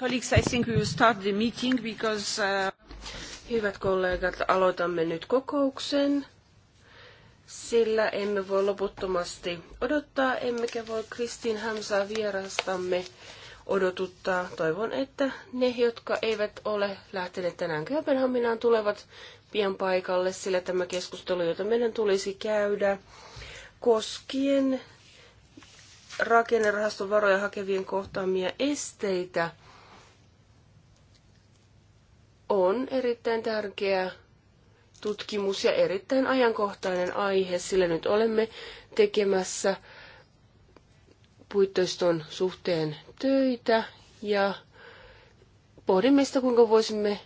Colleagues, I think we will start the meeting because... Uh, Hyvät kollegat, aloitamme nyt kokouksen, sillä emme voi loputtomasti odottaa, emmekä voi Kristin Hämsaa vierastamme odotuttaa. Toivon, että ne, jotka eivät ole lähteneet tänään Kööpenhaminaan, tulevat pian paikalle, sillä tämä keskustelu, jota meidän tulisi käydä koskien rakennerahaston varoja hakevien kohtaamia esteitä on erittäin tärkeä tutkimus ja erittäin ajankohtainen aihe, sillä nyt olemme tekemässä puitteiston suhteen töitä ja pohdimme sitä, kuinka voisimme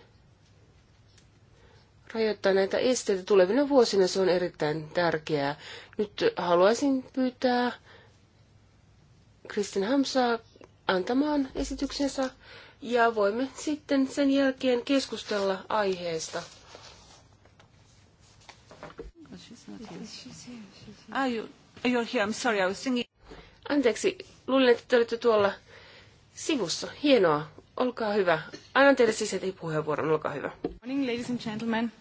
rajoittaa näitä esteitä tulevina vuosina. Se on erittäin tärkeää. Nyt haluaisin pyytää Kristin Hamsaa antamaan esityksensä ja voimme sitten sen jälkeen keskustella aiheesta. Ah, Anteeksi, luulin, että te olette tuolla sivussa. Hienoa. Olkaa hyvä. Annan teille siis heti puheenvuoron. Olkaa hyvä. Morning, ladies and gentlemen.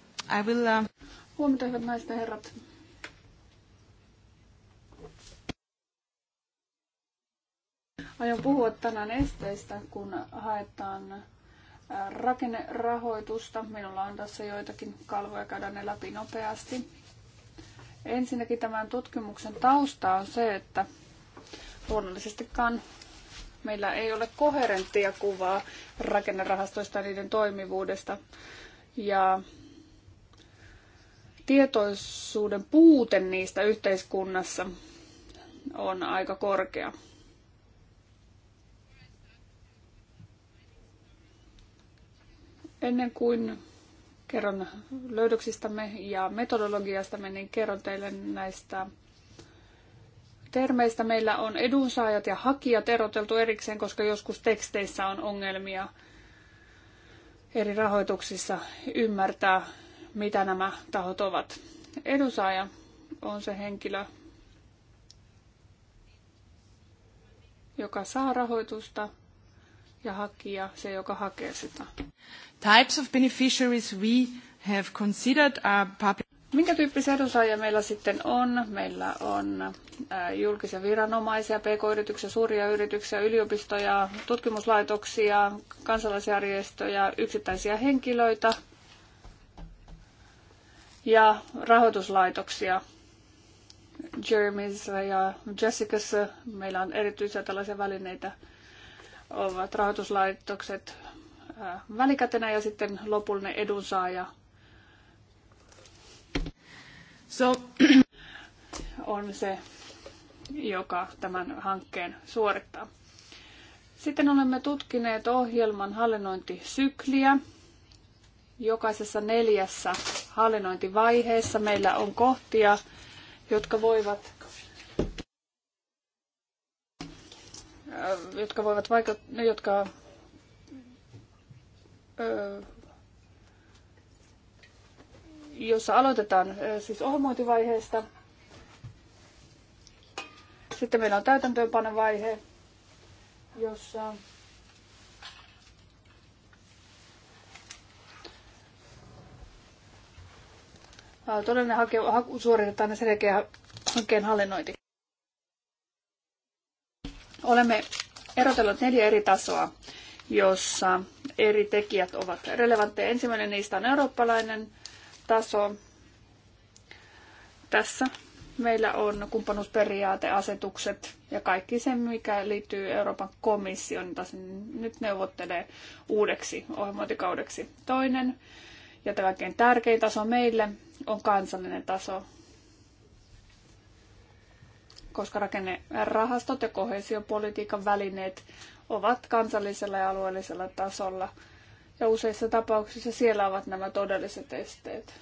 I will, uh... Huomenta, hyvät naiset ja herrat. Aion puhua tänään esteistä, kun haetaan äh, rakennerahoitusta. Minulla on tässä joitakin kalvoja, käydään ne läpi nopeasti. Ensinnäkin tämän tutkimuksen tausta on se, että luonnollisestikaan meillä ei ole koherenttia kuvaa rakennerahastoista ja niiden toimivuudesta. Ja tietoisuuden puute niistä yhteiskunnassa on aika korkea. Ennen kuin kerron löydöksistämme ja metodologiastamme, niin kerron teille näistä termeistä. Meillä on edunsaajat ja hakijat eroteltu erikseen, koska joskus teksteissä on ongelmia eri rahoituksissa ymmärtää, mitä nämä tahot ovat. Edunsaaja on se henkilö, joka saa rahoitusta ja hakija se, joka hakee sitä. Types of beneficiaries we have considered are public... Minkä tyyppisiä edunsaajia meillä sitten on? Meillä on äh, julkisia viranomaisia, pk-yrityksiä, suuria yrityksiä, yliopistoja, tutkimuslaitoksia, kansalaisjärjestöjä, yksittäisiä henkilöitä ja rahoituslaitoksia. Jeremys ja Jessica's, meillä on erityisiä tällaisia välineitä – ovat rahoituslaitokset äh, välikätenä ja sitten lopullinen edunsaaja so. on se, joka tämän hankkeen suorittaa. Sitten olemme tutkineet ohjelman hallinnointisykliä. Jokaisessa neljässä hallinnointivaiheessa meillä on kohtia, jotka voivat jotka voivat vaikuttaa, jotka jossa aloitetaan siis ohjelmointivaiheesta. Sitten meillä on täytäntöönpanovaihe, jossa todellinen hake, suoritetaan ja sen jälkeen hankkeen hallinnointi. Olemme erotelleet neljä eri tasoa, jossa eri tekijät ovat relevantteja. Ensimmäinen niistä on eurooppalainen taso. Tässä meillä on kumppanuusperiaateasetukset ja kaikki se, mikä liittyy Euroopan komission, jota se nyt neuvottelee uudeksi ohjelmointikaudeksi. Toinen ja tämä kaikkein tärkein taso meille on kansallinen taso, koska rakennerahastot ja kohesiopolitiikan välineet ovat kansallisella ja alueellisella tasolla. Ja useissa tapauksissa siellä ovat nämä todelliset esteet.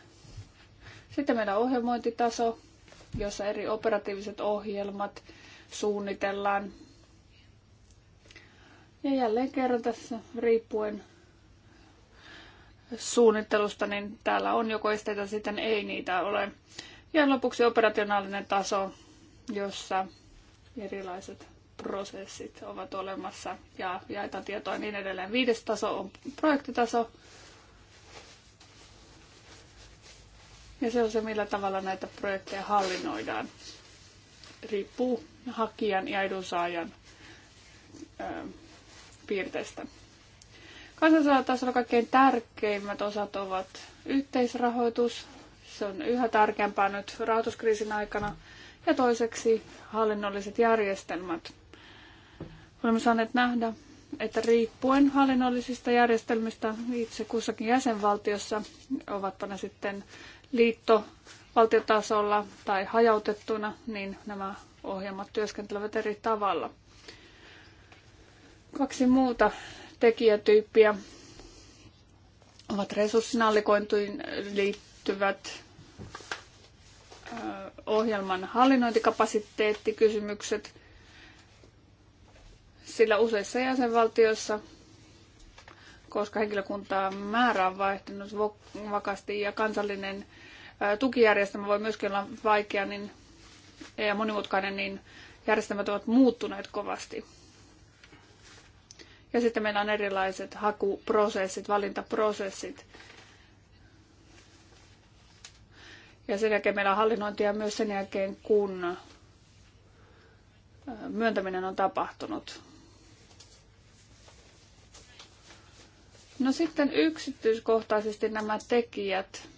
Sitten meillä on ohjelmointitaso, jossa eri operatiiviset ohjelmat suunnitellaan. Ja jälleen kerran tässä riippuen suunnittelusta, niin täällä on joko esteitä, sitten ei niitä ole. Ja lopuksi operationaalinen taso, jossa erilaiset prosessit ovat olemassa ja jaetaan tietoa niin edelleen. Viides taso on projektitaso. Ja se on se, millä tavalla näitä projekteja hallinnoidaan. Riippuu hakijan ja edunsaajan piirteistä. Kansallisella tasolla kaikkein tärkeimmät osat ovat yhteisrahoitus. Se on yhä tärkeämpää nyt rahoituskriisin aikana – ja toiseksi hallinnolliset järjestelmät. Olemme saaneet nähdä, että riippuen hallinnollisista järjestelmistä itse kussakin jäsenvaltiossa, ovatpa ne sitten liitto, valtiotasolla tai hajautettuna, niin nämä ohjelmat työskentelevät eri tavalla. Kaksi muuta tekijätyyppiä ovat resurssinallikointiin liittyvät ohjelman hallinnointikapasiteettikysymykset, sillä useissa jäsenvaltioissa, koska henkilökuntaa määrä on vaihtunut vakasti ja kansallinen tukijärjestelmä voi myöskin olla vaikea niin, ja monimutkainen, niin järjestelmät ovat muuttuneet kovasti. Ja sitten meillä on erilaiset hakuprosessit, valintaprosessit, Ja sen jälkeen meillä on hallinnointia myös sen jälkeen, kun myöntäminen on tapahtunut. No sitten yksityiskohtaisesti nämä tekijät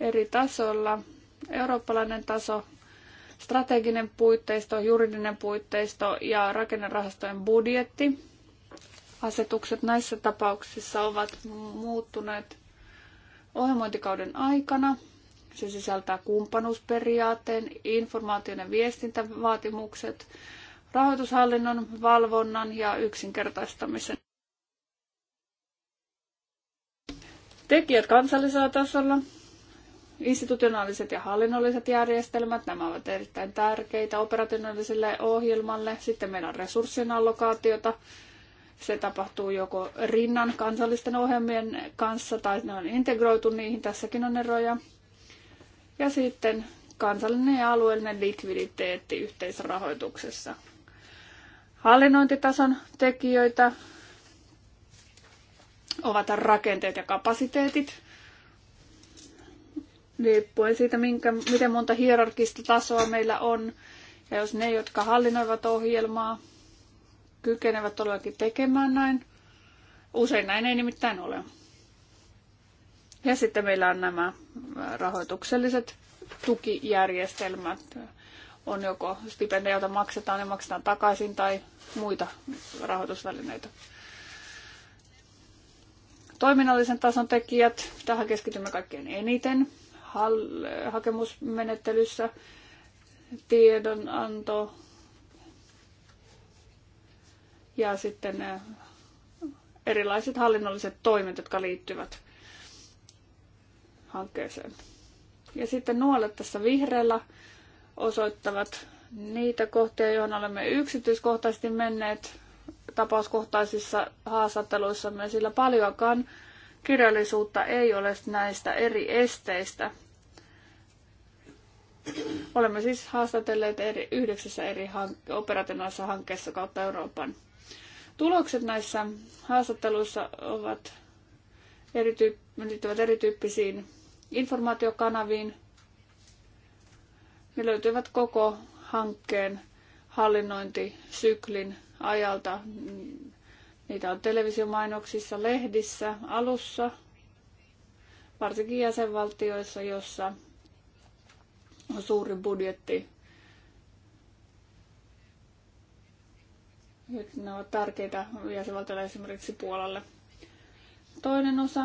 eri tasolla. Eurooppalainen taso, strateginen puitteisto, juridinen puitteisto ja rakennerahastojen budjetti. Asetukset näissä tapauksissa ovat muuttuneet ohjelmointikauden aikana. Se sisältää kumppanuusperiaatteen, informaation ja viestintävaatimukset, rahoitushallinnon valvonnan ja yksinkertaistamisen. Tekijät kansallisella tasolla, institutionaaliset ja hallinnolliset järjestelmät, nämä ovat erittäin tärkeitä operationaaliselle ohjelmalle. Sitten meillä on resurssien allokaatiota, se tapahtuu joko rinnan kansallisten ohjelmien kanssa tai ne on integroitu niihin, tässäkin on eroja. Ja sitten kansallinen ja alueellinen likviditeetti yhteisrahoituksessa. Hallinnointitason tekijöitä ovat rakenteet ja kapasiteetit, riippuen siitä, minkä, miten monta hierarkista tasoa meillä on. Ja jos ne, jotka hallinnoivat ohjelmaa, kykenevät todellakin tekemään näin. Usein näin ei nimittäin ole. Ja sitten meillä on nämä rahoitukselliset tukijärjestelmät. On joko stipendejä, joita maksetaan ja maksetaan takaisin, tai muita rahoitusvälineitä. Toiminnallisen tason tekijät, tähän keskitymme kaikkein eniten hakemusmenettelyssä. Tiedonanto, ja sitten äh, erilaiset hallinnolliset toimet, jotka liittyvät hankkeeseen. Ja sitten nuolet tässä vihreällä osoittavat niitä kohtia, joihin olemme yksityiskohtaisesti menneet tapauskohtaisissa Me sillä paljonkaan kirjallisuutta ei ole näistä eri esteistä. Olemme siis haastatelleet eri, yhdeksässä eri hank- operationaalisessa hankkeessa kautta Euroopan. Tulokset näissä haastatteluissa ovat erityyp- liittyvät erityyppisiin informaatiokanaviin. Ne löytyvät koko hankkeen hallinnointisyklin ajalta. Niitä on televisiomainoksissa, lehdissä, alussa, varsinkin jäsenvaltioissa, jossa on suuri budjetti ne no, ovat tärkeitä jäsenvaltioille esimerkiksi Puolalle. Toinen osa.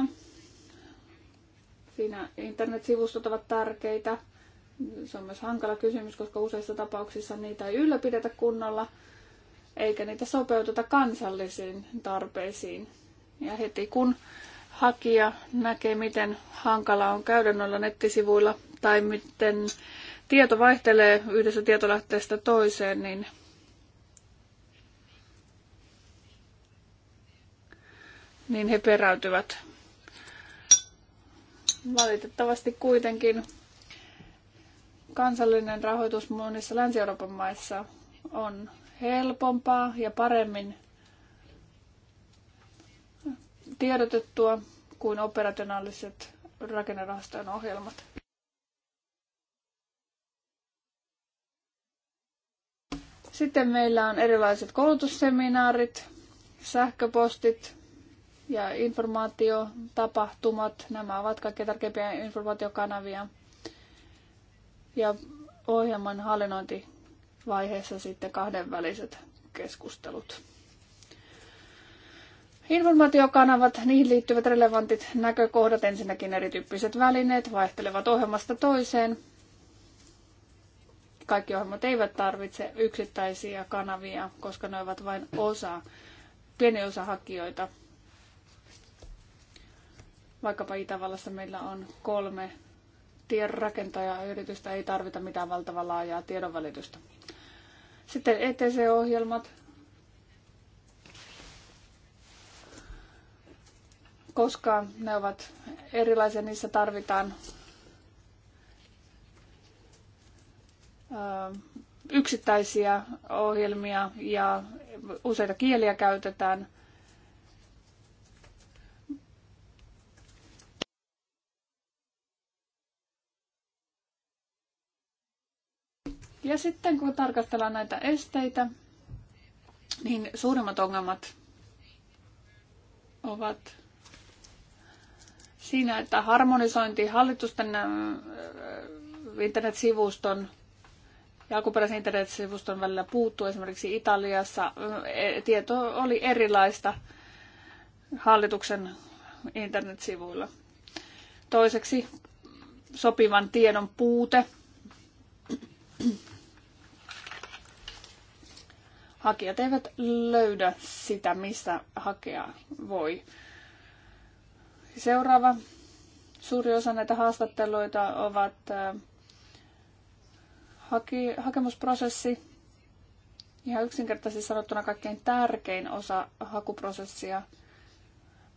Siinä internetsivustot ovat tärkeitä. Se on myös hankala kysymys, koska useissa tapauksissa niitä ei ylläpidetä kunnolla, eikä niitä sopeuteta kansallisiin tarpeisiin. Ja heti kun hakija näkee, miten hankala on käydä noilla nettisivuilla tai miten tieto vaihtelee yhdessä tietolähteestä toiseen, niin niin he peräytyvät. Valitettavasti kuitenkin kansallinen rahoitus monissa Länsi-Euroopan maissa on helpompaa ja paremmin tiedotettua kuin operationaaliset rakennerahastojen ohjelmat. Sitten meillä on erilaiset koulutusseminaarit, sähköpostit, ja informaatiotapahtumat, nämä ovat kaikkein tärkeimpiä informaatiokanavia. Ja ohjelman hallinnointivaiheessa sitten kahdenväliset keskustelut. Informaatiokanavat, niihin liittyvät relevantit näkökohdat, ensinnäkin erityyppiset välineet vaihtelevat ohjelmasta toiseen. Kaikki ohjelmat eivät tarvitse yksittäisiä kanavia, koska ne ovat vain osa, pieni osa hakijoita Vaikkapa Itävallassa meillä on kolme tienrakentajayritystä, ei tarvita mitään valtavan laajaa tiedonvälitystä. Sitten ETC-ohjelmat koska ne ovat erilaisia, niissä tarvitaan yksittäisiä ohjelmia ja useita kieliä käytetään. Ja sitten kun tarkastellaan näitä esteitä, niin suurimmat ongelmat ovat siinä, että harmonisointi hallitusten äh, internetsivuston ja alkuperäisen internetsivuston välillä puuttuu. Esimerkiksi Italiassa äh, tieto oli erilaista hallituksen internetsivuilla. Toiseksi sopivan tiedon puute hakijat eivät löydä sitä, missä hakea voi. Seuraava. Suuri osa näitä haastatteluita ovat haki, hakemusprosessi. Ihan yksinkertaisesti sanottuna kaikkein tärkein osa hakuprosessia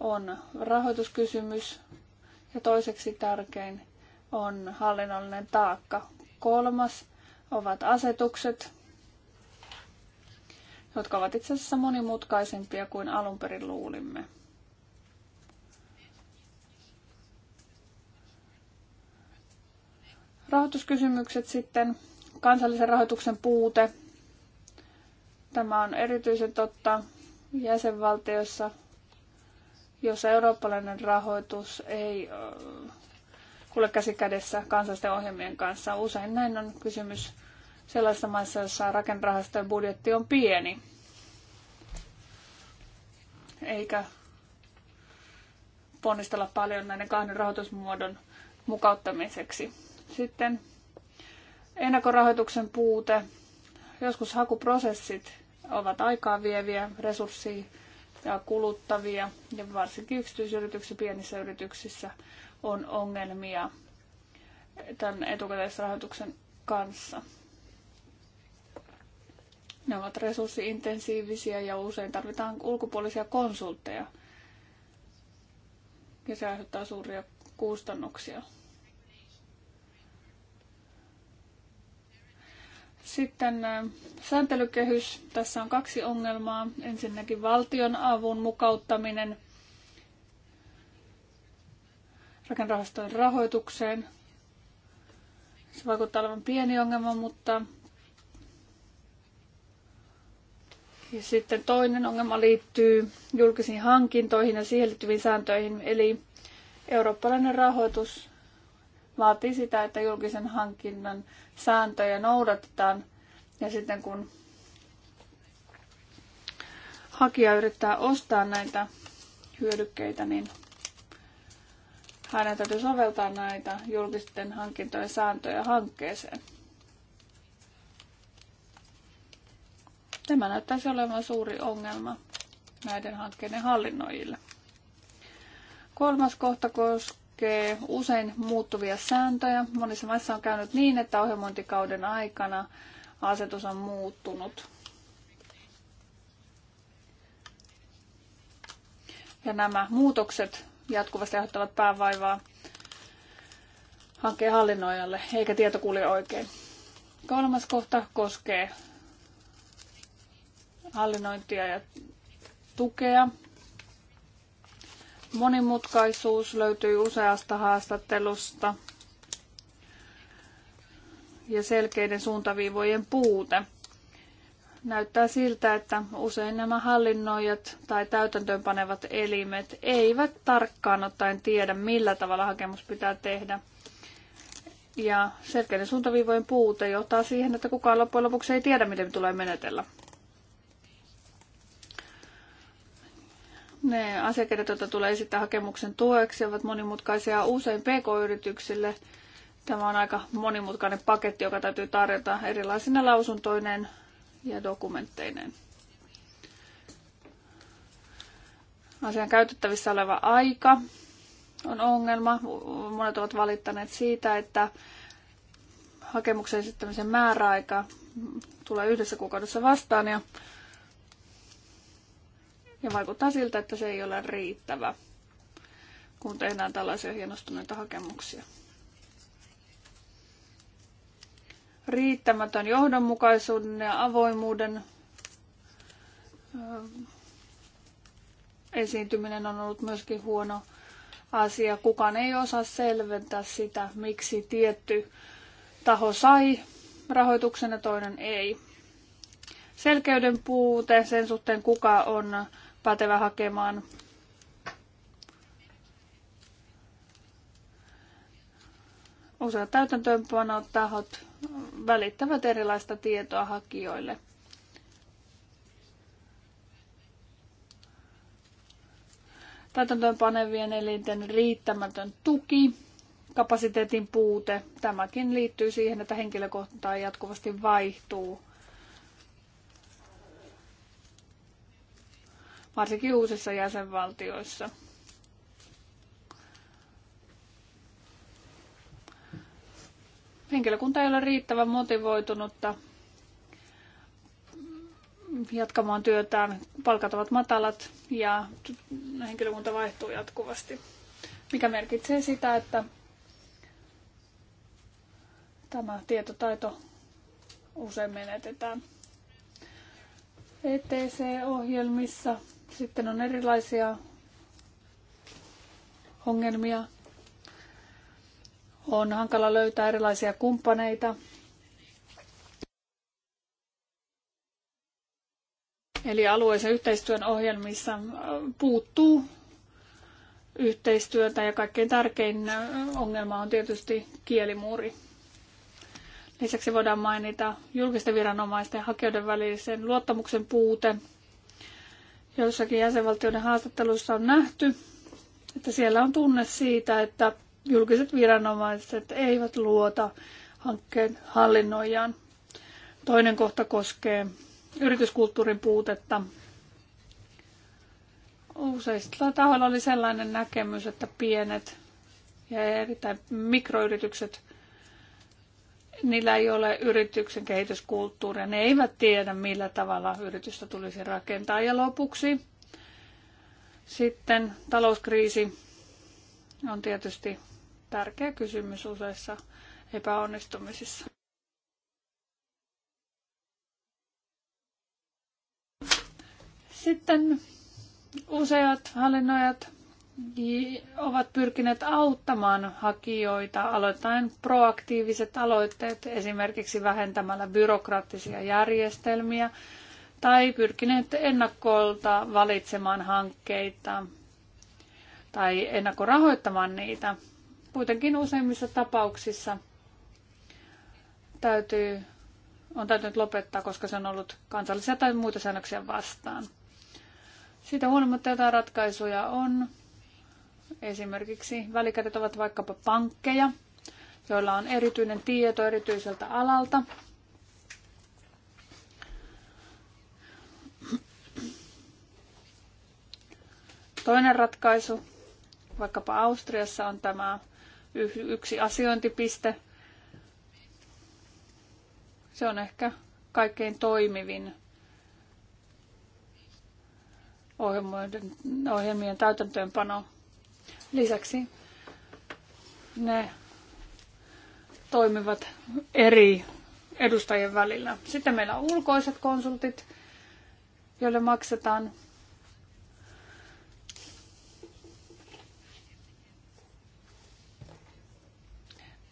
on rahoituskysymys ja toiseksi tärkein on hallinnollinen taakka. Kolmas ovat asetukset, jotka ovat itse asiassa monimutkaisempia kuin alun perin luulimme. Rahoituskysymykset sitten, kansallisen rahoituksen puute. Tämä on erityisen totta jäsenvaltioissa, jos eurooppalainen rahoitus ei äh, kulje käsi kädessä kansallisten ohjelmien kanssa. Usein näin on kysymys sellaisissa maissa, joissa rakennerahastojen budjetti on pieni. Eikä ponnistella paljon näiden kahden rahoitusmuodon mukauttamiseksi. Sitten ennakorahoituksen puute. Joskus hakuprosessit ovat aikaa vieviä, resurssia ja kuluttavia ja varsinkin yksityisyrityksissä, pienissä yrityksissä on ongelmia tämän etukäteisrahoituksen kanssa. Ne ovat resurssiintensiivisiä ja usein tarvitaan ulkopuolisia konsultteja. Ja se aiheuttaa suuria kustannuksia. Sitten äh, sääntelykehys. Tässä on kaksi ongelmaa. Ensinnäkin valtion avun mukauttaminen rakennerahastojen rahoitukseen. Se vaikuttaa olevan pieni ongelma, mutta Ja sitten toinen ongelma liittyy julkisiin hankintoihin ja siihen liittyviin sääntöihin. Eli eurooppalainen rahoitus vaatii sitä, että julkisen hankinnan sääntöjä noudatetaan. Ja sitten kun hakija yrittää ostaa näitä hyödykkeitä, niin hänen täytyy soveltaa näitä julkisten hankintojen sääntöjä hankkeeseen. Tämä näyttäisi olevan suuri ongelma näiden hankkeiden hallinnoijille. Kolmas kohta koskee usein muuttuvia sääntöjä. Monissa maissa on käynyt niin, että ohjelmointikauden aikana asetus on muuttunut. Ja nämä muutokset jatkuvasti aiheuttavat päävaivaa hankkeen hallinnoijalle, eikä tieto kulje oikein. Kolmas kohta koskee hallinnointia ja tukea. Monimutkaisuus löytyy useasta haastattelusta ja selkeiden suuntaviivojen puute. Näyttää siltä, että usein nämä hallinnoijat tai täytäntöönpanevat elimet eivät tarkkaan ottaen tiedä, millä tavalla hakemus pitää tehdä. Ja selkeiden suuntaviivojen puute johtaa siihen, että kukaan loppujen lopuksi ei tiedä, miten tulee menetellä. Ne asiakirjat, joita tulee esittää hakemuksen tueksi, ovat monimutkaisia usein pk-yrityksille. Tämä on aika monimutkainen paketti, joka täytyy tarjota erilaisina lausuntoineen ja dokumentteineen. Asian käytettävissä oleva aika on ongelma. Monet ovat valittaneet siitä, että hakemuksen esittämisen määräaika tulee yhdessä kuukaudessa vastaan ja ja vaikuttaa siltä, että se ei ole riittävä, kun tehdään tällaisia hienostuneita hakemuksia. Riittämätön johdonmukaisuuden ja avoimuuden esiintyminen on ollut myöskin huono asia. Kukaan ei osaa selventää sitä, miksi tietty taho sai rahoituksen ja toinen ei. Selkeyden puute sen suhteen, kuka on pätevä hakemaan. Useat täytäntöönpanotahot välittävät erilaista tietoa hakijoille. Täytäntöönpanevien elinten riittämätön tuki, kapasiteetin puute, tämäkin liittyy siihen, että henkilökohtaa jatkuvasti vaihtuu varsinkin uusissa jäsenvaltioissa. Henkilökunta ei ole riittävän motivoitunutta jatkamaan työtään. Palkat ovat matalat ja henkilökunta vaihtuu jatkuvasti, mikä merkitsee sitä, että tämä tietotaito usein menetetään. ETC-ohjelmissa sitten on erilaisia ongelmia. On hankala löytää erilaisia kumppaneita. Eli alueisen yhteistyön ohjelmissa äh, puuttuu yhteistyötä ja kaikkein tärkein äh, ongelma on tietysti kielimuuri. Lisäksi voidaan mainita julkisten viranomaisten ja hakijoiden välisen luottamuksen puute – joissakin jäsenvaltioiden haastatteluissa on nähty, että siellä on tunne siitä, että julkiset viranomaiset eivät luota hankkeen hallinnoijaan. Toinen kohta koskee yrityskulttuurin puutetta. Useista tahoilla oli sellainen näkemys, että pienet ja erittäin mikroyritykset niillä ei ole yrityksen kehityskulttuuria, ne eivät tiedä millä tavalla yritystä tulisi rakentaa. Ja lopuksi sitten talouskriisi on tietysti tärkeä kysymys useissa epäonnistumisissa. Sitten useat hallinnoijat ovat pyrkineet auttamaan hakijoita aloittain proaktiiviset aloitteet, esimerkiksi vähentämällä byrokraattisia järjestelmiä tai pyrkineet ennakkolta valitsemaan hankkeita tai ennakkorahoittamaan niitä. Kuitenkin useimmissa tapauksissa täytyy, on täytynyt lopettaa, koska se on ollut kansallisia tai muita säännöksiä vastaan. Siitä huolimatta jotain ratkaisuja on Esimerkiksi välikädet ovat vaikkapa pankkeja, joilla on erityinen tieto erityiseltä alalta. Toinen ratkaisu, vaikkapa Austriassa on tämä yksi asiointipiste. Se on ehkä kaikkein toimivin ohjelmien täytäntöönpano. Lisäksi ne toimivat eri edustajien välillä. Sitten meillä on ulkoiset konsultit, joille maksetaan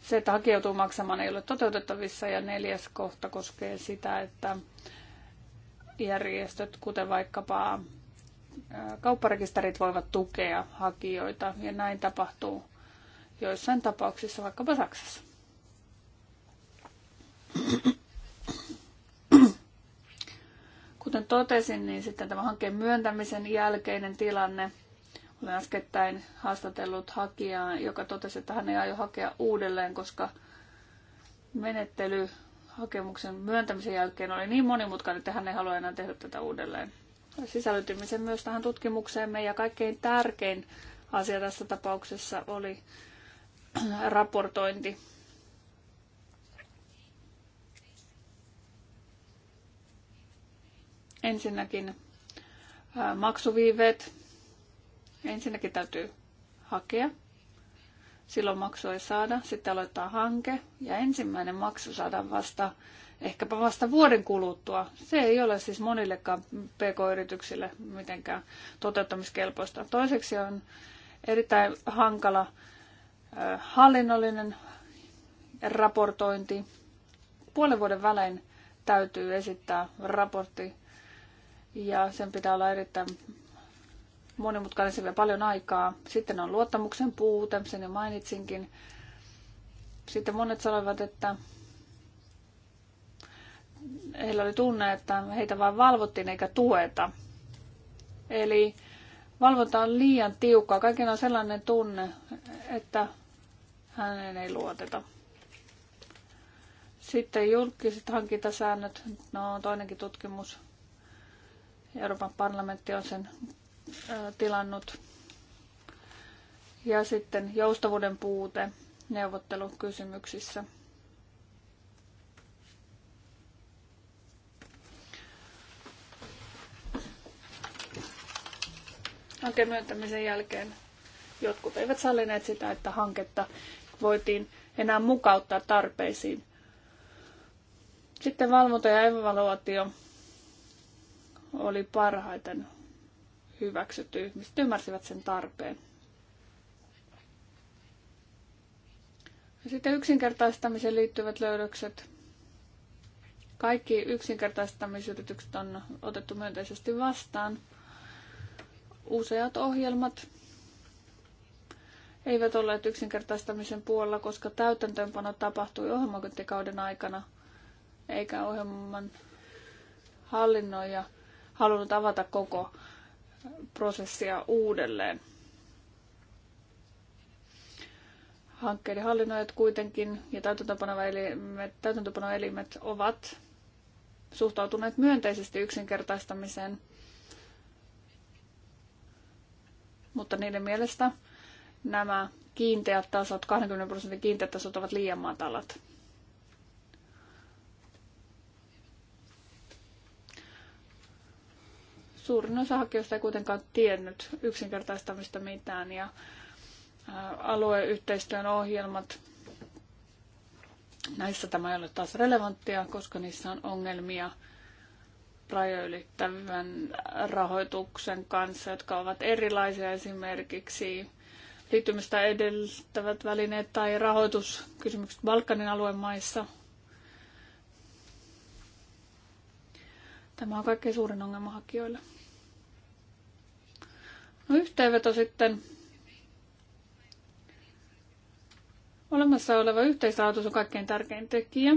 se, että hakeutuu maksamaan, ei ole toteutettavissa. Ja neljäs kohta koskee sitä, että järjestöt, kuten vaikkapa kaupparekisterit voivat tukea hakijoita ja näin tapahtuu joissain tapauksissa vaikkapa Saksassa. Kuten totesin, niin sitten tämä hankkeen myöntämisen jälkeinen tilanne. Olen äskettäin haastatellut hakijaa, joka totesi, että hän ei aio hakea uudelleen, koska menettely hakemuksen myöntämisen jälkeen oli niin monimutkainen, että hän ei halua enää tehdä tätä uudelleen sisällytimme sen myös tähän tutkimukseemme ja kaikkein tärkein asia tässä tapauksessa oli raportointi. Ensinnäkin maksuviiveet. Ensinnäkin täytyy hakea. Silloin maksu ei saada, sitten aloittaa hanke ja ensimmäinen maksu saadaan vasta ehkäpä vasta vuoden kuluttua. Se ei ole siis monillekaan pk-yrityksille mitenkään toteuttamiskelpoista. Toiseksi on erittäin hankala hallinnollinen raportointi. Puolen vuoden välein täytyy esittää raportti ja sen pitää olla erittäin monimutkainen, se vie paljon aikaa. Sitten on luottamuksen puute, sen jo mainitsinkin. Sitten monet sanovat, että heillä oli tunne, että heitä vain valvottiin eikä tueta. Eli valvonta on liian tiukkaa. Kaikilla on sellainen tunne, että hänen ei luoteta. Sitten julkiset hankintasäännöt, no toinenkin tutkimus. Euroopan parlamentti on sen tilannut. Ja sitten joustavuuden puute neuvottelukysymyksissä. hankkeen myöntämisen jälkeen jotkut eivät sallineet sitä, että hanketta voitiin enää mukauttaa tarpeisiin. Sitten valvonta ja evaluaatio oli parhaiten hyväksytty. Ihmiset ymmärsivät sen tarpeen. sitten yksinkertaistamiseen liittyvät löydökset. Kaikki yksinkertaistamisyritykset on otettu myönteisesti vastaan useat ohjelmat eivät olleet yksinkertaistamisen puolella, koska täytäntöönpano tapahtui ohjelmakontikauden aikana, eikä ohjelman hallinnoija halunnut avata koko prosessia uudelleen. Hankkeiden hallinnoijat kuitenkin ja täytäntöpanoelimet, täytäntöpanoelimet ovat suhtautuneet myönteisesti yksinkertaistamiseen – mutta niiden mielestä nämä kiinteät tasot, 20 prosentin kiinteät tasot ovat liian matalat. Suurin osa hakijoista ei kuitenkaan tiennyt yksinkertaistamista mitään ja alueyhteistyön ohjelmat, näissä tämä ei ole taas relevanttia, koska niissä on ongelmia rajoja ylittävän rahoituksen kanssa, jotka ovat erilaisia esimerkiksi liittymistä edeltävät välineet tai rahoituskysymykset Balkanin alueen maissa. Tämä on kaikkein suurin ongelma hakijoille. No yhteenveto sitten. Olemassa oleva yhteisrahoitus on kaikkein tärkein tekijä.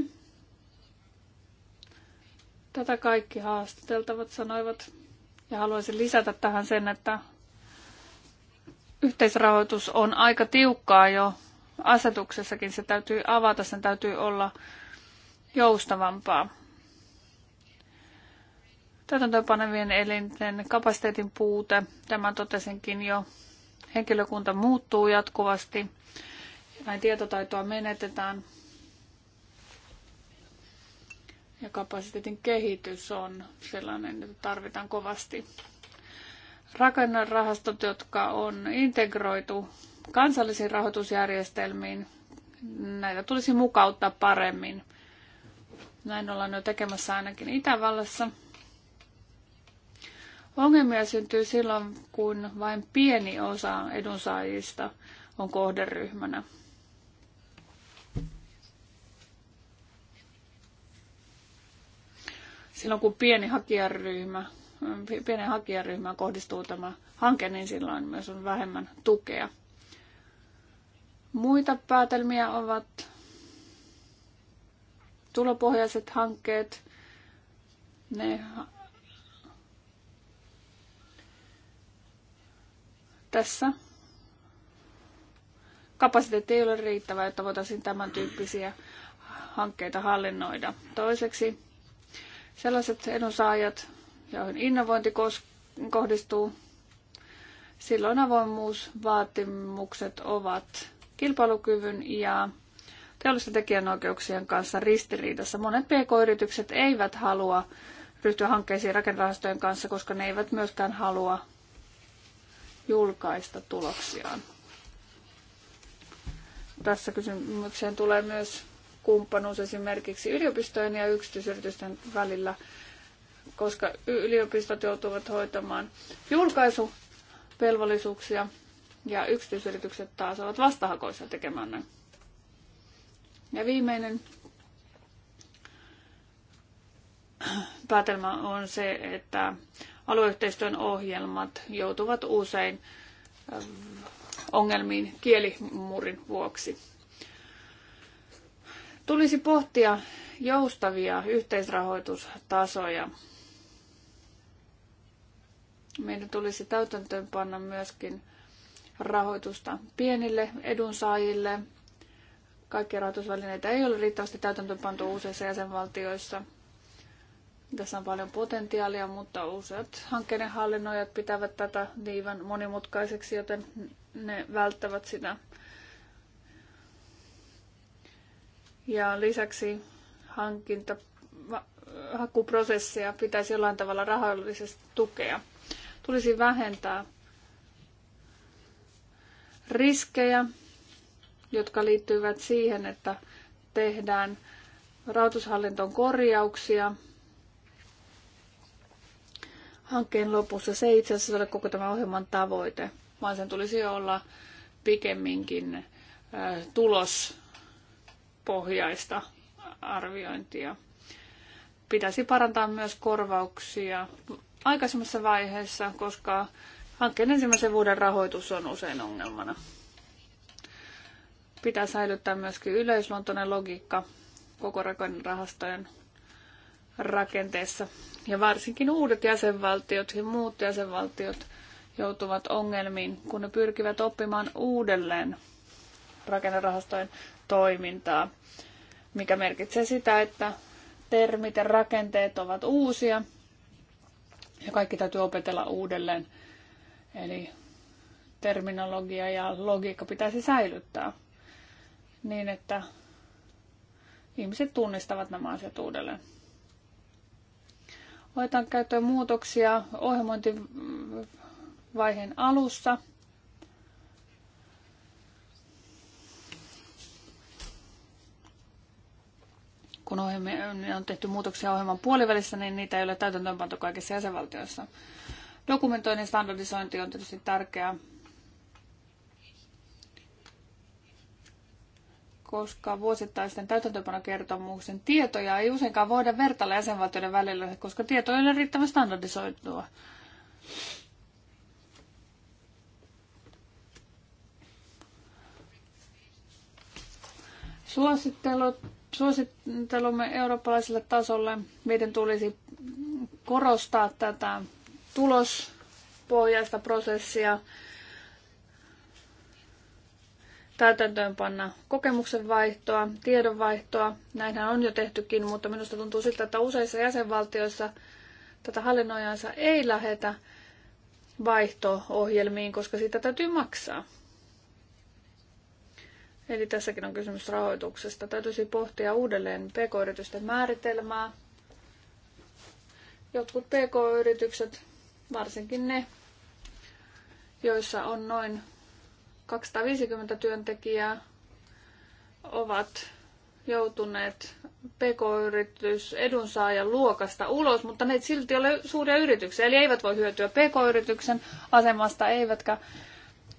Tätä kaikki haastateltavat sanoivat. Ja haluaisin lisätä tähän sen, että yhteisrahoitus on aika tiukkaa jo asetuksessakin. Se täytyy avata, sen täytyy olla joustavampaa. Täytäntöönpanevien elinten kapasiteetin puute, tämä totesinkin jo, henkilökunta muuttuu jatkuvasti, näin tietotaitoa menetetään – ja kapasiteetin kehitys on sellainen, jota tarvitaan kovasti. Rakennerahastot, jotka on integroitu kansallisiin rahoitusjärjestelmiin, näitä tulisi mukauttaa paremmin. Näin ollaan jo tekemässä ainakin Itävallassa. Ongelmia syntyy silloin, kun vain pieni osa edunsaajista on kohderyhmänä. silloin kun pieni hakijaryhmä, pienen hakijaryhmään kohdistuu tämä hanke, niin silloin myös on vähemmän tukea. Muita päätelmiä ovat tulopohjaiset hankkeet. Ne tässä kapasiteetti ei ole riittävä, jotta voitaisiin tämän tyyppisiä hankkeita hallinnoida. Toiseksi sellaiset edunsaajat, joihin innovointi kohdistuu, silloin avoimuusvaatimukset ovat kilpailukyvyn ja teollisten tekijänoikeuksien kanssa ristiriidassa. Monet pk-yritykset eivät halua ryhtyä hankkeisiin rakennerahastojen kanssa, koska ne eivät myöskään halua julkaista tuloksiaan. Tässä kysymykseen tulee myös kumppanuus esimerkiksi yliopistojen ja yksityisyritysten välillä, koska yliopistot joutuvat hoitamaan julkaisuvelvollisuuksia ja yksityisyritykset taas ovat vastahakoisia tekemään näin. Ja viimeinen päätelmä on se, että alueyhteistyön ohjelmat joutuvat usein ongelmiin kielimurin vuoksi. Tulisi pohtia joustavia yhteisrahoitustasoja. Meidän tulisi täytäntöönpanna myöskin rahoitusta pienille edunsaajille. Kaikki rahoitusvälineitä ei ole riittävästi täytäntöönpantu useissa jäsenvaltioissa. Tässä on paljon potentiaalia, mutta useat hankkeiden hallinnoijat pitävät tätä liivan monimutkaiseksi, joten ne välttävät sitä Ja lisäksi hankinta, hakuprosessia pitäisi jollain tavalla rahallisesti tukea. Tulisi vähentää riskejä, jotka liittyvät siihen, että tehdään rahoitushallinton korjauksia hankkeen lopussa. Se ei itse asiassa ole koko tämän ohjelman tavoite, vaan sen tulisi olla pikemminkin tulos pohjaista arviointia. Pitäisi parantaa myös korvauksia aikaisemmassa vaiheessa, koska hankkeen ensimmäisen vuoden rahoitus on usein ongelmana. Pitää säilyttää myöskin yleisluontoinen logiikka koko rahastojen rakenteessa. Ja varsinkin uudet jäsenvaltiot ja muut jäsenvaltiot joutuvat ongelmiin, kun ne pyrkivät oppimaan uudelleen rakennerahastojen toimintaa, mikä merkitsee sitä, että termit ja rakenteet ovat uusia ja kaikki täytyy opetella uudelleen. Eli terminologia ja logiikka pitäisi säilyttää niin, että ihmiset tunnistavat nämä asiat uudelleen. Otetaan käyttöön muutoksia ohjelmointivaiheen alussa – kun ohjelmia on tehty muutoksia ohjelman puolivälissä, niin niitä ei ole täytäntöönpantu kaikissa jäsenvaltioissa. Dokumentoinnin standardisointi on tietysti tärkeää, koska vuosittaisten täytäntöönpanokertomuksen tietoja ei useinkaan voida vertailla jäsenvaltioiden välillä, koska tieto ei ole riittävän standardisoitua. Suosittelut suosittelumme eurooppalaiselle tasolle. Meidän tulisi korostaa tätä tulospohjaista prosessia, täytäntöönpanna kokemuksen vaihtoa, tiedonvaihtoa. Näinhän on jo tehtykin, mutta minusta tuntuu siltä, että useissa jäsenvaltioissa tätä hallinnoijansa ei lähetä vaihto-ohjelmiin, koska siitä täytyy maksaa. Eli tässäkin on kysymys rahoituksesta. Täytyisi pohtia uudelleen pk-yritysten määritelmää. Jotkut pk-yritykset, varsinkin ne, joissa on noin 250 työntekijää, ovat joutuneet pk-yritys edunsaajan luokasta ulos, mutta ne silti ole suuria yrityksiä, eli eivät voi hyötyä pk-yrityksen asemasta eivätkä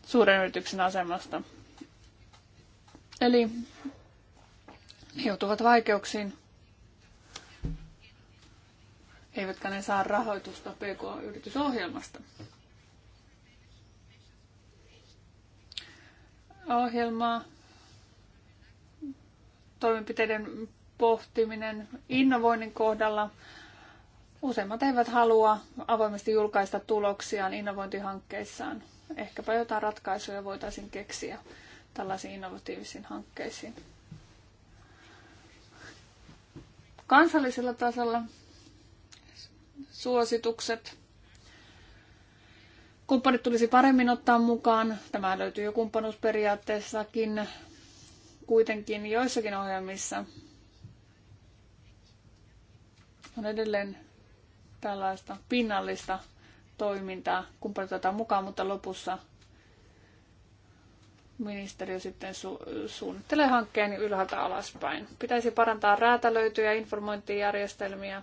suuren yrityksen asemasta. Eli he joutuvat vaikeuksiin, eivätkä ne saa rahoitusta PK-yritysohjelmasta. Ohjelmaa, toimenpiteiden pohtiminen innovoinnin kohdalla. Useimmat eivät halua avoimesti julkaista tuloksiaan innovointihankkeissaan. Ehkäpä jotain ratkaisuja voitaisiin keksiä tällaisiin innovatiivisiin hankkeisiin. Kansallisella tasolla suositukset. Kumppanit tulisi paremmin ottaa mukaan. Tämä löytyy jo kumppanuusperiaatteessakin kuitenkin joissakin ohjelmissa on edelleen tällaista pinnallista toimintaa, kumppanit otetaan mukaan, mutta lopussa ministeriö sitten su- suunnittelee hankkeen ylhäältä alaspäin. Pitäisi parantaa räätälöityjä informointijärjestelmiä.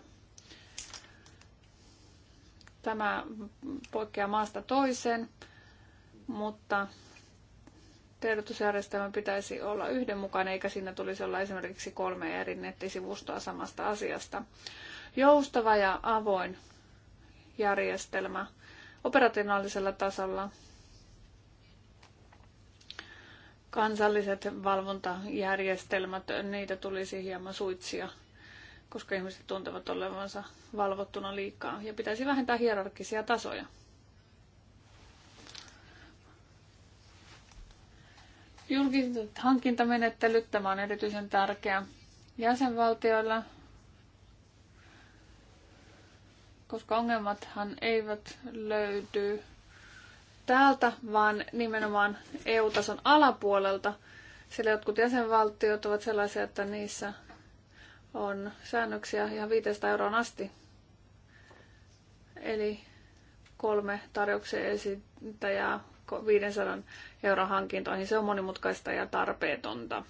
Tämä poikkeaa maasta toiseen, mutta tiedotusjärjestelmä pitäisi olla yhdenmukainen, eikä siinä tulisi olla esimerkiksi kolme eri nettisivustoa samasta asiasta. Joustava ja avoin järjestelmä operationaalisella tasolla – kansalliset valvontajärjestelmät, niitä tulisi hieman suitsia, koska ihmiset tuntevat olevansa valvottuna liikaa ja pitäisi vähentää hierarkisia tasoja. Julkiset hankintamenettelyt, tämä on erityisen tärkeä jäsenvaltioilla, koska ongelmathan eivät löydy täältä, vaan nimenomaan EU-tason alapuolelta, sillä jotkut jäsenvaltiot ovat sellaisia, että niissä on säännöksiä ihan 500 euroon asti. Eli kolme tarjouksen esittäjää 500 euron hankintoihin. Se on monimutkaista ja tarpeetonta.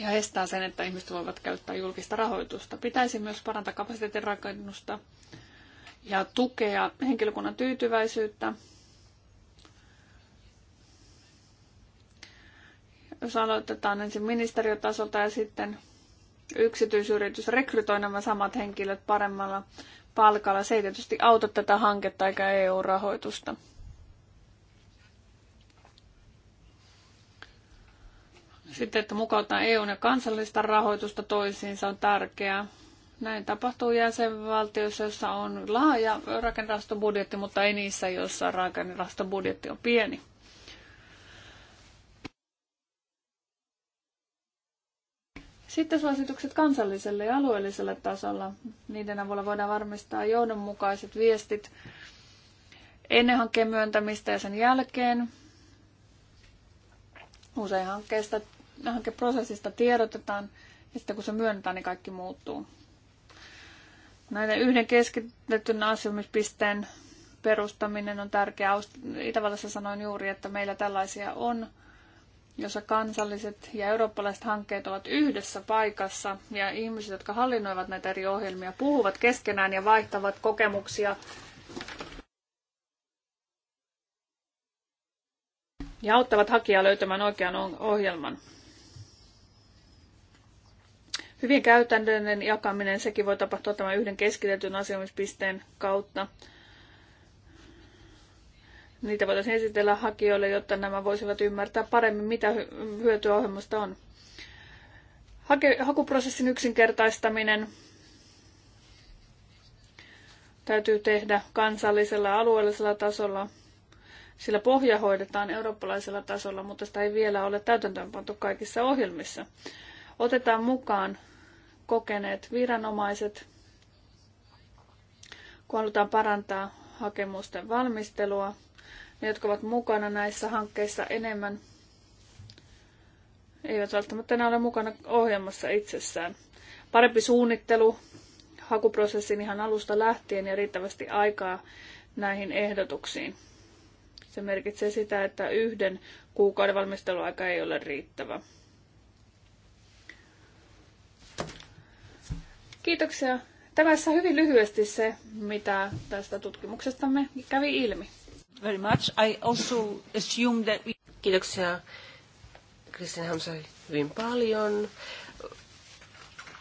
ja estää sen, että ihmiset voivat käyttää julkista rahoitusta. Pitäisi myös parantaa kapasiteetin rakennusta ja tukea henkilökunnan tyytyväisyyttä. Jos aloitetaan ensin ministeriötasolta ja sitten yksityisyritys rekrytoi nämä samat henkilöt paremmalla palkalla, se ei tietysti auta tätä hanketta eikä EU-rahoitusta. Sitten, että mukautetaan EUn ja kansallista rahoitusta toisiinsa on tärkeää. Näin tapahtuu jäsenvaltioissa, joissa on laaja rakennerahastobudjetti, mutta ei niissä, joissa rakennerahastobudjetti on pieni. Sitten suositukset kansalliselle ja alueelliselle tasolla. Niiden avulla voidaan varmistaa johdonmukaiset viestit ennen hankkeen myöntämistä ja sen jälkeen. Usein hankkeesta hankeprosessista tiedotetaan ja sitten kun se myönnetään, niin kaikki muuttuu. Näiden yhden keskitetyn asumispisteen perustaminen on tärkeää. Itävallassa sanoin juuri, että meillä tällaisia on, jossa kansalliset ja eurooppalaiset hankkeet ovat yhdessä paikassa ja ihmiset, jotka hallinnoivat näitä eri ohjelmia, puhuvat keskenään ja vaihtavat kokemuksia ja auttavat hakijaa löytämään oikean ohjelman. Hyvin käytännöllinen jakaminen, sekin voi tapahtua tämän yhden keskitetyn asioimispisteen kautta. Niitä voitaisiin esitellä hakijoille, jotta nämä voisivat ymmärtää paremmin, mitä hyötyä ohjelmasta on. hakuprosessin yksinkertaistaminen täytyy tehdä kansallisella ja alueellisella tasolla sillä pohja hoidetaan eurooppalaisella tasolla, mutta sitä ei vielä ole täytäntöönpantu kaikissa ohjelmissa. Otetaan mukaan kokeneet viranomaiset, kun halutaan parantaa hakemusten valmistelua. Ne, jotka ovat mukana näissä hankkeissa enemmän, eivät välttämättä enää ole mukana ohjelmassa itsessään. Parempi suunnittelu, hakuprosessin ihan alusta lähtien ja riittävästi aikaa näihin ehdotuksiin. Se merkitsee sitä, että yhden kuukauden valmisteluaika ei ole riittävä. Kiitoksia. Tämässä hyvin lyhyesti se, mitä tästä tutkimuksestamme kävi ilmi. Very much. I also assume that we... Kiitoksia Kristin Hamsa hyvin paljon.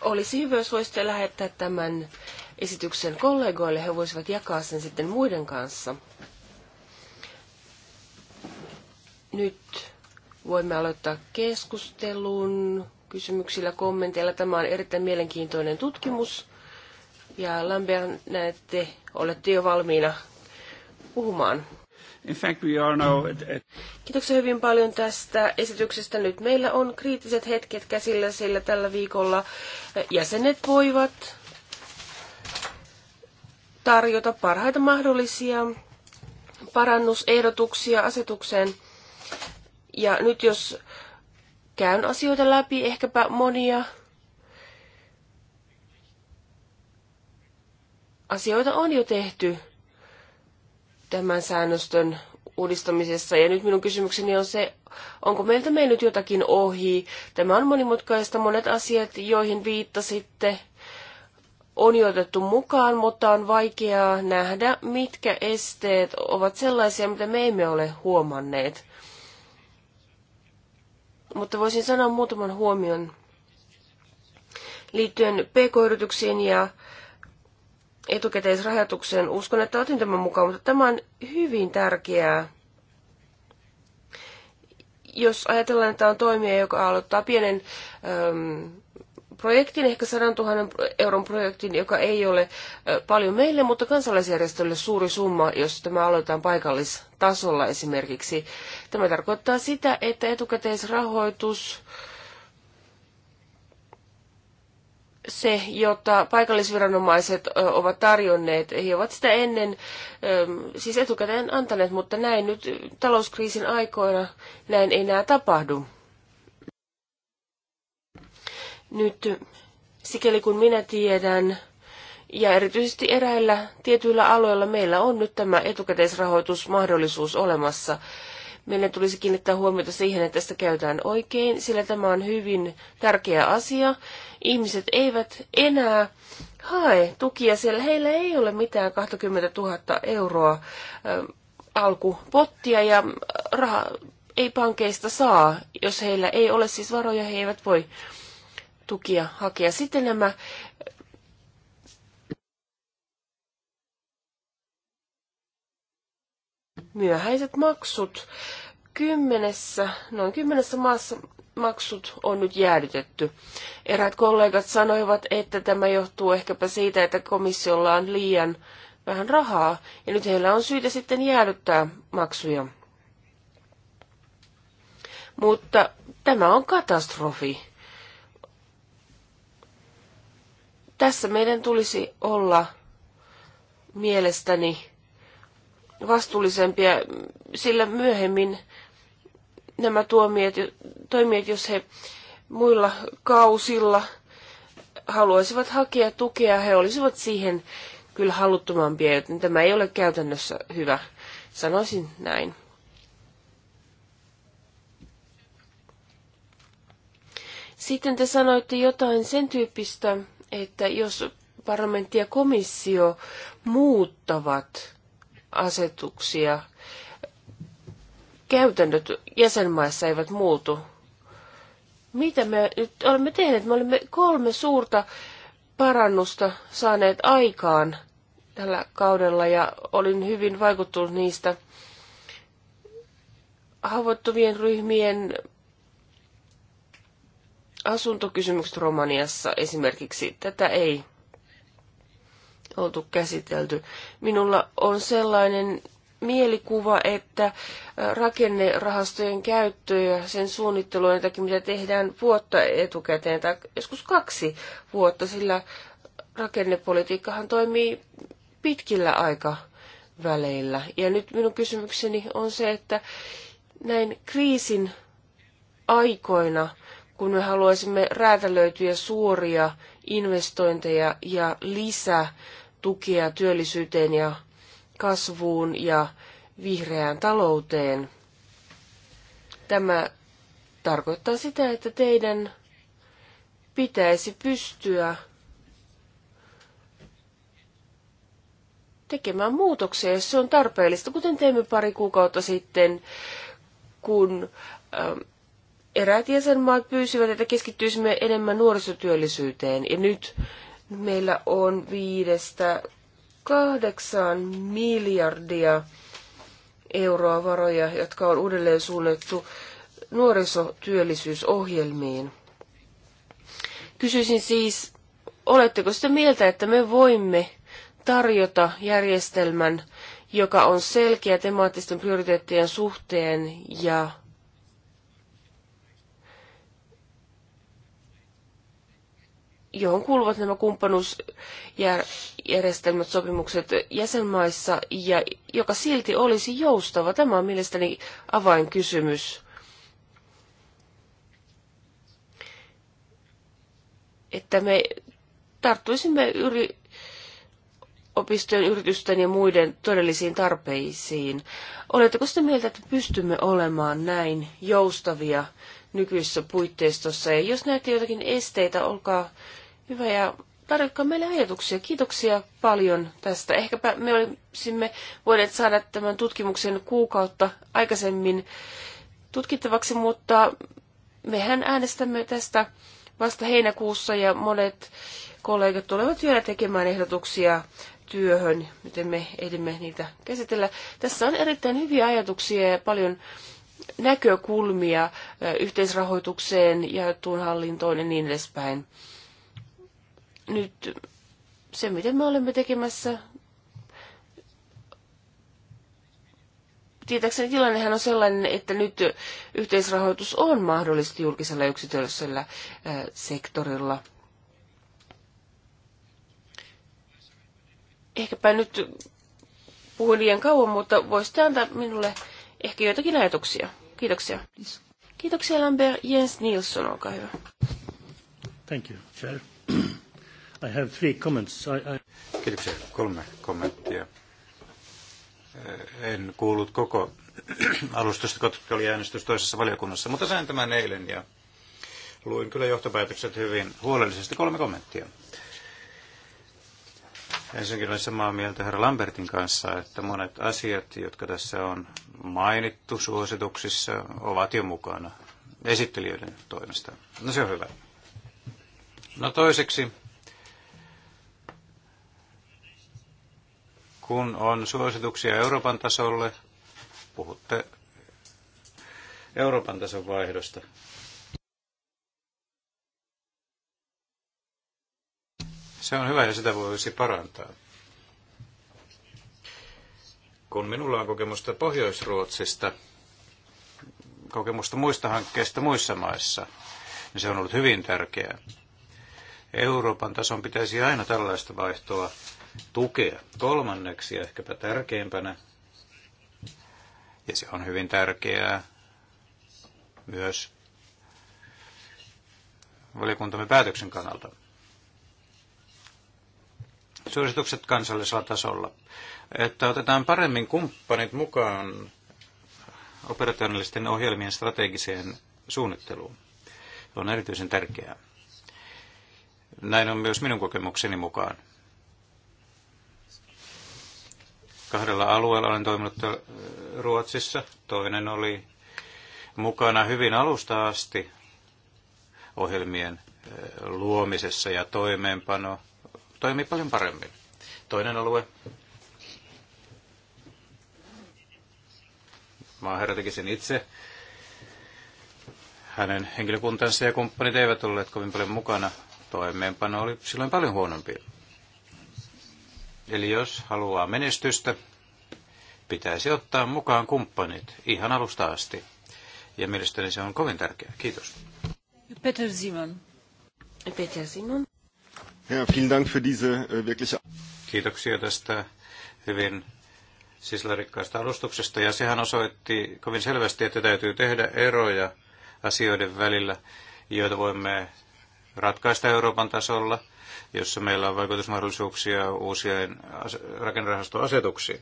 Olisi hyvä, jos voisitte lähettää tämän esityksen kollegoille. He voisivat jakaa sen sitten muiden kanssa. Nyt voimme aloittaa keskustelun kysymyksillä, kommenteilla. Tämä on erittäin mielenkiintoinen tutkimus. Ja Lambert, näette, olette jo valmiina puhumaan. In fact, we are now at, at... Kiitoksia hyvin paljon tästä esityksestä. Nyt meillä on kriittiset hetket käsillä, sillä tällä viikolla jäsenet voivat tarjota parhaita mahdollisia parannusehdotuksia asetukseen. Ja nyt jos käyn asioita läpi, ehkäpä monia asioita on jo tehty tämän säännöstön uudistamisessa. Ja nyt minun kysymykseni on se, onko meiltä mennyt jotakin ohi. Tämä on monimutkaista. Monet asiat, joihin viittasitte, on jo otettu mukaan, mutta on vaikeaa nähdä, mitkä esteet ovat sellaisia, mitä me emme ole huomanneet mutta voisin sanoa muutaman huomion liittyen pk-yrityksiin ja etukäteisrahoitukseen. Uskon, että otin tämän mukaan, mutta tämä on hyvin tärkeää. Jos ajatellaan, että on toimija, joka aloittaa pienen projektin, ehkä 100 000 euron projektin, joka ei ole paljon meille, mutta kansalaisjärjestölle suuri summa, jos tämä aloitetaan paikallistasolla esimerkiksi. Tämä tarkoittaa sitä, että etukäteisrahoitus, se, jota paikallisviranomaiset ovat tarjonneet, he ovat sitä ennen, siis etukäteen antaneet, mutta näin nyt talouskriisin aikoina näin ei enää tapahdu nyt, sikäli kun minä tiedän, ja erityisesti eräillä tietyillä aloilla meillä on nyt tämä etukäteisrahoitusmahdollisuus olemassa. Meidän tulisi kiinnittää huomiota siihen, että tästä käytetään oikein, sillä tämä on hyvin tärkeä asia. Ihmiset eivät enää hae tukia siellä. Heillä ei ole mitään 20 000 euroa alkupottia ja äh, raha ei pankeista saa. Jos heillä ei ole siis varoja, he eivät voi tukia hakea. Sitten nämä myöhäiset maksut. Kymmenessä, noin kymmenessä maassa maksut on nyt jäädytetty. Eräät kollegat sanoivat, että tämä johtuu ehkäpä siitä, että komissiolla on liian vähän rahaa, ja nyt heillä on syytä sitten jäädyttää maksuja. Mutta tämä on katastrofi. Tässä meidän tulisi olla mielestäni vastuullisempia, sillä myöhemmin nämä tuomiet, toimijat, jos he muilla kausilla haluaisivat hakea tukea, he olisivat siihen kyllä haluttomampia, joten tämä ei ole käytännössä hyvä. Sanoisin näin. Sitten te sanoitte jotain sen tyyppistä, että jos parlamentti ja komissio muuttavat asetuksia, käytännöt jäsenmaissa eivät muutu. Mitä me nyt olemme tehneet? Me olemme kolme suurta parannusta saaneet aikaan tällä kaudella ja olin hyvin vaikuttunut niistä. Haavoittuvien ryhmien asuntokysymykset Romaniassa esimerkiksi, tätä ei oltu käsitelty. Minulla on sellainen mielikuva, että äh, rakennerahastojen käyttö ja sen suunnittelu on jotakin, mitä tehdään vuotta etukäteen tai joskus kaksi vuotta, sillä rakennepolitiikkahan toimii pitkillä aikaväleillä. Ja nyt minun kysymykseni on se, että näin kriisin aikoina – kun me haluaisimme räätälöityjä suoria investointeja ja lisätukia työllisyyteen ja kasvuun ja vihreään talouteen. Tämä tarkoittaa sitä, että teidän pitäisi pystyä tekemään muutoksia, jos se on tarpeellista, kuten teimme pari kuukautta sitten, kun ähm, eräät jäsenmaat pyysivät, että keskittyisimme enemmän nuorisotyöllisyyteen. Ja nyt meillä on viidestä kahdeksan miljardia euroa varoja, jotka on uudelleen suunnattu nuorisotyöllisyysohjelmiin. Kysyisin siis, oletteko sitä mieltä, että me voimme tarjota järjestelmän, joka on selkeä temaattisten prioriteettien suhteen ja johon kuuluvat nämä kumppanuusjärjestelmät, sopimukset jäsenmaissa, ja joka silti olisi joustava. Tämä on mielestäni avainkysymys. Että me tarttuisimme yri, opistojen, yritysten ja muiden todellisiin tarpeisiin. Oletteko sitä mieltä, että pystymme olemaan näin joustavia nykyisessä puitteistossa? Ja jos näette jotakin esteitä, olkaa Hyvä ja tarjotkaa meille ajatuksia. Kiitoksia paljon tästä. Ehkäpä me olisimme voineet saada tämän tutkimuksen kuukautta aikaisemmin tutkittavaksi, mutta mehän äänestämme tästä vasta heinäkuussa ja monet kollegat tulevat vielä tekemään ehdotuksia työhön, miten me ehdimme niitä käsitellä. Tässä on erittäin hyviä ajatuksia ja paljon näkökulmia yhteisrahoitukseen, jaettuun hallintoon ja niin edespäin nyt se, mitä me olemme tekemässä, tietääkseni tilannehan on sellainen, että nyt yhteisrahoitus on mahdollisesti julkisella yksityisellä sektorilla. Ehkäpä nyt puhuin liian kauan, mutta voisitte antaa minulle ehkä joitakin ajatuksia. Kiitoksia. Kiitoksia Lambert. Jens Nilsson, olkaa hyvä. Thank you, Chair. I have three comments. I, I... Kiitoksia. Kolme kommenttia. Eh, en kuullut koko alustusta, koska oli äänestys toisessa valiokunnassa, mutta sain tämän eilen ja luin kyllä johtopäätökset hyvin huolellisesti. Kolme kommenttia. Ensinnäkin olen samaa mieltä herra Lambertin kanssa, että monet asiat, jotka tässä on mainittu suosituksissa, ovat jo mukana esittelijöiden toimesta. No se on hyvä. No toiseksi kun on suosituksia Euroopan tasolle, puhutte Euroopan tason vaihdosta. Se on hyvä ja sitä voisi parantaa. Kun minulla on kokemusta Pohjois-Ruotsista, kokemusta muista hankkeista muissa maissa, niin se on ollut hyvin tärkeää. Euroopan tason pitäisi aina tällaista vaihtoa tukea. Kolmanneksi ja ehkäpä tärkeimpänä, ja se on hyvin tärkeää myös valiokuntamme päätöksen kannalta. Suositukset kansallisella tasolla, että otetaan paremmin kumppanit mukaan operationaalisten ohjelmien strategiseen suunnitteluun. Se on erityisen tärkeää. Näin on myös minun kokemukseni mukaan. Kahdella alueella olen toiminut Ruotsissa. Toinen oli mukana hyvin alusta asti ohjelmien luomisessa ja toimeenpano toimii paljon paremmin. Toinen alue. Maaherra teki sen itse. Hänen henkilökuntansa ja kumppanit eivät olleet kovin paljon mukana. Toimeenpano oli silloin paljon huonompi. Eli jos haluaa menestystä, pitäisi ottaa mukaan kumppanit ihan alusta asti. Ja mielestäni se on kovin tärkeää. Kiitos. Peter Simon. Peter Simon. Ja, vielen Dank für diese äh, wirklich... Kiitoksia tästä hyvin sislarikkaasta alustuksesta. Ja sehän osoitti kovin selvästi, että täytyy tehdä eroja asioiden välillä, joita voimme ratkaista Euroopan tasolla, jossa meillä on vaikutusmahdollisuuksia uusien rakennerahastoasetuksiin.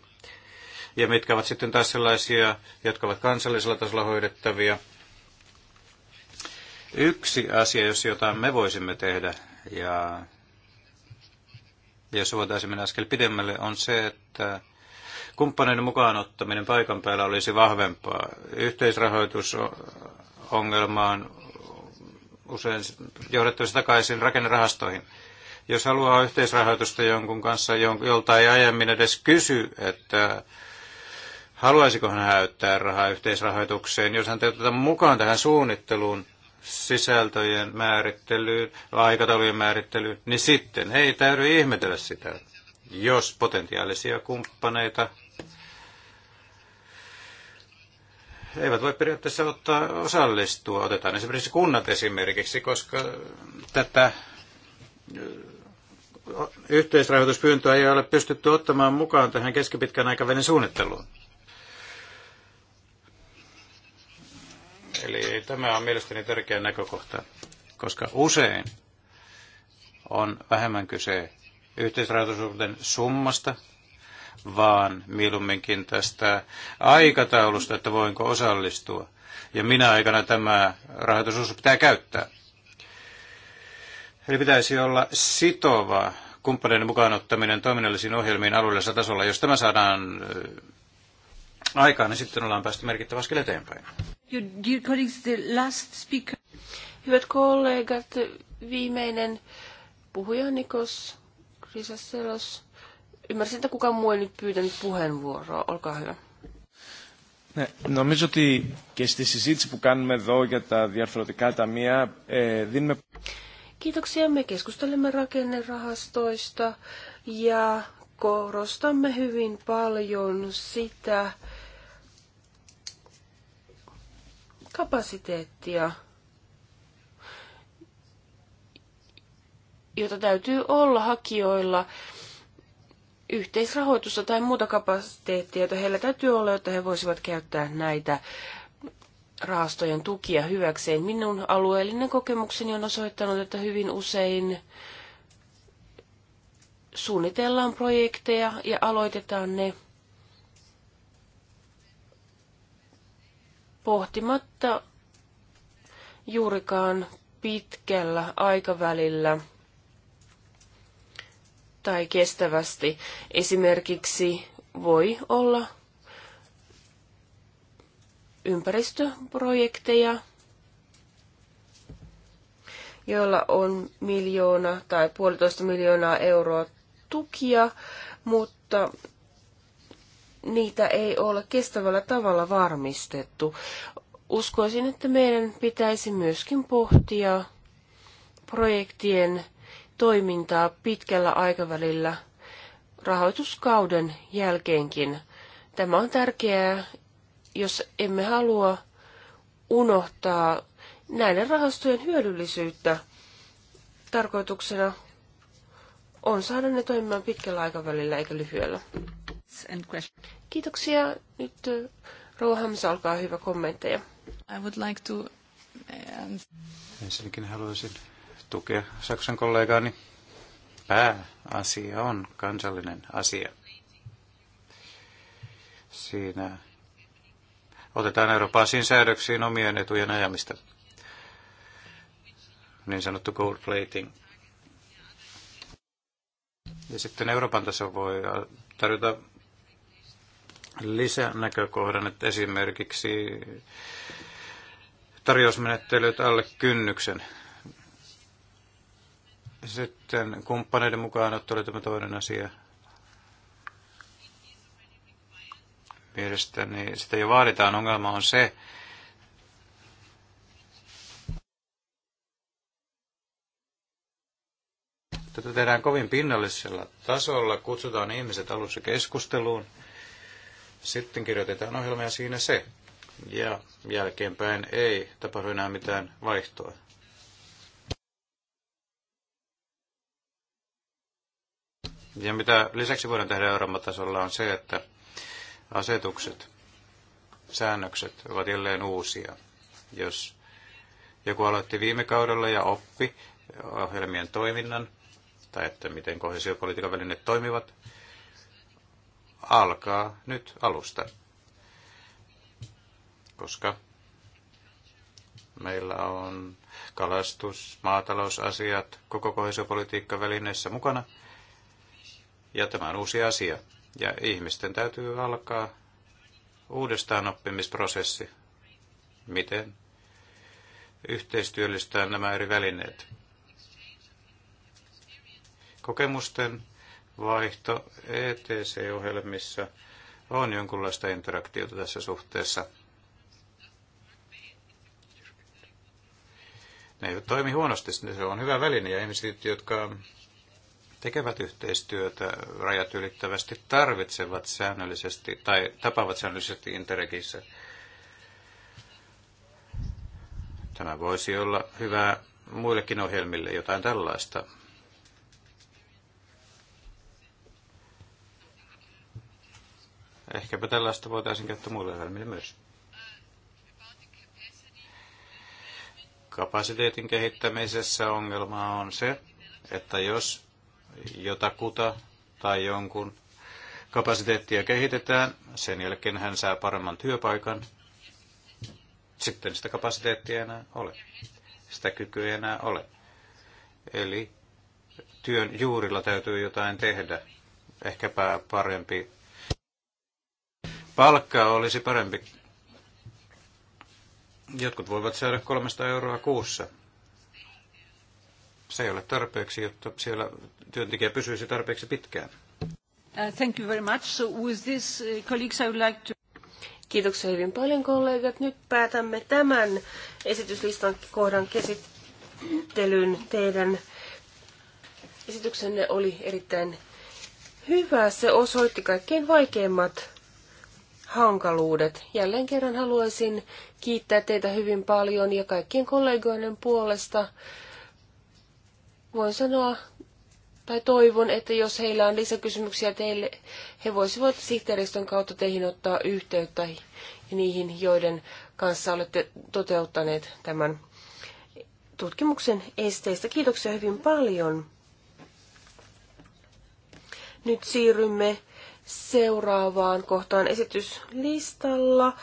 Ja mitkä ovat sitten taas sellaisia, jotka ovat kansallisella tasolla hoidettavia. Yksi asia, jos jotain me voisimme tehdä, ja jos voitaisiin mennä askel pidemmälle, on se, että kumppaneiden mukaan ottaminen paikan päällä olisi vahvempaa. Yhteisrahoitusongelmaan usein johdettavissa takaisin rakennerahastoihin. Jos haluaa yhteisrahoitusta jonkun kanssa, jolta ei aiemmin edes kysy, että haluaisiko hän häyttää rahaa yhteisrahoitukseen, jos hän otetaan mukaan tähän suunnitteluun, sisältöjen määrittelyyn, aikataulujen määrittelyyn, niin sitten ei täydy ihmetellä sitä, jos potentiaalisia kumppaneita eivät voi periaatteessa ottaa osallistua. Otetaan esimerkiksi kunnat esimerkiksi, koska tätä yhteisrahoituspyyntöä ei ole pystytty ottamaan mukaan tähän keskipitkän aikavälin suunnitteluun. Eli tämä on mielestäni tärkeä näkökohta, koska usein on vähemmän kyse yhteisrahoitusuuden summasta vaan mieluumminkin tästä aikataulusta, että voinko osallistua. Ja minä aikana tämä rahoitusosuus pitää käyttää. Eli pitäisi olla sitova kumppaneiden mukaan ottaminen toiminnallisiin ohjelmiin alueellisella tasolla. Jos tämä saadaan aikaan, niin sitten ollaan päästy merkittävästi eteenpäin. Hyvät kollegat, viimeinen puhuja Nikos Krisaselos. Ymmärsin, että kukaan muu ei nyt pyytänyt puheenvuoroa. Olkaa hyvä. Ναι, νομίζω ότι και στη συζήτηση που κάνουμε εδώ για τα διαρθρωτικά ταμεία ε, δίνουμε... Kiitoksia. Me keskustelemme rakennerahastoista ja korostamme hyvin paljon sitä kapasiteettia, jota täytyy olla hakijoilla yhteisrahoitusta tai muuta kapasiteettia, jota heillä täytyy olla, jotta he voisivat käyttää näitä rahastojen tukia hyväkseen. Minun alueellinen kokemukseni on osoittanut, että hyvin usein suunnitellaan projekteja ja aloitetaan ne pohtimatta juurikaan pitkällä aikavälillä – tai kestävästi. Esimerkiksi voi olla ympäristöprojekteja, joilla on miljoona tai puolitoista miljoonaa euroa tukia, mutta niitä ei ole kestävällä tavalla varmistettu. Uskoisin, että meidän pitäisi myöskin pohtia projektien toimintaa pitkällä aikavälillä rahoituskauden jälkeenkin. Tämä on tärkeää, jos emme halua unohtaa näiden rahastojen hyödyllisyyttä. Tarkoituksena on saada ne toimimaan pitkällä aikavälillä eikä lyhyellä. Kiitoksia. Nyt Rouha Hamsa, olkaa hyvä kommentteja. I would like to... Uh, Ensinnäkin haluaisin tukea Saksan kollegaani. Pääasia on kansallinen asia. Siinä otetaan Euroopan säädöksiin omien etujen ajamista. Niin sanottu gold plating. Ja sitten Euroopan taso voi tarjota lisänäkökohdan, että esimerkiksi tarjousmenettelyt alle kynnyksen sitten kumppaneiden mukaanotto oli tämä toinen asia. Mielestäni sitä jo vaaditaan. Ongelma on se, Tätä tehdään kovin pinnallisella tasolla, kutsutaan ihmiset alussa keskusteluun, sitten kirjoitetaan ohjelma ja siinä se. Ja jälkeenpäin ei tapahdu enää mitään vaihtoa. Ja mitä lisäksi voidaan tehdä Euroopan tasolla on se, että asetukset, säännökset ovat jälleen uusia. Jos joku aloitti viime kaudella ja oppi ohjelmien toiminnan, tai että miten kohesiopolitiikan välineet toimivat, alkaa nyt alusta. Koska meillä on kalastus, maatalousasiat, koko kohesiopolitiikka välineessä mukana – ja tämä on uusi asia. Ja ihmisten täytyy alkaa uudestaan oppimisprosessi, miten yhteistyöllistää nämä eri välineet. Kokemusten vaihto ETC-ohjelmissa on jonkunlaista interaktiota tässä suhteessa. Ne eivät toimi huonosti, se on hyvä väline ja ihmiset, jotka tekevät yhteistyötä rajat ylittävästi, tarvitsevat säännöllisesti tai tapaavat säännöllisesti Interregissä. Tämä voisi olla hyvä muillekin ohjelmille jotain tällaista. Ehkäpä tällaista voitaisiin käyttää muille ohjelmille myös. Kapasiteetin kehittämisessä ongelma on se, että jos jotakuta tai jonkun kapasiteettia kehitetään, sen jälkeen hän saa paremman työpaikan, sitten sitä kapasiteettia ei enää ole. Sitä kykyä ei enää ole. Eli työn juurilla täytyy jotain tehdä. Ehkäpä parempi palkka olisi parempi. Jotkut voivat saada 300 euroa kuussa se ei ole tarpeeksi, jotta siellä työntekijä pysyisi tarpeeksi pitkään. Uh, thank you very much. So with this, uh, colleagues, I would like to... Kiitoksia hyvin paljon kollegat. Nyt päätämme tämän esityslistan kohdan käsittelyn. Teidän esityksenne oli erittäin hyvä. Se osoitti kaikkein vaikeimmat hankaluudet. Jälleen kerran haluaisin kiittää teitä hyvin paljon ja kaikkien kollegoiden puolesta voin sanoa tai toivon, että jos heillä on lisäkysymyksiä teille, he voisivat sihteeristön kautta teihin ottaa yhteyttä ja niihin, joiden kanssa olette toteuttaneet tämän tutkimuksen esteistä. Kiitoksia hyvin paljon. Nyt siirrymme seuraavaan kohtaan esityslistalla.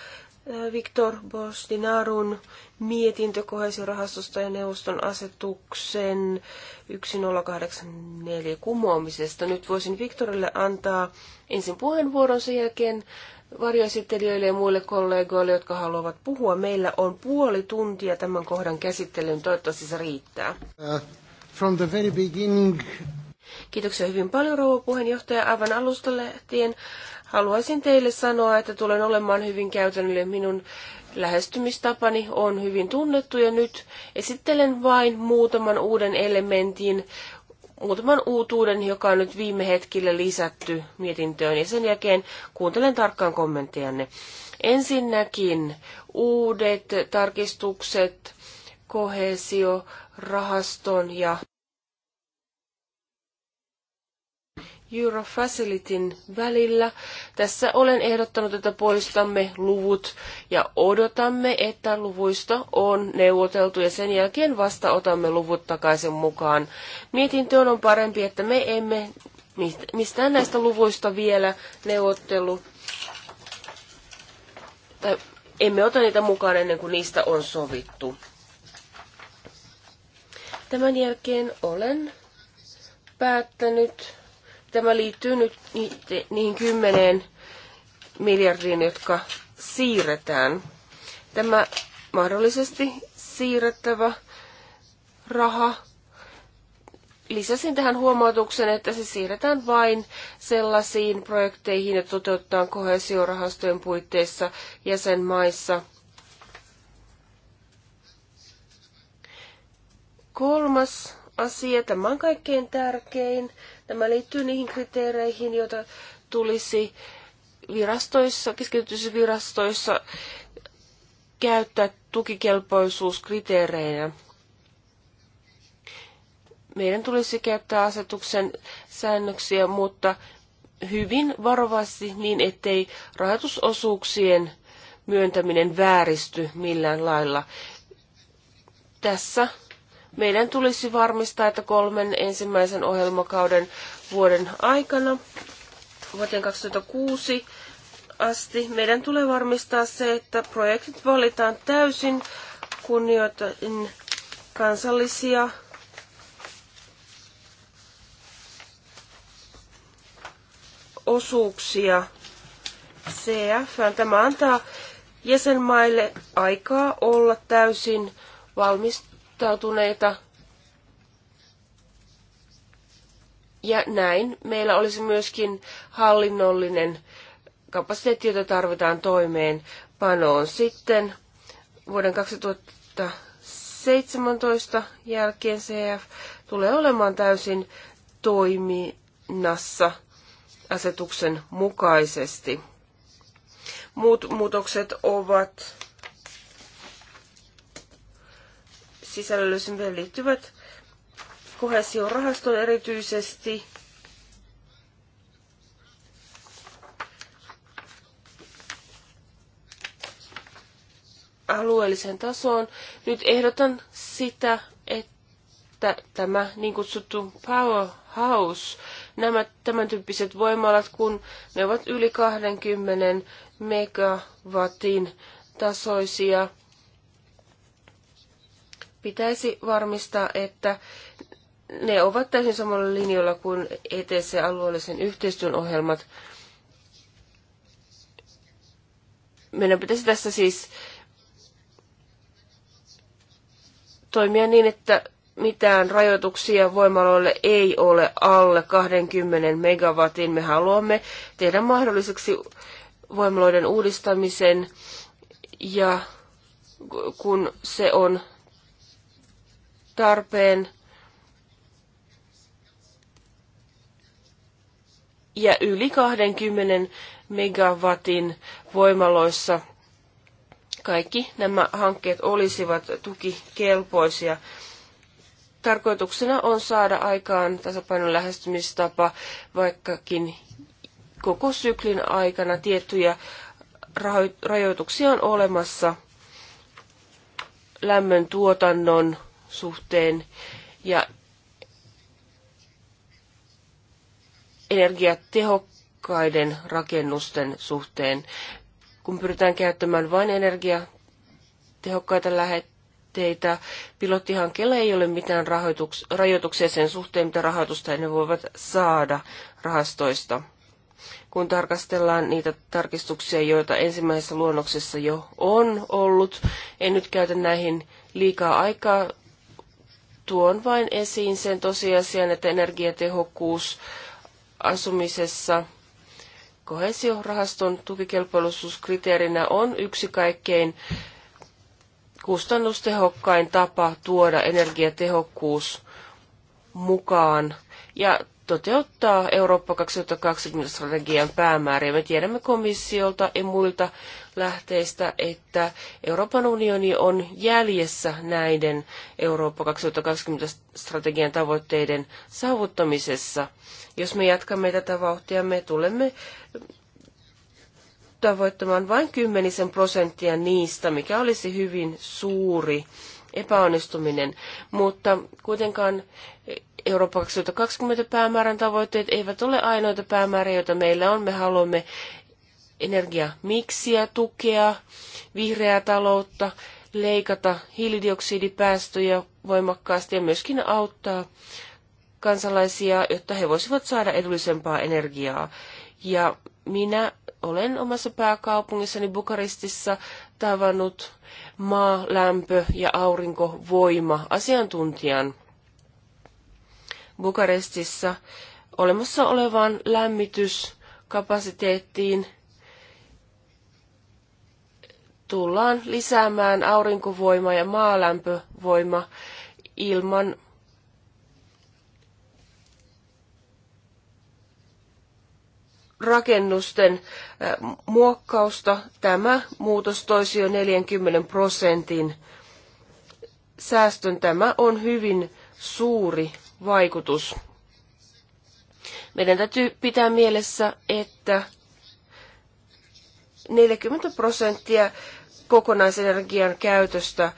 Viktor Bostinarun mietintö kohesiorahastosta ja neuvoston asetuksen 1084 kumoamisesta. Nyt voisin Viktorille antaa ensin puheenvuoron sen jälkeen varjoesittelijöille ja muille kollegoille, jotka haluavat puhua. Meillä on puoli tuntia tämän kohdan käsittelyyn. Toivottavasti se riittää. Uh, from the very beginning... Kiitoksia hyvin paljon, rouva puheenjohtaja. Aivan alusta lähtien haluaisin teille sanoa, että tulen olemaan hyvin käytännöllinen. Minun lähestymistapani on hyvin tunnettu ja nyt esittelen vain muutaman uuden elementin, muutaman uutuuden, joka on nyt viime hetkillä lisätty mietintöön ja sen jälkeen kuuntelen tarkkaan kommenttejanne. Ensinnäkin uudet tarkistukset kohesio rahaston ja Eurofacilitin välillä. Tässä olen ehdottanut, että poistamme luvut ja odotamme, että luvuista on neuvoteltu ja sen jälkeen vasta otamme luvut takaisin mukaan. Mietintöön on parempi, että me emme mistään näistä luvuista vielä neuvottelu tai emme ota niitä mukaan ennen kuin niistä on sovittu. Tämän jälkeen olen päättänyt Tämä liittyy nyt niihin kymmeneen miljardiin, jotka siirretään. Tämä mahdollisesti siirrettävä raha. Lisäsin tähän huomautuksen, että se siirretään vain sellaisiin projekteihin, että toteutetaan kohesiorahastojen puitteissa jäsenmaissa. Kolmas asia, tämä on kaikkein tärkein, Tämä liittyy niihin kriteereihin, joita tulisi virastoissa, keskitytyissä virastoissa käyttää tukikelpoisuuskriteereinä. Meidän tulisi käyttää asetuksen säännöksiä, mutta hyvin varovasti niin, ettei rahoitusosuuksien myöntäminen vääristy millään lailla. Tässä meidän tulisi varmistaa, että kolmen ensimmäisen ohjelmakauden vuoden aikana vuoteen 2006 asti meidän tulee varmistaa se, että projektit valitaan täysin kunnioitain kansallisia osuuksia CF. Tämä antaa jäsenmaille aikaa olla täysin valmis suhtautuneita. Ja näin meillä olisi myöskin hallinnollinen kapasiteetti, jota tarvitaan toimeen panoon. Sitten vuoden 2017 jälkeen CF tulee olemaan täysin toiminnassa asetuksen mukaisesti. Muut muutokset ovat sisällöllisimpään liittyvät kohesiorahastoon erityisesti. alueelliseen tasoon. Nyt ehdotan sitä, että tämä niin kutsuttu powerhouse, nämä tämän tyyppiset voimalat, kun ne ovat yli 20 megawatin tasoisia, pitäisi varmistaa, että ne ovat täysin samalla linjalla kuin ETC-alueellisen yhteistyön ohjelmat. Meidän pitäisi tässä siis toimia niin, että mitään rajoituksia voimaloille ei ole alle 20 megawatin. Me haluamme tehdä mahdolliseksi voimaloiden uudistamisen ja kun se on tarpeen. Ja yli 20 megawatin voimaloissa kaikki nämä hankkeet olisivat tukikelpoisia. Tarkoituksena on saada aikaan tasapainon lähestymistapa, vaikkakin koko syklin aikana tiettyjä rajoituksia on olemassa lämmön tuotannon suhteen ja energiatehokkaiden rakennusten suhteen. Kun pyritään käyttämään vain energiatehokkaita lähetteitä, pilottihankkeella ei ole mitään rahoituks- rajoituksia sen suhteen, mitä rahoitusta ne voivat saada rahastoista. Kun tarkastellaan niitä tarkistuksia, joita ensimmäisessä luonnoksessa jo on ollut, en nyt käytä näihin liikaa aikaa, tuon vain esiin sen tosiasian, että energiatehokkuus asumisessa kohesiorahaston tukikelpoisuuskriteerinä on yksi kaikkein kustannustehokkain tapa tuoda energiatehokkuus mukaan ja toteuttaa Eurooppa 2020 strategian päämääriä. Me tiedämme komissiolta ja muilta lähteistä, että Euroopan unioni on jäljessä näiden Eurooppa 2020-strategian tavoitteiden saavuttamisessa. Jos me jatkamme tätä vauhtia, me tulemme tavoittamaan vain kymmenisen prosenttia niistä, mikä olisi hyvin suuri epäonnistuminen, mutta kuitenkaan Eurooppa 2020 päämäärän tavoitteet eivät ole ainoita päämääriä, joita meillä on. Me haluamme energiamiksiä tukea, vihreää taloutta, leikata hiilidioksidipäästöjä voimakkaasti ja myöskin auttaa kansalaisia, jotta he voisivat saada edullisempaa energiaa. Ja minä olen omassa pääkaupungissani Bukarestissa tavannut maa, lämpö ja aurinkovoima asiantuntijan Bukarestissa olemassa olevaan lämmityskapasiteettiin – tullaan lisäämään aurinkovoima ja maalämpövoima ilman rakennusten äh, muokkausta. Tämä muutos toisi jo 40 prosentin säästön. Tämä on hyvin suuri vaikutus. Meidän täytyy pitää mielessä, että 40 prosenttia kokonaisenergian käytöstä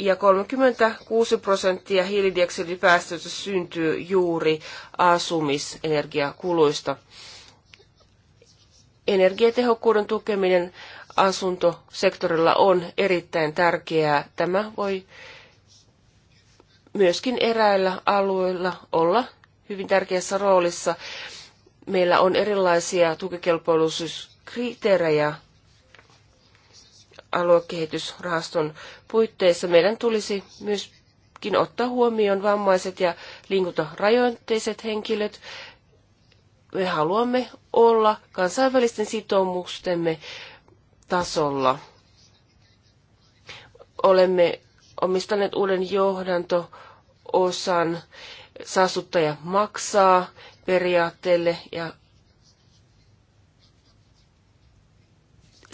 ja 36 prosenttia hiilidioksidipäästöistä syntyy juuri asumisenergiakuluista. Energiatehokkuuden tukeminen asuntosektorilla on erittäin tärkeää. Tämä voi myöskin eräillä alueilla olla hyvin tärkeässä roolissa. Meillä on erilaisia tukikelpoisuuskriteerejä aluekehitysrahaston puitteissa meidän tulisi myöskin ottaa huomioon vammaiset ja liikuntarajoitteiset henkilöt. Me haluamme olla kansainvälisten sitoumustemme tasolla. Olemme omistaneet uuden johdanto-osan saastuttaja maksaa periaatteelle ja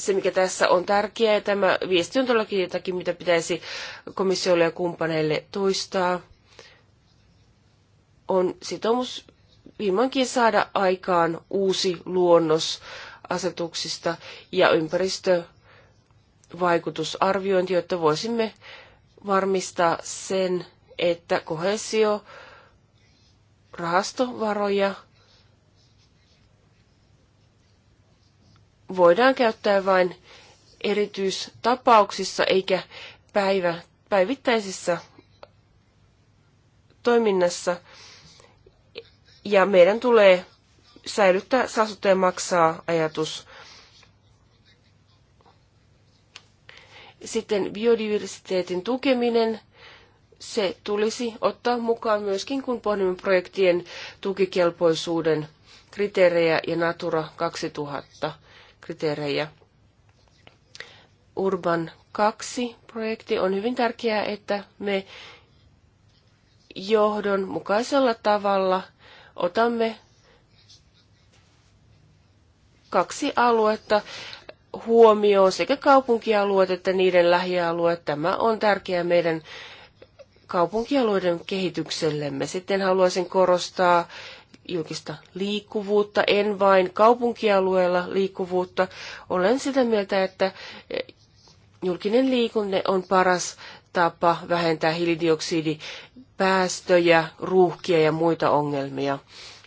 se, mikä tässä on tärkeää, ja tämä viesti on todellakin jotakin, mitä pitäisi komissiolle ja kumppaneille toistaa, on sitoumus viimeinkin saada aikaan uusi luonnos asetuksista ja ympäristövaikutusarviointi, jotta voisimme varmistaa sen, että kohesio rahastovaroja voidaan käyttää vain erityistapauksissa eikä päivä, päivittäisessä toiminnassa. Ja meidän tulee säilyttää saastuttaja maksaa ajatus. Sitten biodiversiteetin tukeminen, se tulisi ottaa mukaan myöskin, kun pohdimme projektien tukikelpoisuuden kriteerejä ja Natura 2000 kriteerejä. Urban 2-projekti on hyvin tärkeää, että me johdonmukaisella tavalla otamme kaksi aluetta huomioon, sekä kaupunkialueet että niiden lähialueet. Tämä on tärkeää meidän kaupunkialueiden kehityksellemme. Sitten haluaisin korostaa julkista liikkuvuutta, en vain kaupunkialueella liikkuvuutta. Olen sitä mieltä, että e, julkinen liikunne on paras tapa vähentää hiilidioksidipäästöjä, ruuhkia ja muita ongelmia.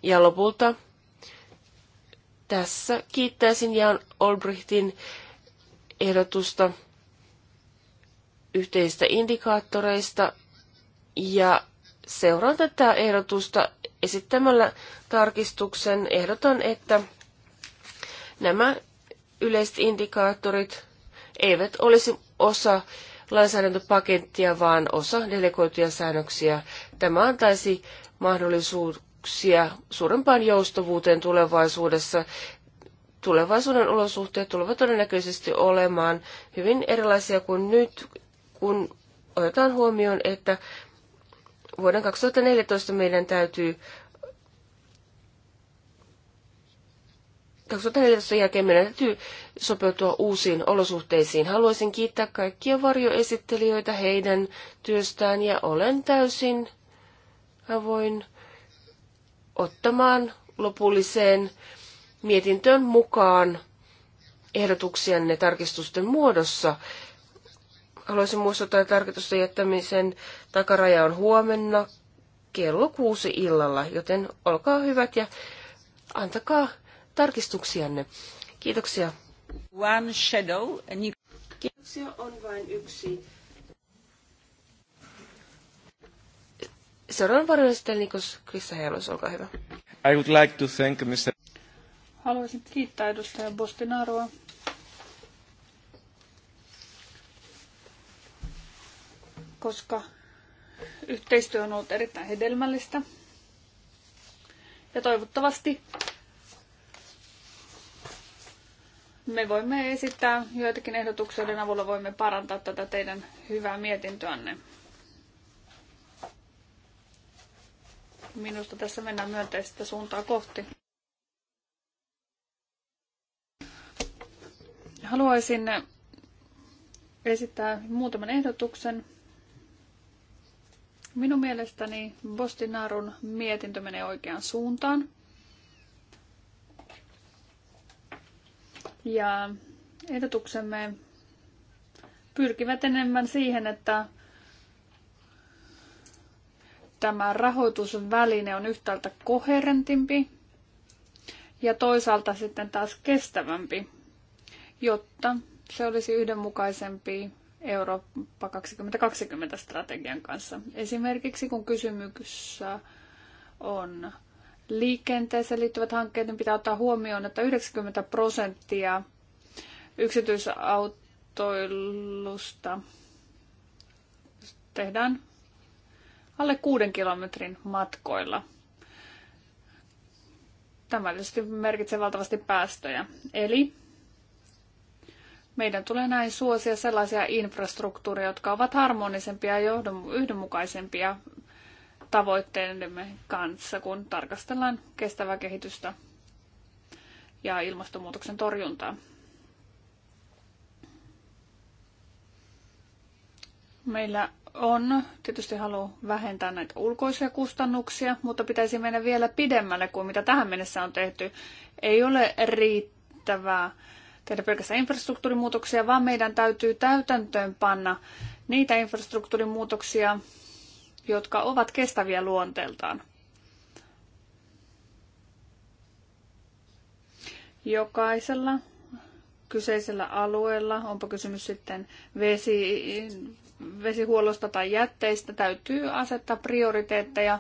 Ja lopulta tässä kiittäisin Jan Olbrichtin ehdotusta yhteisistä indikaattoreista ja seuraan tätä ehdotusta esittämällä tarkistuksen. Ehdotan, että nämä yleiset indikaattorit eivät olisi osa lainsäädäntöpakettia, vaan osa delegoituja säännöksiä. Tämä antaisi mahdollisuuksia suurempaan joustavuuteen tulevaisuudessa. Tulevaisuuden olosuhteet tulevat todennäköisesti olemaan hyvin erilaisia kuin nyt, kun otetaan huomioon, että vuoden 2014 meidän täytyy 2014 jälkeen meidän täytyy sopeutua uusiin olosuhteisiin. Haluaisin kiittää kaikkia varjoesittelijöitä heidän työstään ja olen täysin avoin ottamaan lopulliseen mietintöön mukaan ehdotuksianne tarkistusten muodossa. Haluaisin muistuttaa, että tarkoitusten jättämisen takaraja on huomenna kello kuusi illalla, joten olkaa hyvät ja antakaa tarkistuksianne. Kiitoksia. One shadow. Kiitoksia on vain yksi. Seuraavan varjoistaja Nikos Krista Helos, olkaa hyvä. I would like to thank Mr. Haluaisin kiittää edustaja Bostinaroa koska yhteistyö on ollut erittäin hedelmällistä. Ja toivottavasti me voimme esittää joitakin ehdotuksia, joiden avulla voimme parantaa tätä teidän hyvää mietintöänne. Minusta tässä mennään myönteistä suuntaa kohti. Haluaisin esittää muutaman ehdotuksen. Minun mielestäni Bostinarun mietintö menee oikeaan suuntaan. Ja ehdotuksemme pyrkivät enemmän siihen, että tämä rahoitusväline on yhtäältä koherentimpi ja toisaalta sitten taas kestävämpi, jotta se olisi yhdenmukaisempi Eurooppa 2020 strategian kanssa. Esimerkiksi kun kysymyksessä on liikenteeseen liittyvät hankkeet, niin pitää ottaa huomioon, että 90 prosenttia yksityisautoilusta tehdään alle kuuden kilometrin matkoilla. Tämä tietysti merkitsee valtavasti päästöjä. Eli meidän tulee näin suosia sellaisia infrastruktuureja, jotka ovat harmonisempia ja yhdenmukaisempia tavoitteidemme kanssa, kun tarkastellaan kestävää kehitystä ja ilmastonmuutoksen torjuntaa. Meillä on tietysti halu vähentää näitä ulkoisia kustannuksia, mutta pitäisi mennä vielä pidemmälle kuin mitä tähän mennessä on tehty. Ei ole riittävää tehdä pelkästään infrastruktuurimuutoksia, vaan meidän täytyy täytäntöön panna niitä infrastruktuurimuutoksia, jotka ovat kestäviä luonteeltaan. Jokaisella kyseisellä alueella, onpa kysymys sitten vesi, vesihuollosta tai jätteistä, täytyy asettaa prioriteetteja,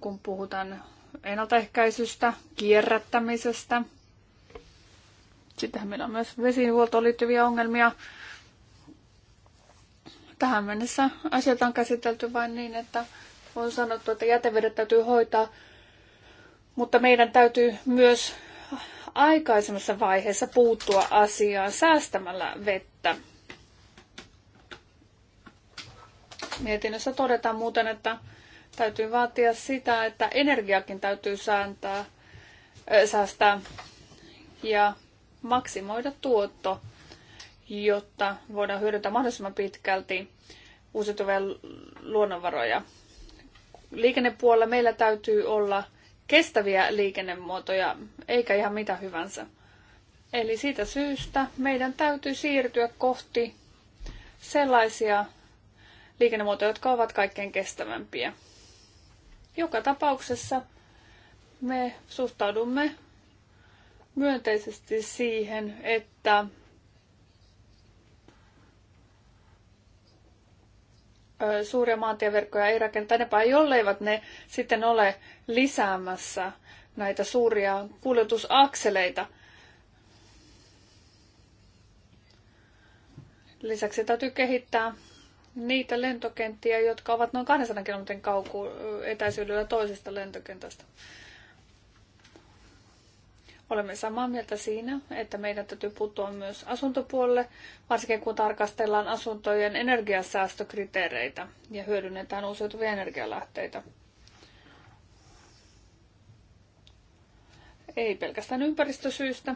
kun puhutaan ennaltaehkäisystä, kierrättämisestä. Sittenhän meillä on myös vesihuoltoon liittyviä ongelmia. Tähän mennessä asioita on käsitelty vain niin, että on sanottu, että jätevedet täytyy hoitaa, mutta meidän täytyy myös aikaisemmassa vaiheessa puuttua asiaan säästämällä vettä. Mietinnössä todetaan muuten, että Täytyy vaatia sitä, että energiakin täytyy sääntää, säästää ja maksimoida tuotto, jotta voidaan hyödyntää mahdollisimman pitkälti uusiutuvia luonnonvaroja. Liikennepuolella meillä täytyy olla kestäviä liikennemuotoja, eikä ihan mitä hyvänsä. Eli siitä syystä meidän täytyy siirtyä kohti sellaisia liikennemuotoja, jotka ovat kaikkein kestävämpiä. Joka tapauksessa me suhtaudumme myönteisesti siihen, että suuria maantieverkkoja ei rakenneta enempää, jolleivät ne sitten ole lisäämässä näitä suuria kuljetusakseleita. Lisäksi täytyy kehittää niitä lentokenttiä, jotka ovat noin 200 kilometrin kauku etäisyydellä toisesta lentokentästä. Olemme samaa mieltä siinä, että meidän täytyy puuttua myös asuntopuolelle, varsinkin kun tarkastellaan asuntojen energiasäästökriteereitä ja hyödynnetään uusiutuvia energialähteitä. Ei pelkästään ympäristösyistä,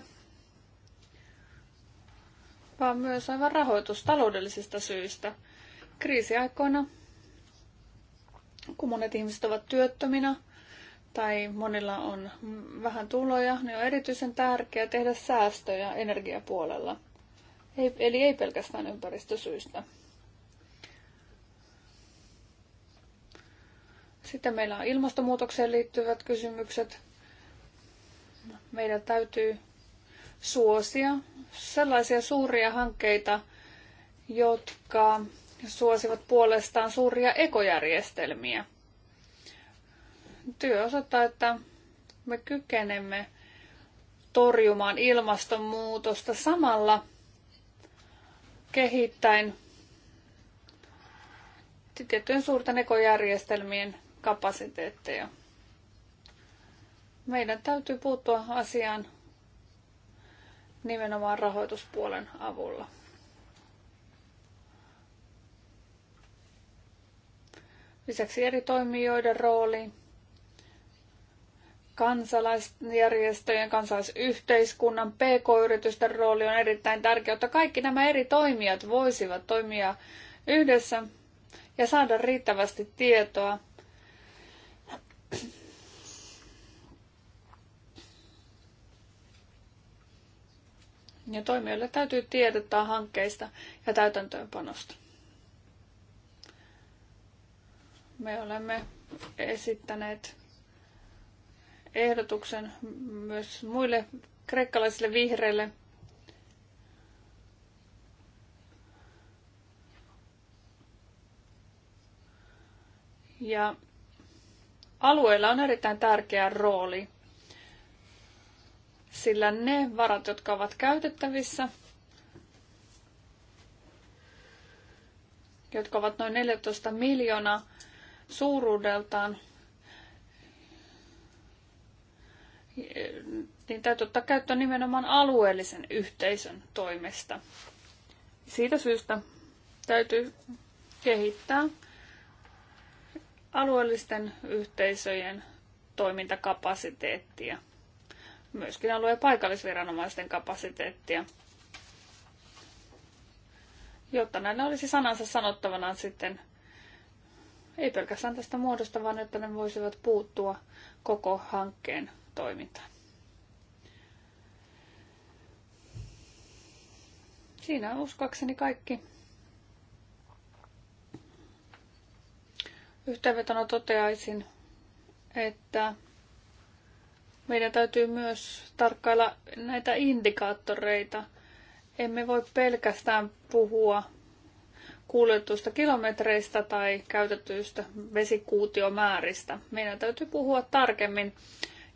vaan myös aivan rahoitustaloudellisista syistä – Kriisiaikoina, kun monet ihmiset ovat työttöminä tai monilla on vähän tuloja, niin on erityisen tärkeää tehdä säästöjä energiapuolella. Ei, eli ei pelkästään ympäristösyistä. Sitten meillä on ilmastonmuutokseen liittyvät kysymykset. Meidän täytyy suosia sellaisia suuria hankkeita, jotka suosivat puolestaan suuria ekojärjestelmiä. Työ osoittaa, että me kykenemme torjumaan ilmastonmuutosta samalla kehittäen tiettyjen suurten ekojärjestelmien kapasiteetteja. Meidän täytyy puuttua asiaan nimenomaan rahoituspuolen avulla. Lisäksi eri toimijoiden rooli, kansalaisjärjestöjen, kansalaisyhteiskunnan, pk-yritysten rooli on erittäin tärkeä, jotta kaikki nämä eri toimijat voisivat toimia yhdessä ja saada riittävästi tietoa. Ja toimijoille täytyy tiedottaa hankkeista ja täytäntöönpanosta. Me olemme esittäneet ehdotuksen myös muille kreikkalaisille vihreille. Ja alueilla on erittäin tärkeä rooli, sillä ne varat, jotka ovat käytettävissä, jotka ovat noin 14 miljoonaa, suuruudeltaan, niin täytyy ottaa käyttöön nimenomaan alueellisen yhteisön toimesta. Siitä syystä täytyy kehittää alueellisten yhteisöjen toimintakapasiteettia, myöskin alue- ja paikallisviranomaisten kapasiteettia, jotta näillä olisi sanansa sanottavanaan sitten ei pelkästään tästä muodosta, vaan että ne voisivat puuttua koko hankkeen toimintaan. Siinä on uskoakseni kaikki. Yhteenvetona toteaisin, että meidän täytyy myös tarkkailla näitä indikaattoreita. Emme voi pelkästään puhua kuljetusta kilometreistä tai käytetyistä vesikuutiomääristä. Meidän täytyy puhua tarkemmin,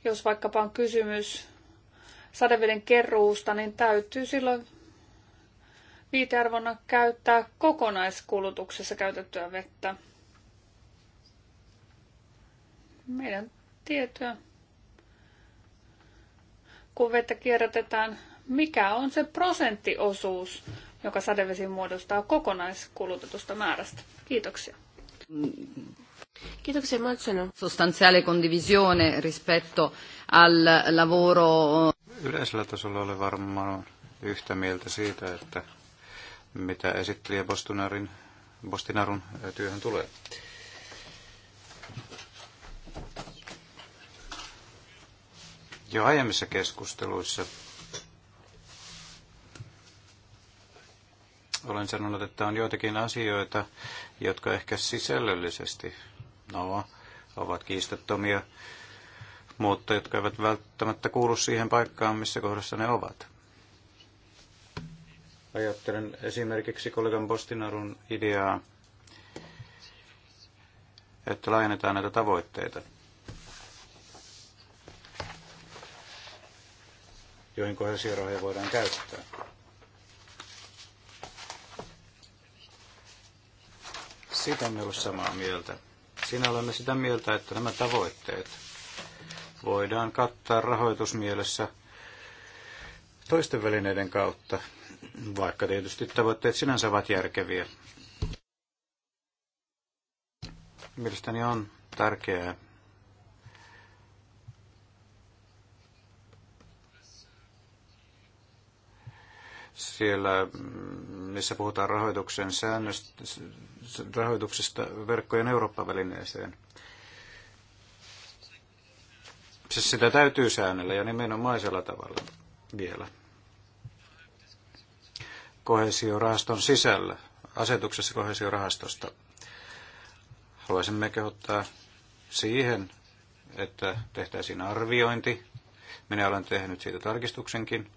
jos vaikkapa on kysymys sadeveden keruusta, niin täytyy silloin viitearvona käyttää kokonaiskulutuksessa käytettyä vettä. Meidän tietoa, kun vettä kierrätetään, mikä on se prosenttiosuus joka sadevesi muodostaa kokonaiskulutetusta määrästä. Kiitoksia. Kiitoksia Matsano. Sostanziale condivisione rispetto al lavoro. Yleisellä tasolla olen varmaan yhtä mieltä siitä, että mitä esittelijä Bostunarin, Bostinarun työhön tulee. Jo aiemmissa keskusteluissa Olen sanonut, että on joitakin asioita, jotka ehkä sisällöllisesti no, ovat kiistattomia, mutta jotka eivät välttämättä kuulu siihen paikkaan, missä kohdassa ne ovat. Ajattelen esimerkiksi kollegan Postinarun ideaa, että laajennetaan näitä tavoitteita. joihin kohdassa voidaan käyttää. Siitä emme ole samaa mieltä. Siinä olemme sitä mieltä, että nämä tavoitteet voidaan kattaa rahoitusmielessä toisten välineiden kautta, vaikka tietysti tavoitteet sinänsä ovat järkeviä. Mielestäni on tärkeää, Siellä, missä puhutaan rahoituksen säännöstä, rahoituksesta verkkojen Eurooppa-välineeseen. Siis sitä täytyy säännellä ja nimenomaisella tavalla vielä. Kohesiorahaston sisällä, asetuksessa kohesiorahastosta. Haluaisimme kehottaa siihen, että tehtäisiin arviointi. Minä olen tehnyt siitä tarkistuksenkin.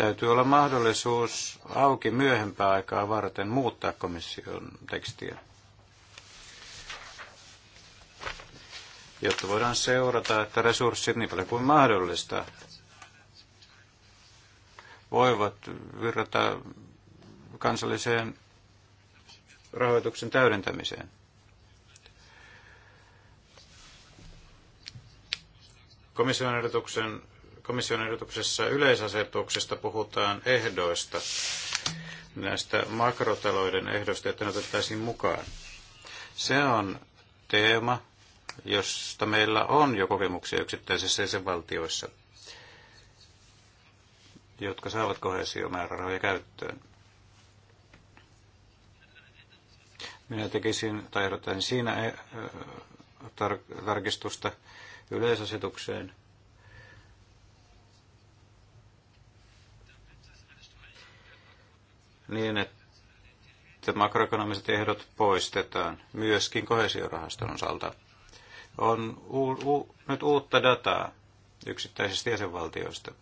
Täytyy olla mahdollisuus auki myöhempää aikaa varten muuttaa komission tekstiä, jotta voidaan seurata, että resurssit niin paljon kuin mahdollista voivat virrata kansalliseen rahoituksen täydentämiseen. Komission ehdotuksen komission ehdotuksessa yleisasetuksesta puhutaan ehdoista, näistä makrotalouden ehdoista, että ne otettaisiin mukaan. Se on teema, josta meillä on jo kokemuksia yksittäisissä jäsenvaltioissa, jotka saavat kohesiomäärärahoja käyttöön. Minä tekisin tai ehdotan siinä eh, eh, tarkistusta yleisasetukseen – niin, että makroekonomiset ehdot poistetaan myöskin kohesiorahaston osalta. On u- u- nyt uutta dataa yksittäisistä jäsenvaltioista.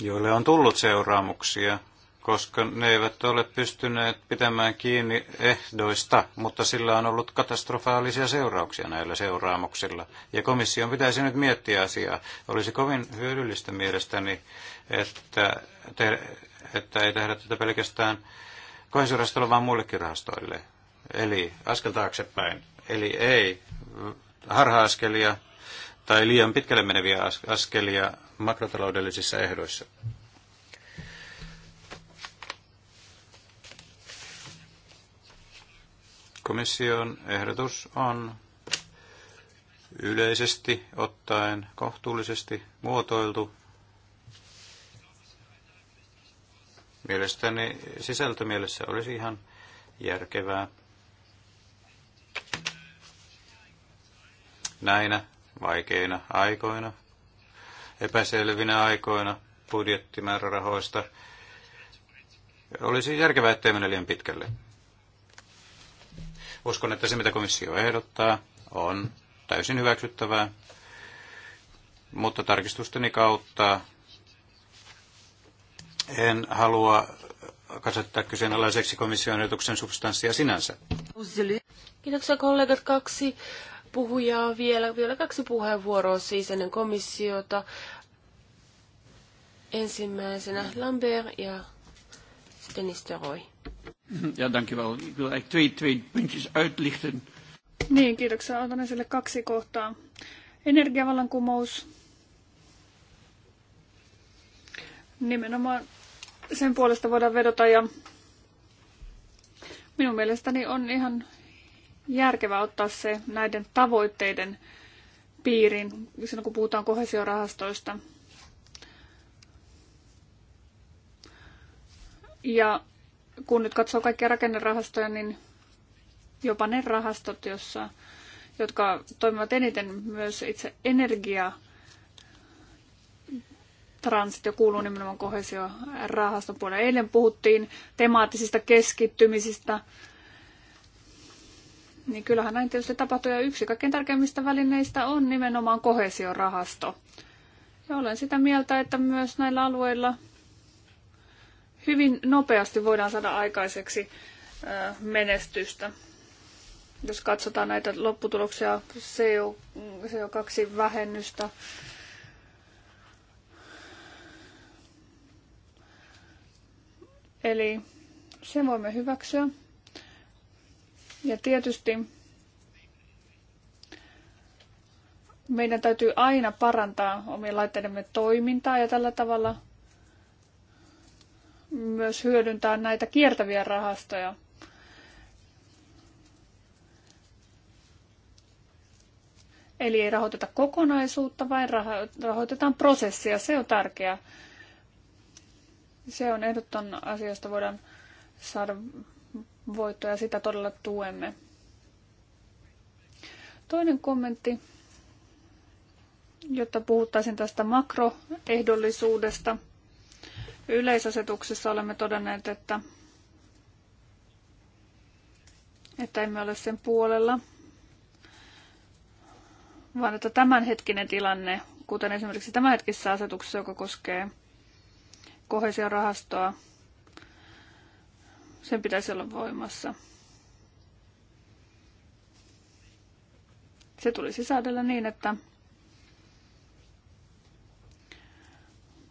joille on tullut seuraamuksia koska ne eivät ole pystyneet pitämään kiinni ehdoista, mutta sillä on ollut katastrofaalisia seurauksia näillä seuraamuksilla. Ja komission pitäisi nyt miettiä asiaa. Olisi kovin hyödyllistä mielestäni, että, te, että ei tehdä tätä pelkästään kohdistusrahastolle, vaan muillekin rahastoille. Eli askel taaksepäin. Eli ei harha-askelia tai liian pitkälle meneviä askelia makrotaloudellisissa ehdoissa. Komission ehdotus on yleisesti ottaen kohtuullisesti muotoiltu. Mielestäni sisältömielessä olisi ihan järkevää näinä vaikeina aikoina, epäselvinä aikoina budjettimäärärahoista. Olisi järkevää, ettei mene liian pitkälle. Uskon, että se mitä komissio ehdottaa on täysin hyväksyttävää, mutta tarkistusteni kautta en halua asettaa kyseenalaiseksi komission ehdotuksen substanssia sinänsä. Kiitoksia kollegat. Kaksi puhujaa vielä, vielä kaksi puheenvuoroa siis ennen komissiota. Ensimmäisenä Lambert ja sitten Nisteroi. Ja, dankjewel. Ik wil eigenlijk twee, twee puntjes uitlichten. Niin, kiitoksia. Otan esille kaksi kohtaa. Energiavallankumous. Nimenomaan sen puolesta voidaan vedota ja minun mielestäni on ihan järkevää ottaa se näiden tavoitteiden piiriin, silloin kun puhutaan kohesiorahastoista. Ja kun nyt katsoo kaikkia rakennerahastoja, niin jopa ne rahastot, jossa, jotka toimivat eniten myös itse energia transitio kuuluu nimenomaan rahaston puolelle. Eilen puhuttiin temaattisista keskittymisistä, niin kyllähän näin tietysti tapahtuu. Ja yksi kaikkein tärkeimmistä välineistä on nimenomaan kohesiorahasto. Ja olen sitä mieltä, että myös näillä alueilla – hyvin nopeasti voidaan saada aikaiseksi menestystä. Jos katsotaan näitä lopputuloksia, CO2-vähennystä, Eli sen voimme hyväksyä. Ja tietysti meidän täytyy aina parantaa omien laitteidemme toimintaa ja tällä tavalla myös hyödyntää näitä kiertäviä rahastoja. Eli ei rahoiteta kokonaisuutta, vaan rahoitetaan prosessia. Se on tärkeää. Se on ehdoton asia, josta voidaan saada voittoa ja sitä todella tuemme. Toinen kommentti, jotta puhuttaisin tästä makroehdollisuudesta – Yleisasetuksessa olemme todenneet, että, että emme ole sen puolella, vaan että tämänhetkinen tilanne, kuten esimerkiksi tämänhetkisessä asetuksessa, joka koskee kohesiorahastoa, sen pitäisi olla voimassa. Se tulisi säädellä niin, että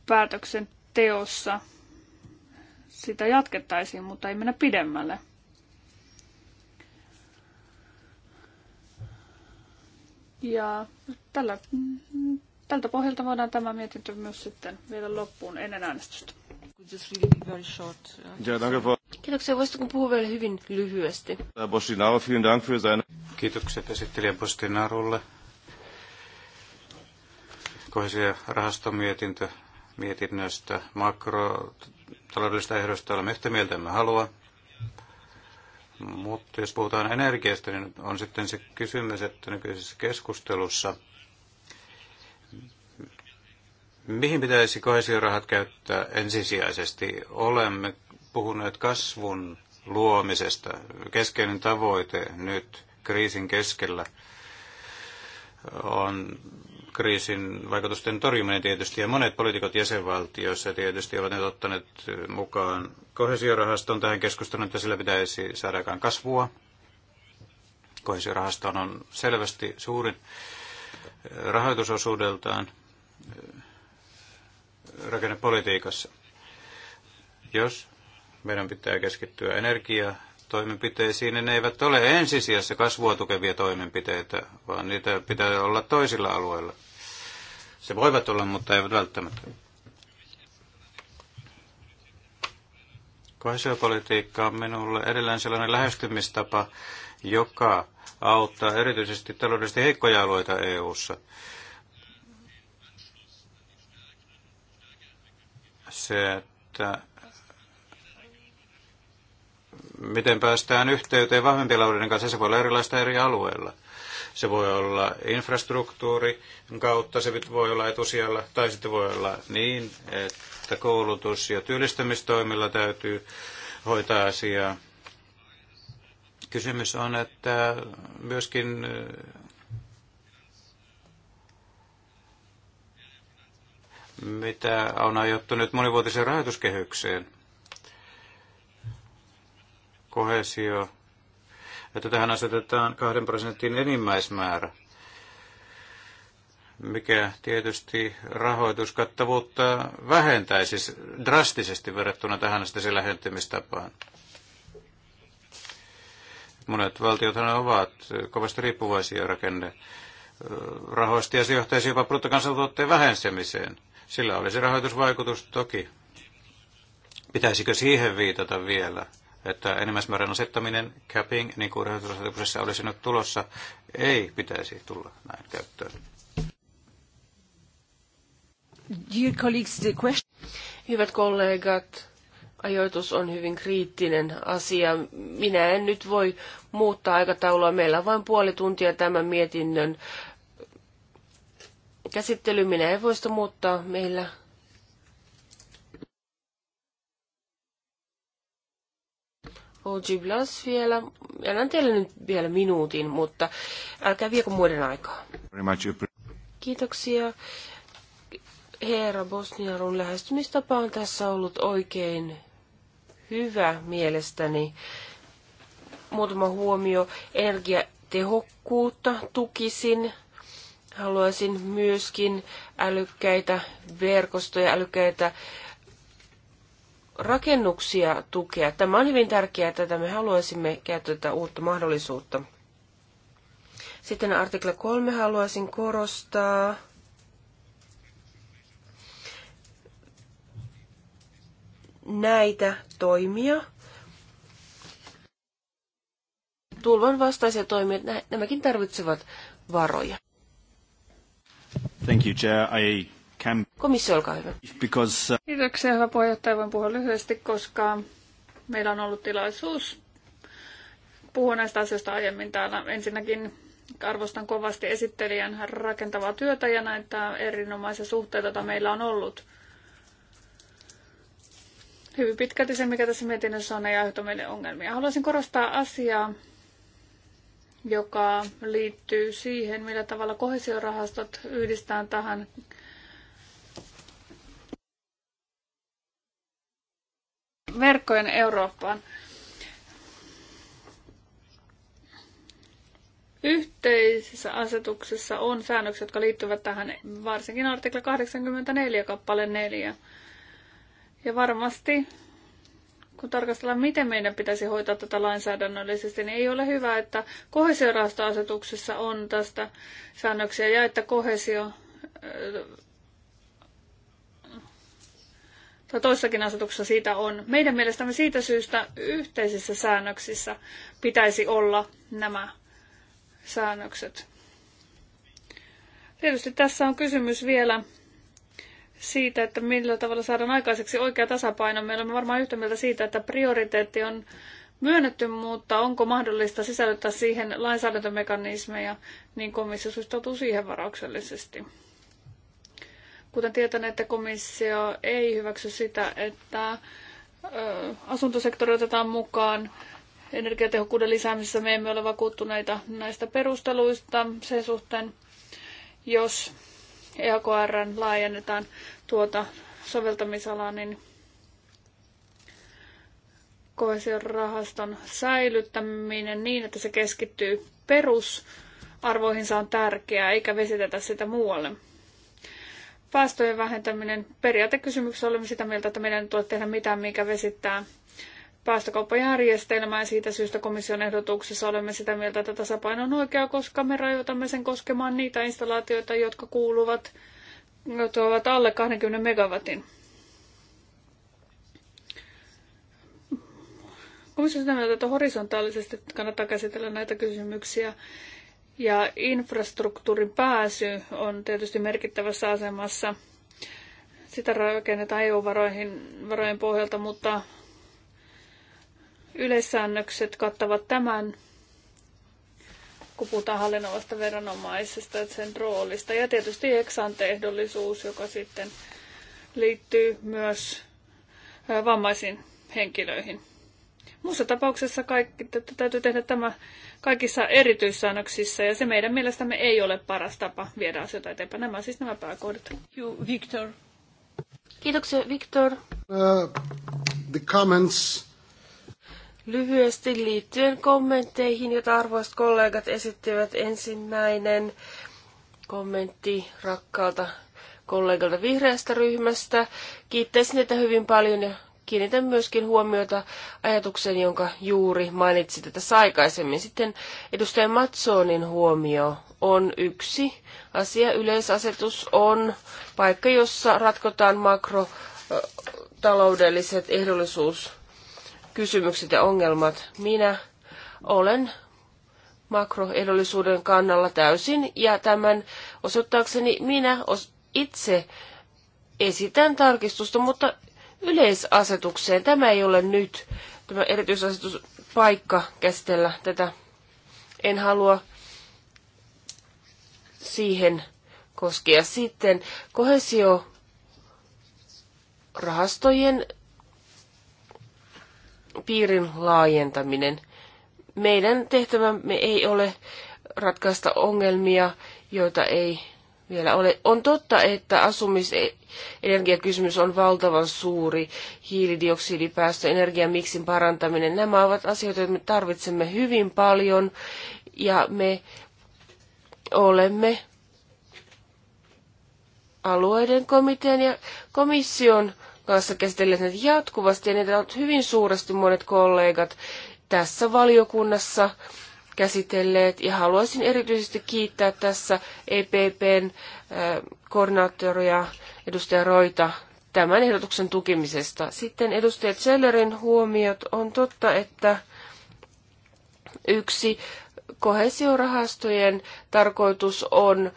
päätöksen teossa sitä jatkettaisiin, mutta ei mennä pidemmälle. Ja tällä, tältä pohjalta voidaan tämä mietintö myös sitten vielä loppuun ennen äänestystä. Kiitoksia. Voisitko puhua vielä hyvin lyhyesti? Kiitokset esittelijä Bostinarulle. Kohesia rahastomietintö mietinnöstä. Makrotaloudellista ehdoista olemme yhtä mieltä, emme halua. Mutta jos puhutaan energiasta, niin on sitten se kysymys, että nykyisessä keskustelussa, mihin pitäisi kohesiorahat käyttää ensisijaisesti? Olemme puhuneet kasvun luomisesta. Keskeinen tavoite nyt kriisin keskellä on kriisin vaikutusten torjuminen tietysti ja monet poliitikot jäsenvaltioissa tietysti ovat nyt ottaneet mukaan kohesiorahaston tähän keskusteluun, että sillä pitäisi aikaan kasvua. Kohesiorahasto on selvästi suurin eh, rahoitusosuudeltaan eh, rakennepolitiikassa. Jos meidän pitää keskittyä energiaa toimenpiteisiin, niin ne eivät ole ensisijassa kasvua tukevia toimenpiteitä, vaan niitä pitää olla toisilla alueilla. Se voivat olla, mutta eivät välttämättä. Kohesiopolitiikka on minulle edelleen sellainen lähestymistapa, joka auttaa erityisesti taloudellisesti heikkoja alueita EU:ssa. Se, että miten päästään yhteyteen vahvempien alueiden kanssa, se voi olla erilaista eri alueilla. Se voi olla infrastruktuuri kautta, se voi olla etusijalla, tai sitten voi olla niin, että koulutus- ja työllistämistoimilla täytyy hoitaa asiaa. Kysymys on, että myöskin mitä on aiottu nyt monivuotiseen rahoituskehykseen kohesio, että tähän asetetaan kahden prosentin enimmäismäärä, mikä tietysti rahoituskattavuutta vähentäisi drastisesti verrattuna tähän sitä lähentymistapaan. Monet valtiothan ovat kovasti riippuvaisia rakenne rahoista ja se johtaisi jopa bruttokansantuotteen vähensemiseen. Sillä olisi rahoitusvaikutus toki. Pitäisikö siihen viitata vielä? että enimmäismäärän asettaminen, capping, niin kuin rahoitusasetuksessa olisi nyt tulossa, ei pitäisi tulla näin käyttöön. Dear colleagues, the question... Hyvät kollegat, ajoitus on hyvin kriittinen asia. Minä en nyt voi muuttaa aikataulua. Meillä on vain puoli tuntia tämän mietinnön käsittely. Minä en voi sitä muuttaa. Meillä OG Blas vielä. Annan teille nyt vielä minuutin, mutta älkää viekö muiden aikaa. Kiitoksia. Herra Bosniarun lähestymistapa on tässä ollut oikein hyvä mielestäni. Muutama huomio. Energiatehokkuutta tukisin. Haluaisin myöskin älykkäitä verkostoja, älykkäitä äh, rakennuksia tukea. Tämä on hyvin tärkeää, että me haluaisimme käyttää tätä uutta mahdollisuutta. Sitten artikla 3 haluaisin korostaa. näitä toimia. Tulvan vastaisia toimia, nämäkin tarvitsevat varoja. Thank you, Chair. I can... Komissio, olkaa hyvä. Because, uh, Kiitoksia, hyvä puheenjohtaja. Voin puhua lyhyesti, koska meillä on ollut tilaisuus puhua näistä asioista aiemmin täällä. Ensinnäkin arvostan kovasti esittelijän rakentavaa työtä ja näitä erinomaisia suhteita, joita meillä on ollut. Hyvin pitkälti se, mikä tässä mietinnössä on, ei aiheuta meille ongelmia. Haluaisin korostaa asiaa, joka liittyy siihen, millä tavalla kohesiorahastot yhdistään tähän verkkojen Eurooppaan. Yhteisessä asetuksessa on säännökset, jotka liittyvät tähän, varsinkin artikla 84 kappale 4. Ja varmasti, kun tarkastellaan, miten meidän pitäisi hoitaa tätä lainsäädännöllisesti, niin ei ole hyvä, että kohesiorahastoasetuksessa on tästä säännöksiä ja että kohesio tai toissakin asetuksessa siitä on. Meidän mielestämme siitä syystä yhteisissä säännöksissä pitäisi olla nämä säännökset. Tietysti tässä on kysymys vielä siitä, että millä tavalla saadaan aikaiseksi oikea tasapaino. Meillä on varmaan yhtä mieltä siitä, että prioriteetti on myönnetty, mutta onko mahdollista sisällyttää siihen lainsäädäntömekanismeja, niin komissio suhtautuu siihen varauksellisesti. Kuten tietän, että komissio ei hyväksy sitä, että asuntosektori otetaan mukaan energiatehokkuuden lisäämisessä. Me emme ole vakuuttuneita näistä perusteluista sen suhteen, jos EAKR laajennetaan tuota soveltamisalaa, niin kohesion rahaston säilyttäminen niin, että se keskittyy perusarvoihinsa on tärkeää, eikä vesitetä sitä muualle päästöjen vähentäminen. Periaatekysymyksessä olemme sitä mieltä, että meidän ei tule tehdä mitään, mikä vesittää päästökauppajärjestelmää ja siitä syystä komission ehdotuksessa olemme sitä mieltä, että tasapaino on oikea, koska me rajoitamme sen koskemaan niitä installaatioita, jotka kuuluvat jotka ovat alle 20 megawatin. Komissio sitä mieltä, että horisontaalisesti kannattaa käsitellä näitä kysymyksiä ja infrastruktuurin pääsy on tietysti merkittävässä asemassa. Sitä rakennetaan EU-varojen pohjalta, mutta yleissäännökset kattavat tämän, kun puhutaan hallinnovasta veronomaisesta, ja sen roolista. Ja tietysti eksanteehdollisuus, joka sitten liittyy myös vammaisiin henkilöihin. Muussa tapauksessa kaikki täytyy tehdä tämä kaikissa erityissäännöksissä, ja se meidän mielestämme ei ole paras tapa viedä asioita eteenpäin. Nämä siis nämä pääkohdat. Victor. Kiitoksia, Victor. Uh, the comments. Lyhyesti liittyen kommentteihin, joita arvoisat kollegat esittivät. Ensimmäinen kommentti rakkaalta kollegalta vihreästä ryhmästä. Kiittäisin niitä hyvin paljon ja kiinnitän myöskin huomiota ajatukseen, jonka juuri mainitsit tässä aikaisemmin. Sitten edustaja Matsonin huomio on yksi asia. Yleisasetus on paikka, jossa ratkotaan makrotaloudelliset ehdollisuuskysymykset ja ongelmat. Minä olen makroehdollisuuden kannalla täysin ja tämän osoittaakseni minä itse esitän tarkistusta, mutta yleisasetukseen. Tämä ei ole nyt tämä erityisasetus paikka käsitellä tätä. En halua siihen koskea. Sitten kohesio rahastojen piirin laajentaminen. Meidän tehtävämme ei ole ratkaista ongelmia, joita ei vielä ole. On totta, että asumisenergiakysymys on valtavan suuri. Hiilidioksidipäästö, energiamiksin parantaminen, nämä ovat asioita, joita me tarvitsemme hyvin paljon ja me olemme alueiden komitean ja komission kanssa käsitelleet näitä jatkuvasti ja niitä on hyvin suuresti monet kollegat tässä valiokunnassa käsitelleet. Ja haluaisin erityisesti kiittää tässä EPPn koordinaattoria edustaja Roita tämän ehdotuksen tukimisesta. Sitten edustaja Zellerin huomiot. On totta, että yksi kohesiorahastojen tarkoitus on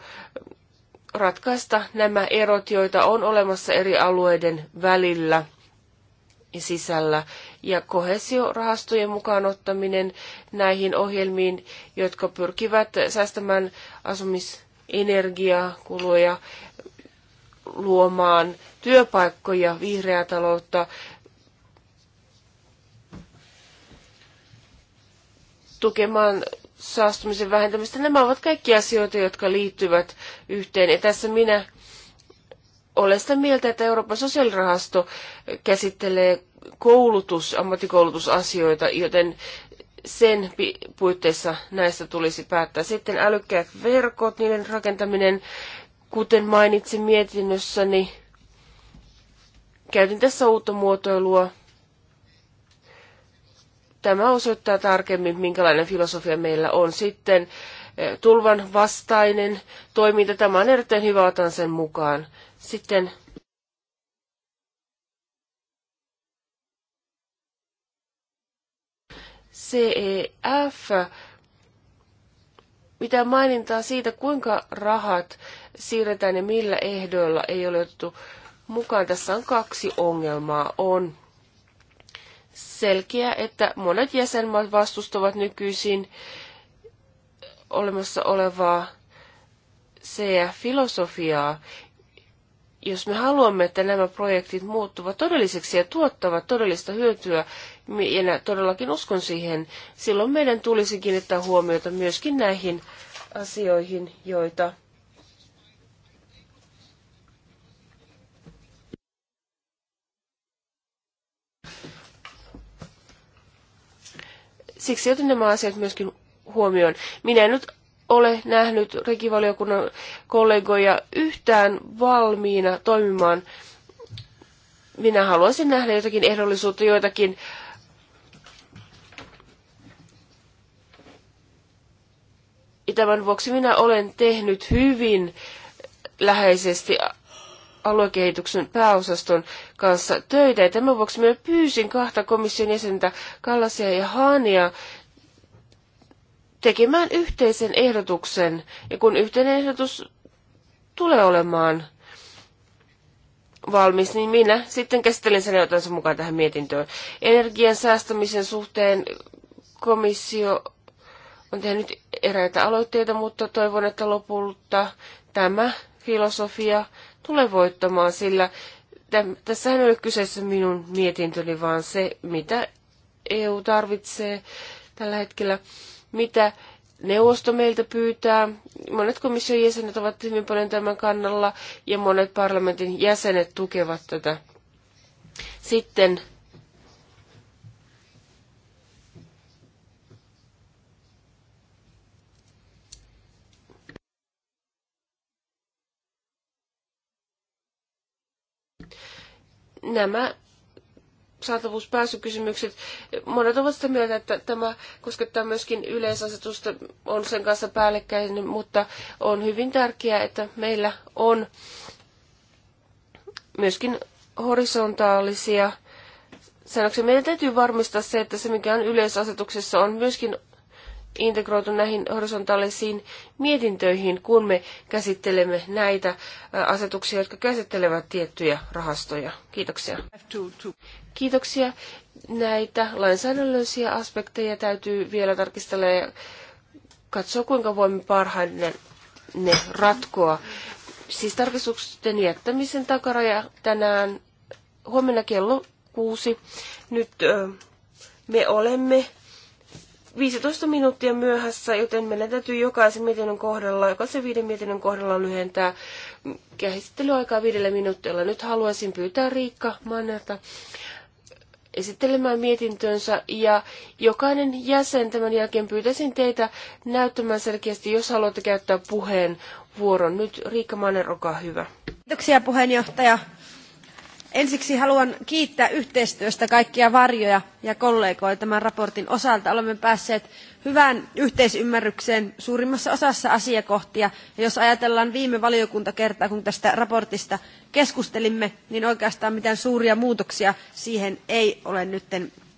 ratkaista nämä erot, joita on olemassa eri alueiden välillä ja sisällä ja kohesiorahastojen mukaan ottaminen näihin ohjelmiin, jotka pyrkivät säästämään asumisenergiakuluja, luomaan työpaikkoja, vihreää taloutta, tukemaan saastumisen vähentämistä. Nämä ovat kaikki asioita, jotka liittyvät yhteen. Ja tässä minä olen sitä mieltä, että Euroopan sosiaalirahasto käsittelee koulutus, ammattikoulutusasioita, joten sen puitteissa näistä tulisi päättää. Sitten älykkäät verkot, niiden rakentaminen, kuten mainitsin mietinnössäni, käytin tässä uutta muotoilua. Tämä osoittaa tarkemmin, minkälainen filosofia meillä on. Sitten eh, tulvan vastainen toiminta, tämä on erittäin hyvä, otan sen mukaan. Sitten CEF, mitä mainintaa siitä, kuinka rahat siirretään ja millä ehdoilla ei ole otettu mukaan. Tässä on kaksi ongelmaa. On selkeä, että monet jäsenmaat vastustavat nykyisin olemassa olevaa CF-filosofiaa e jos me haluamme, että nämä projektit muuttuvat todelliseksi ja tuottavat todellista hyötyä, ja todellakin uskon siihen, silloin meidän tulisi kiinnittää huomiota myöskin näihin asioihin, joita Siksi otin nämä asiat myöskin huomioon. Minä en nyt ole nähnyt rekivaliokunnan kollegoja yhtään valmiina toimimaan. Minä haluaisin nähdä jotakin ehdollisuutta, joitakin ja tämän vuoksi minä olen tehnyt hyvin läheisesti aluekehityksen pääosaston kanssa töitä. Ja tämän vuoksi minä pyysin kahta komission jäsentä, Kallasia ja Haania, tekemään yhteisen ehdotuksen. Ja kun yhteinen ehdotus tulee olemaan valmis, niin minä sitten käsittelen sen ja otan sen mukaan tähän mietintöön. Energian säästämisen suhteen komissio on tehnyt eräitä aloitteita, mutta toivon, että lopulta tämä filosofia tulee voittamaan, sillä tässä ei ole kyseessä minun mietintöni, vaan se, mitä EU tarvitsee tällä hetkellä mitä neuvosto meiltä pyytää. Monet komission jäsenet ovat hyvin paljon tämän kannalla ja monet parlamentin jäsenet tukevat tätä. Sitten nämä saatavuuspääsykysymykset. Monet ovat sitä mieltä, että tämä koskettaa myöskin yleisasetusta, on sen kanssa päällekkäinen, mutta on hyvin tärkeää, että meillä on myöskin horisontaalisia säännöksiä. Meidän täytyy varmistaa se, että se mikä on yleisasetuksessa on myöskin integroitu näihin horisontaalisiin mietintöihin, kun me käsittelemme näitä asetuksia, jotka käsittelevät tiettyjä rahastoja. Kiitoksia. Kiitoksia. Näitä lainsäädännöllisiä aspekteja täytyy vielä tarkistella ja katsoa, kuinka voimme parhaiten ne ratkoa. Siis tarkistuksen jättämisen takaraja tänään huomenna kello kuusi. Nyt ö, me olemme 15 minuuttia myöhässä, joten meidän täytyy jokaisen mietinnön kohdalla, jokaisen viiden mietinnön kohdalla lyhentää käsittelyaikaa viidellä minuutilla. Nyt haluaisin pyytää Riikka Mannerta esittelemään mietintönsä ja jokainen jäsen tämän jälkeen pyytäisin teitä näyttämään selkeästi, jos haluatte käyttää puheen vuoron. Nyt Riikka Manner, olkaa hyvä. Kiitoksia puheenjohtaja. Ensiksi haluan kiittää yhteistyöstä kaikkia varjoja ja kollegoja tämän raportin osalta. Olemme päässeet hyvään yhteisymmärrykseen suurimmassa osassa asiakohtia. Ja jos ajatellaan viime valiokuntakertaa, kun tästä raportista keskustelimme, niin oikeastaan mitään suuria muutoksia siihen ei ole nyt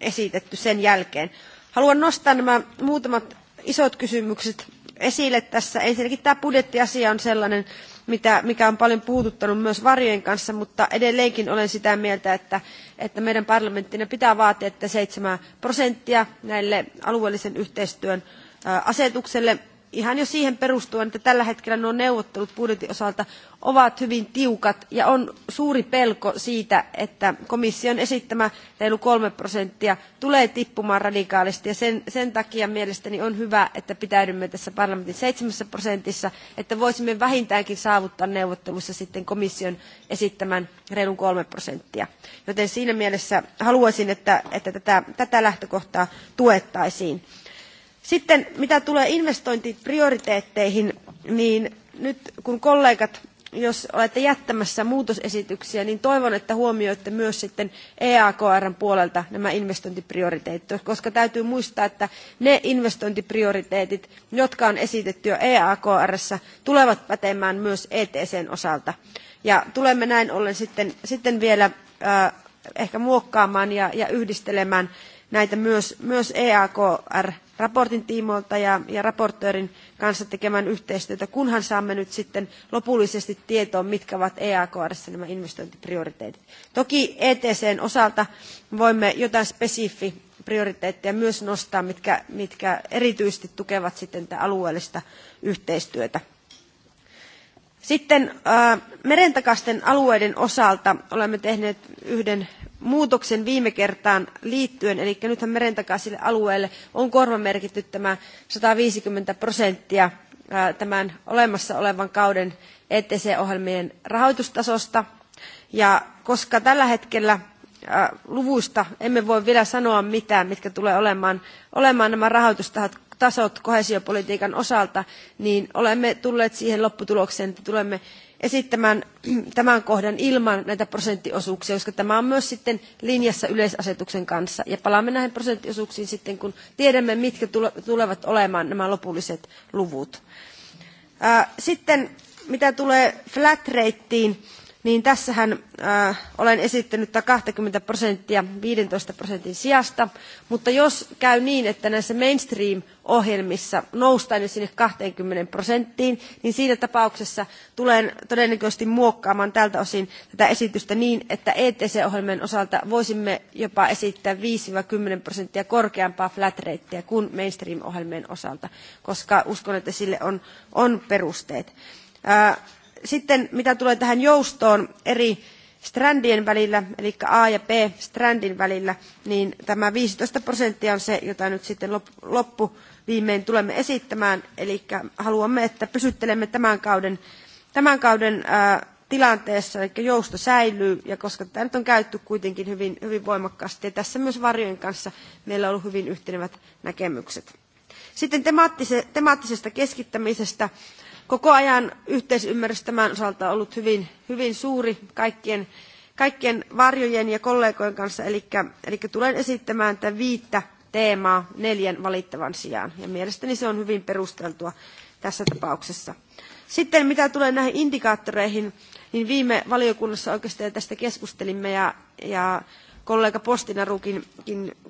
esitetty sen jälkeen. Haluan nostaa nämä muutamat isot kysymykset esille tässä. Ensinnäkin tämä budjettiasia on sellainen, mitä, mikä on paljon puhututtanut myös varjojen kanssa, mutta edelleenkin olen sitä mieltä, että, että meidän parlamenttina pitää vaatia, että 7 prosenttia näille alueellisen yhteistyön asetukselle ihan jo siihen perustuen, että tällä hetkellä nuo neuvottelut budjetin osalta ovat hyvin tiukat ja on suuri pelko siitä, että komission esittämä reilu kolme prosenttia tulee tippumaan radikaalisti ja sen, sen takia mielestäni on hyvä, että pitäydymme tässä parlamentin seitsemässä prosentissa, että voisimme vähintäänkin saavuttaa neuvottelussa sitten komission esittämän reilun kolme prosenttia. Joten siinä mielessä haluaisin, että, että tätä, tätä lähtökohtaa tuettaisiin. Sitten mitä tulee investointiprioriteetteihin, niin nyt kun kollegat, jos olette jättämässä muutosesityksiä, niin toivon, että huomioitte myös sitten EAKRn puolelta nämä investointiprioriteetit, koska täytyy muistaa, että ne investointiprioriteetit, jotka on esitetty jo EAKRssä, tulevat pätemään myös ETCn osalta. Ja tulemme näin ollen sitten, sitten vielä äh, ehkä muokkaamaan ja, ja yhdistelemään näitä myös, myös EAKR raportin tiimoilta ja, ja raportöörin kanssa tekemään yhteistyötä, kunhan saamme nyt sitten lopullisesti tietoon, mitkä ovat EAKRssä nämä investointiprioriteetit. Toki ETCn osalta voimme jotain spesifi prioriteetteja myös nostaa, mitkä, mitkä erityisesti tukevat sitten alueellista yhteistyötä sitten merentakasten alueiden osalta olemme tehneet yhden muutoksen viime kertaan liittyen, eli nythän merentakaisille alueille on korvamerkitty tämä 150 prosenttia tämän olemassa olevan kauden ETC-ohjelmien rahoitustasosta. Ja koska tällä hetkellä luvuista emme voi vielä sanoa mitään, mitkä tulee olemaan, olemaan nämä rahoitustahot tasot koheesiopolitiikan osalta, niin olemme tulleet siihen lopputulokseen, että tulemme esittämään tämän kohdan ilman näitä prosenttiosuuksia, koska tämä on myös sitten linjassa yleisasetuksen kanssa. Ja palaamme näihin prosenttiosuuksiin sitten, kun tiedämme, mitkä tulevat olemaan nämä lopulliset luvut. Sitten mitä tulee flat rateen, niin tässähän äh, olen esittänyt 20 prosenttia 15 prosentin sijasta, mutta jos käy niin, että näissä mainstream-ohjelmissa noustaan jo sinne 20 prosenttiin, niin siinä tapauksessa tulen todennäköisesti muokkaamaan tältä osin tätä esitystä niin, että ETC-ohjelmien osalta voisimme jopa esittää 5-10 prosenttia korkeampaa flat ratea kuin mainstream-ohjelmien osalta, koska uskon, että sille on, on perusteet. Äh, sitten mitä tulee tähän joustoon eri strandien välillä, eli A ja B strandin välillä, niin tämä 15 prosenttia on se, jota nyt sitten loppu viimein tulemme esittämään. Eli haluamme, että pysyttelemme tämän kauden, tämän kauden ää, tilanteessa, eli jousto säilyy, ja koska tätä nyt on käytetty kuitenkin hyvin, hyvin voimakkaasti, ja tässä myös varjojen kanssa meillä on ollut hyvin yhtenevät näkemykset. Sitten temaattisesta keskittämisestä Koko ajan yhteisymmärrys tämän osalta on ollut hyvin, hyvin suuri kaikkien, kaikkien varjojen ja kollegojen kanssa, eli, eli tulen esittämään tätä viittä teemaa neljän valittavan sijaan. Ja mielestäni se on hyvin perusteltua tässä tapauksessa. Sitten mitä tulee näihin indikaattoreihin, niin viime valiokunnassa oikeastaan tästä keskustelimme ja, ja kollega Postinarukin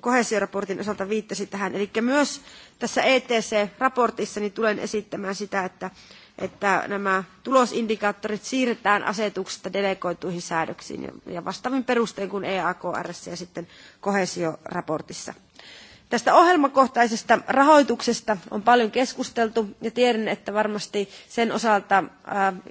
kohesioraportin osalta viittasi tähän. Eli myös tässä ETC-raportissa niin tulen esittämään sitä, että että nämä tulosindikaattorit siirretään asetuksesta delegoituihin säädöksiin ja vastaavin perustein kuin EAKR ja sitten kohesioraportissa. Tästä ohjelmakohtaisesta rahoituksesta on paljon keskusteltu ja tiedän, että varmasti sen osalta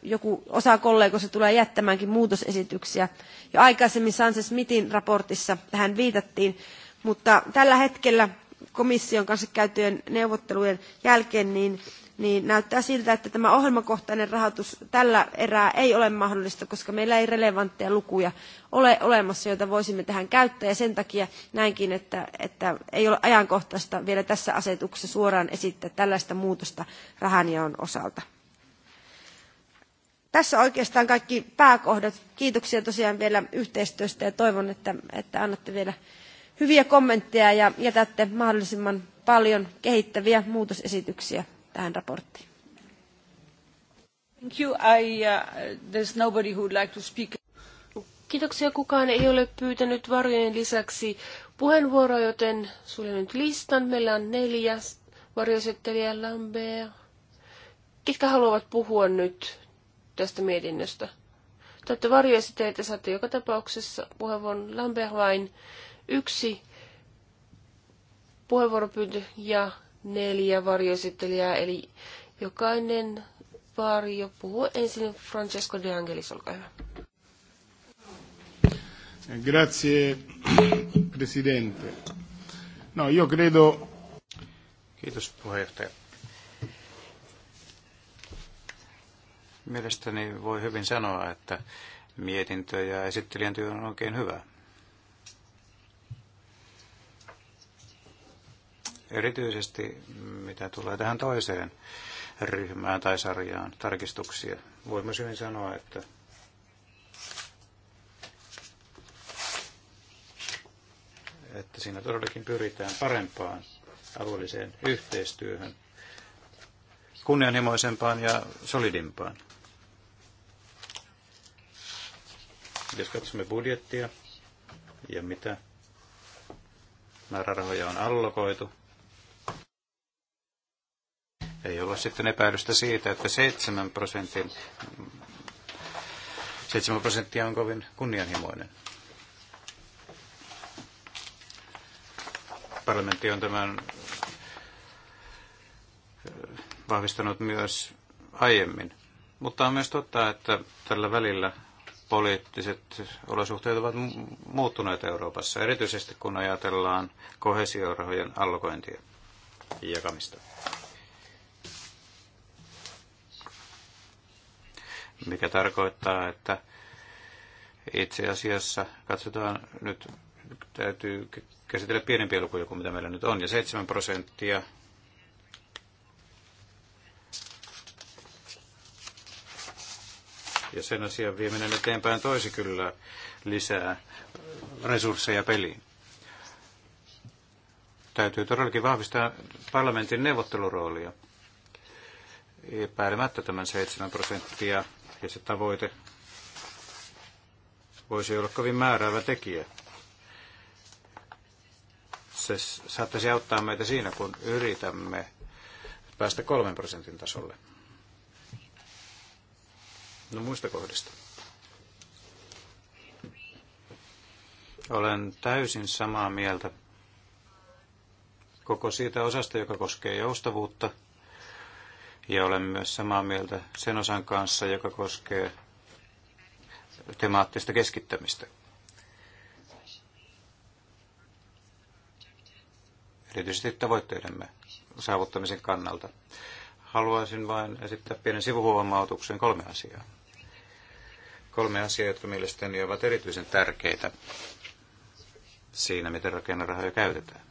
joku osa kollegoista tulee jättämäänkin muutosesityksiä. Jo aikaisemmin Sanchez Smithin raportissa tähän viitattiin, mutta tällä hetkellä komission kanssa käytyjen neuvottelujen jälkeen niin niin näyttää siltä, että tämä ohjelmakohtainen rahoitus tällä erää ei ole mahdollista, koska meillä ei relevantteja lukuja ole olemassa, joita voisimme tähän käyttää. Ja sen takia näinkin, että, että ei ole ajankohtaista vielä tässä asetuksessa suoraan esittää tällaista muutosta rahanjaon osalta. Tässä oikeastaan kaikki pääkohdat. Kiitoksia tosiaan vielä yhteistyöstä ja toivon, että, että annatte vielä hyviä kommentteja ja jätätte mahdollisimman paljon kehittäviä muutosesityksiä tähän raporttiin. Thank you. I, uh, there's nobody who would like to speak. Kiitoksia. Kukaan ei ole pyytänyt varjojen lisäksi puheenvuoroa, joten suljen nyt listan. Meillä on neljä varjoesittelijää Lambea. Ketkä haluavat puhua nyt tästä mietinnöstä? Te olette varjoesittelijöitä, saatte joka tapauksessa puheenvuoron Lambea vain yksi puheenvuoropyyntö ja neljä varjoesittelijää, eli jokainen varjo puhuu ensin Francesco De Angelis, olkaa hyvä. Grazie, Presidente. No, io credo... Kiitos, puheenjohtaja. Mielestäni voi hyvin sanoa, että mietintö ja esittelijän työ on oikein hyvä. Erityisesti mitä tulee tähän toiseen ryhmään tai sarjaan tarkistuksia, voimme hyvin sanoa, että että siinä todellakin pyritään parempaan alueelliseen yhteistyöhön, kunnianhimoisempaan ja solidimpaan. Jos katsomme budjettia ja mitä määrärahoja on allokoitu, ei ole sitten epäilystä siitä, että 7 prosentin 7 prosenttia on kovin kunnianhimoinen. Parlamentti on tämän vahvistanut myös aiemmin. Mutta on myös totta, että tällä välillä poliittiset olosuhteet ovat muuttuneet Euroopassa, erityisesti kun ajatellaan kohesiorahojen allokointia ja jakamista. mikä tarkoittaa, että itse asiassa katsotaan nyt, täytyy käsitellä pienempiä lukuja kuin mitä meillä nyt on, ja 7 prosenttia ja sen asian vieminen eteenpäin toisi kyllä lisää resursseja peliin. Täytyy todellakin vahvistaa parlamentin neuvotteluroolia. Epäilemättä tämän 7 prosenttia ja se tavoite voisi olla kovin määräävä tekijä. Se saattaisi auttaa meitä siinä, kun yritämme päästä kolmen prosentin tasolle. No muista kohdista. Olen täysin samaa mieltä koko siitä osasta, joka koskee joustavuutta – ja olen myös samaa mieltä sen osan kanssa, joka koskee temaattista keskittämistä. Erityisesti tavoitteidemme saavuttamisen kannalta. Haluaisin vain esittää pienen sivuhuomautuksen kolme asiaa. Kolme asiaa, jotka mielestäni ovat erityisen tärkeitä siinä, miten rakennerahoja käytetään.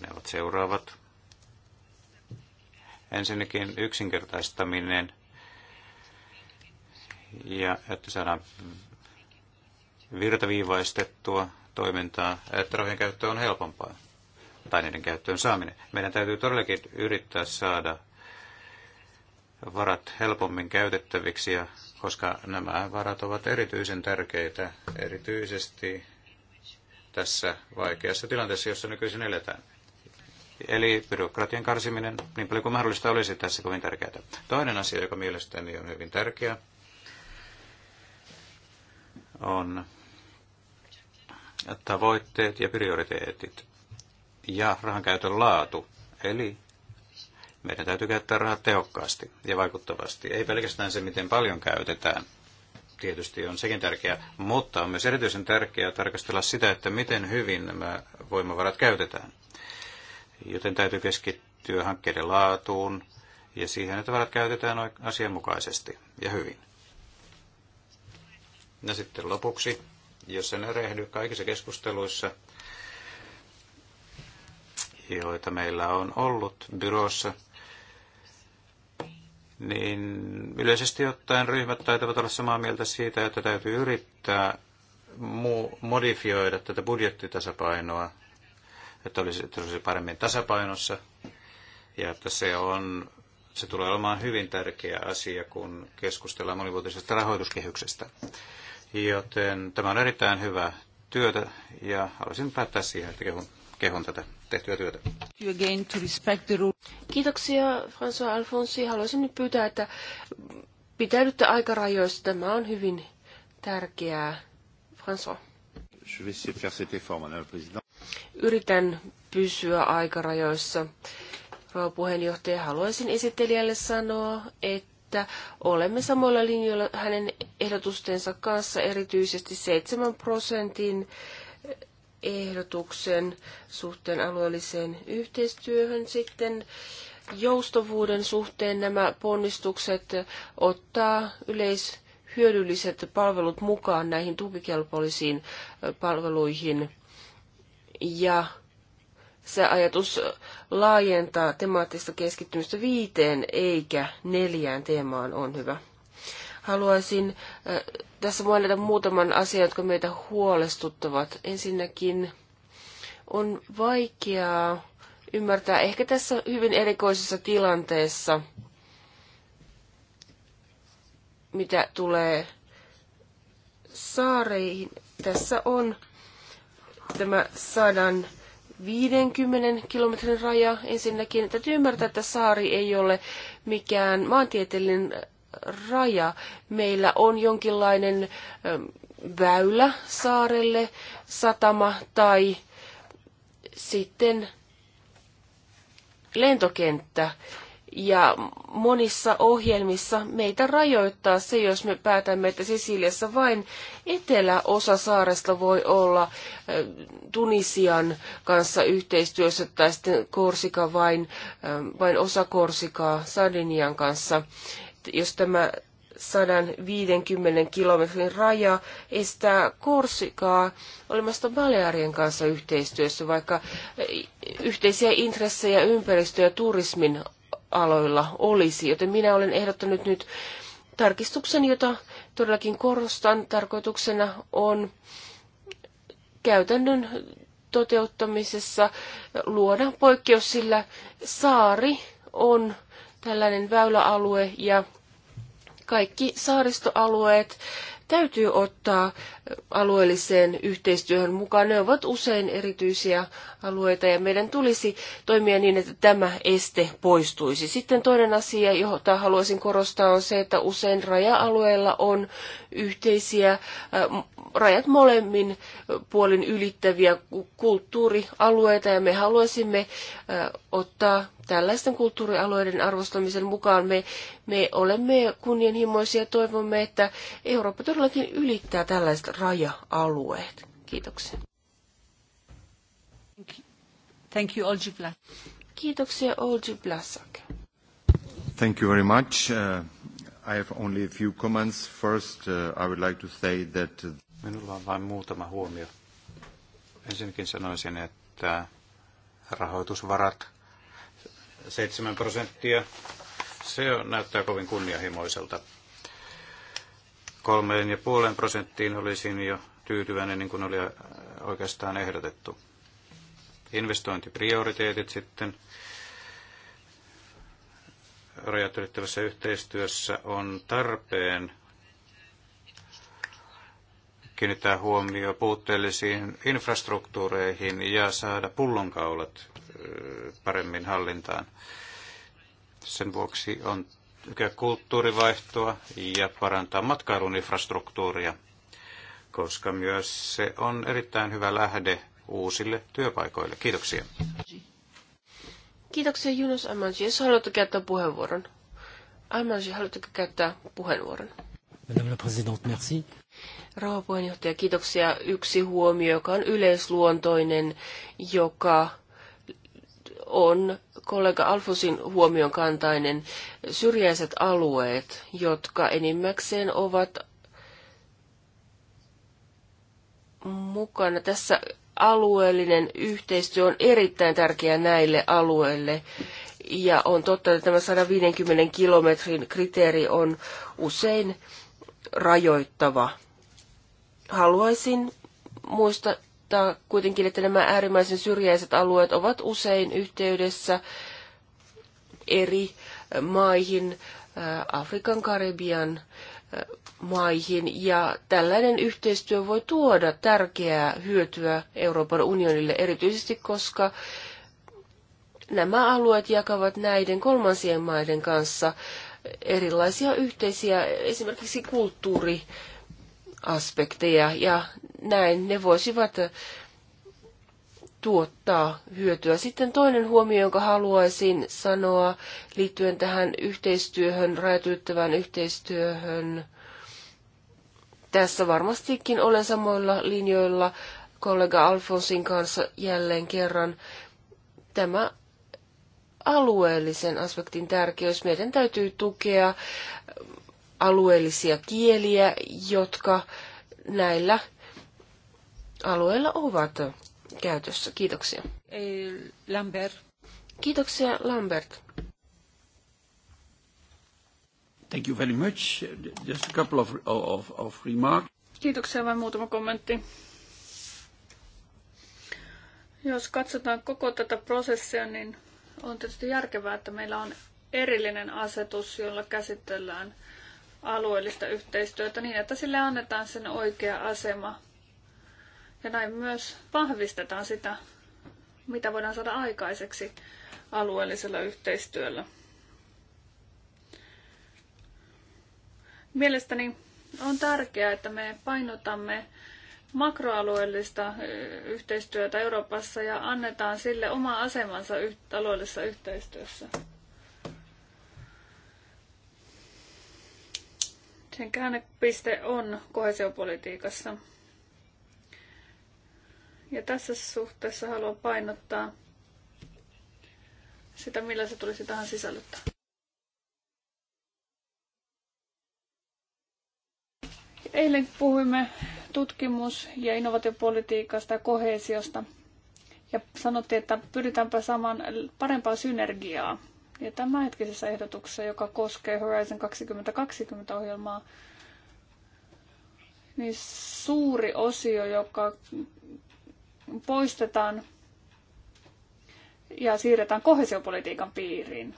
Ne ovat seuraavat. Ensinnäkin yksinkertaistaminen ja että saadaan virtaviivaistettua toimintaa, että rahojen käyttö on helpompaa tai niiden käyttöön saaminen. Meidän täytyy todellakin yrittää saada varat helpommin käytettäviksi, ja koska nämä varat ovat erityisen tärkeitä, erityisesti tässä vaikeassa tilanteessa, jossa nykyisin eletään. Eli byrokratian karsiminen niin paljon kuin mahdollista olisi tässä kovin tärkeää. Toinen asia, joka mielestäni on hyvin tärkeä, on tavoitteet ja prioriteetit ja rahankäytön laatu. Eli meidän täytyy käyttää rahat tehokkaasti ja vaikuttavasti. Ei pelkästään se, miten paljon käytetään. Tietysti on sekin tärkeää, mutta on myös erityisen tärkeää tarkastella sitä, että miten hyvin nämä voimavarat käytetään joten täytyy keskittyä hankkeiden laatuun ja siihen, että varat käytetään asianmukaisesti ja hyvin. Ja no sitten lopuksi, jos en erehdy kaikissa keskusteluissa, joita meillä on ollut byrossa, niin yleisesti ottaen ryhmät taitavat olla samaa mieltä siitä, että täytyy yrittää modifioida tätä budjettitasapainoa että olisi, että olisi paremmin tasapainossa ja että se on se tulee olemaan hyvin tärkeä asia, kun keskustellaan monivuotisesta rahoituskehyksestä. Joten tämä on erittäin hyvä työtä ja haluaisin päättää siihen, että kehun, kehun tätä tehtyä työtä. Kiitoksia François Alfonsi. Haluaisin nyt pyytää, että pitäydytte aikarajoista. Tämä on hyvin tärkeää. François. Yritän pysyä aikarajoissa. Rouva puheenjohtaja, haluaisin esittelijälle sanoa, että olemme samoilla linjoilla hänen ehdotustensa kanssa, erityisesti 7 prosentin ehdotuksen suhteen alueelliseen yhteistyöhön sitten joustavuuden suhteen nämä ponnistukset ottaa yleis hyödylliset palvelut mukaan näihin tukikelpoisiin palveluihin. Ja se ajatus laajentaa temaattista keskittymistä viiteen eikä neljään teemaan on hyvä. Haluaisin tässä mainita muutaman asian, jotka meitä huolestuttavat. Ensinnäkin on vaikeaa ymmärtää ehkä tässä hyvin erikoisessa tilanteessa – mitä tulee saareihin, tässä on tämä 150 kilometrin raja ensinnäkin. Täytyy ymmärtää, että saari ei ole mikään maantieteellinen raja. Meillä on jonkinlainen ähm, väylä saarelle, satama tai sitten lentokenttä. Ja monissa ohjelmissa meitä rajoittaa se, jos me päätämme, että Sisiliassa vain eteläosa saaresta voi olla Tunisian kanssa yhteistyössä tai sitten Korsika vain, vain osa Korsikaa Sardinian kanssa. Jos tämä 150 kilometrin raja estää Korsikaa olemasta Balearien kanssa yhteistyössä, vaikka yhteisiä intressejä ympäristö- ja turismin aloilla olisi. Joten minä olen ehdottanut nyt tarkistuksen, jota todellakin korostan. Tarkoituksena on käytännön toteuttamisessa luoda poikkeus, sillä saari on tällainen väyläalue ja kaikki saaristoalueet täytyy ottaa alueelliseen yhteistyöhön mukaan. Ne ovat usein erityisiä alueita ja meidän tulisi toimia niin, että tämä este poistuisi. Sitten toinen asia, jota haluaisin korostaa, on se, että usein raja-alueilla on yhteisiä äh, rajat molemmin puolin ylittäviä kulttuurialueita ja me haluaisimme äh, ottaa tällaisten kulttuurialueiden arvostamisen mukaan me, me olemme kunnianhimoisia ja toivomme, että Eurooppa todellakin ylittää tällaiset raja-alueet. Kiitoksia. Thank you, Olji Kiitoksia, Olji Blasak. Thank you very much. Uh, I have only a few comments. First, uh, I would like to say that... Uh, Minulla on vain muutama huomio. Ensinnäkin sanoisin, että rahoitusvarat 7 prosenttia. Se on, näyttää kovin kunnianhimoiselta. Kolmeen ja puolen prosenttiin olisin jo tyytyväinen, niin kuin oli äh, oikeastaan ehdotettu. Investointiprioriteetit sitten rajat ylittävässä yhteistyössä on tarpeen kiinnittää huomio puutteellisiin infrastruktuureihin ja saada pullonkaulat paremmin hallintaan. Sen vuoksi on kulttuurivaihtoa ja parantaa matkailun infrastruktuuria, koska myös se on erittäin hyvä lähde uusille työpaikoille. Kiitoksia. Kiitoksia Junus Amansi. Jos haluatte käyttää puheenvuoron. Amansi, haluatteko käyttää puheenvuoron? Madame la Présidente, merci. Rouva puheenjohtaja, kiitoksia. Yksi huomio, joka on yleisluontoinen, joka on kollega Alfosin huomion kantainen syrjäiset alueet, jotka enimmäkseen ovat mukana. Tässä alueellinen yhteistyö on erittäin tärkeä näille alueille. Ja on totta, että tämä 150 kilometrin kriteeri on usein rajoittava. Haluaisin muista mutta kuitenkin, että nämä äärimmäisen syrjäiset alueet ovat usein yhteydessä eri maihin, Afrikan, Karibian maihin, ja tällainen yhteistyö voi tuoda tärkeää hyötyä Euroopan unionille erityisesti, koska nämä alueet jakavat näiden kolmansien maiden kanssa erilaisia yhteisiä esimerkiksi kulttuuriaspekteja ja näin ne voisivat äh, tuottaa hyötyä. Sitten toinen huomio, jonka haluaisin sanoa liittyen tähän yhteistyöhön, rajatyyttävään yhteistyöhön. Tässä varmastikin olen samoilla linjoilla kollega Alfonsin kanssa jälleen kerran. Tämä alueellisen aspektin tärkeys. Meidän täytyy tukea alueellisia kieliä, jotka näillä – alueella ovat käytössä. Kiitoksia. Lambert. Kiitoksia, Lambert. Thank you very much. Just a couple of, of, of remarks. Kiitoksia, vain muutama kommentti. Jos katsotaan koko tätä prosessia, niin on tietysti järkevää, että meillä on erillinen asetus, jolla käsitellään alueellista yhteistyötä niin, että sille annetaan sen oikea asema ja näin myös vahvistetaan sitä, mitä voidaan saada aikaiseksi alueellisella yhteistyöllä. Mielestäni on tärkeää, että me painotamme makroalueellista yhteistyötä Euroopassa ja annetaan sille oma asemansa alueellisessa yhteistyössä. Sen käännepiste on kohesiopolitiikassa. Ja tässä suhteessa haluan painottaa sitä, millä se tulisi tähän sisällyttää. Eilen puhuimme tutkimus- ja innovaatiopolitiikasta ja kohesiosta. Ja sanottiin, että pyritäänpä saamaan parempaa synergiaa. Ja tämä hetkisessä ehdotuksessa, joka koskee Horizon 2020-ohjelmaa, niin suuri osio, joka poistetaan ja siirretään kohesiopolitiikan piiriin.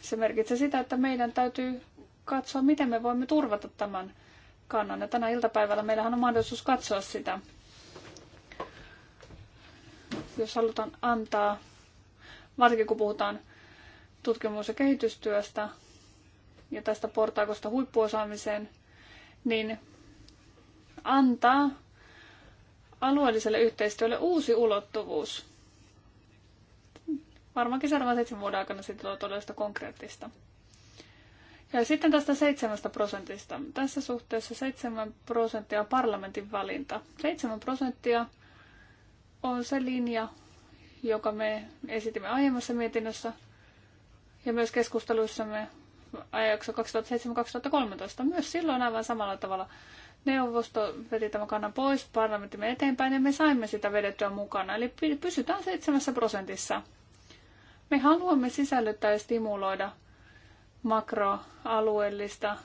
Se merkitsee sitä, että meidän täytyy katsoa, miten me voimme turvata tämän kannan. Ja tänä iltapäivällä meillähän on mahdollisuus katsoa sitä, jos halutaan antaa, varsinkin kun puhutaan tutkimus- ja kehitystyöstä ja tästä portaakosta huippuosaamiseen, niin antaa alueelliselle yhteistyölle uusi ulottuvuus. Varmaankin seuraavan seitsemän vuoden aikana siitä tulee todellista konkreettista. Ja sitten tästä seitsemästä prosentista. Tässä suhteessa seitsemän prosenttia on parlamentin valinta. Seitsemän prosenttia on se linja, joka me esitimme aiemmassa mietinnössä ja myös keskusteluissamme ajaksi 2007-2013. Myös silloin aivan samalla tavalla neuvosto veti tämän kannan pois, parlamentimme eteenpäin ja me saimme sitä vedettyä mukana. Eli pysytään 7 prosentissa. Me haluamme sisällyttää ja stimuloida makroalueellista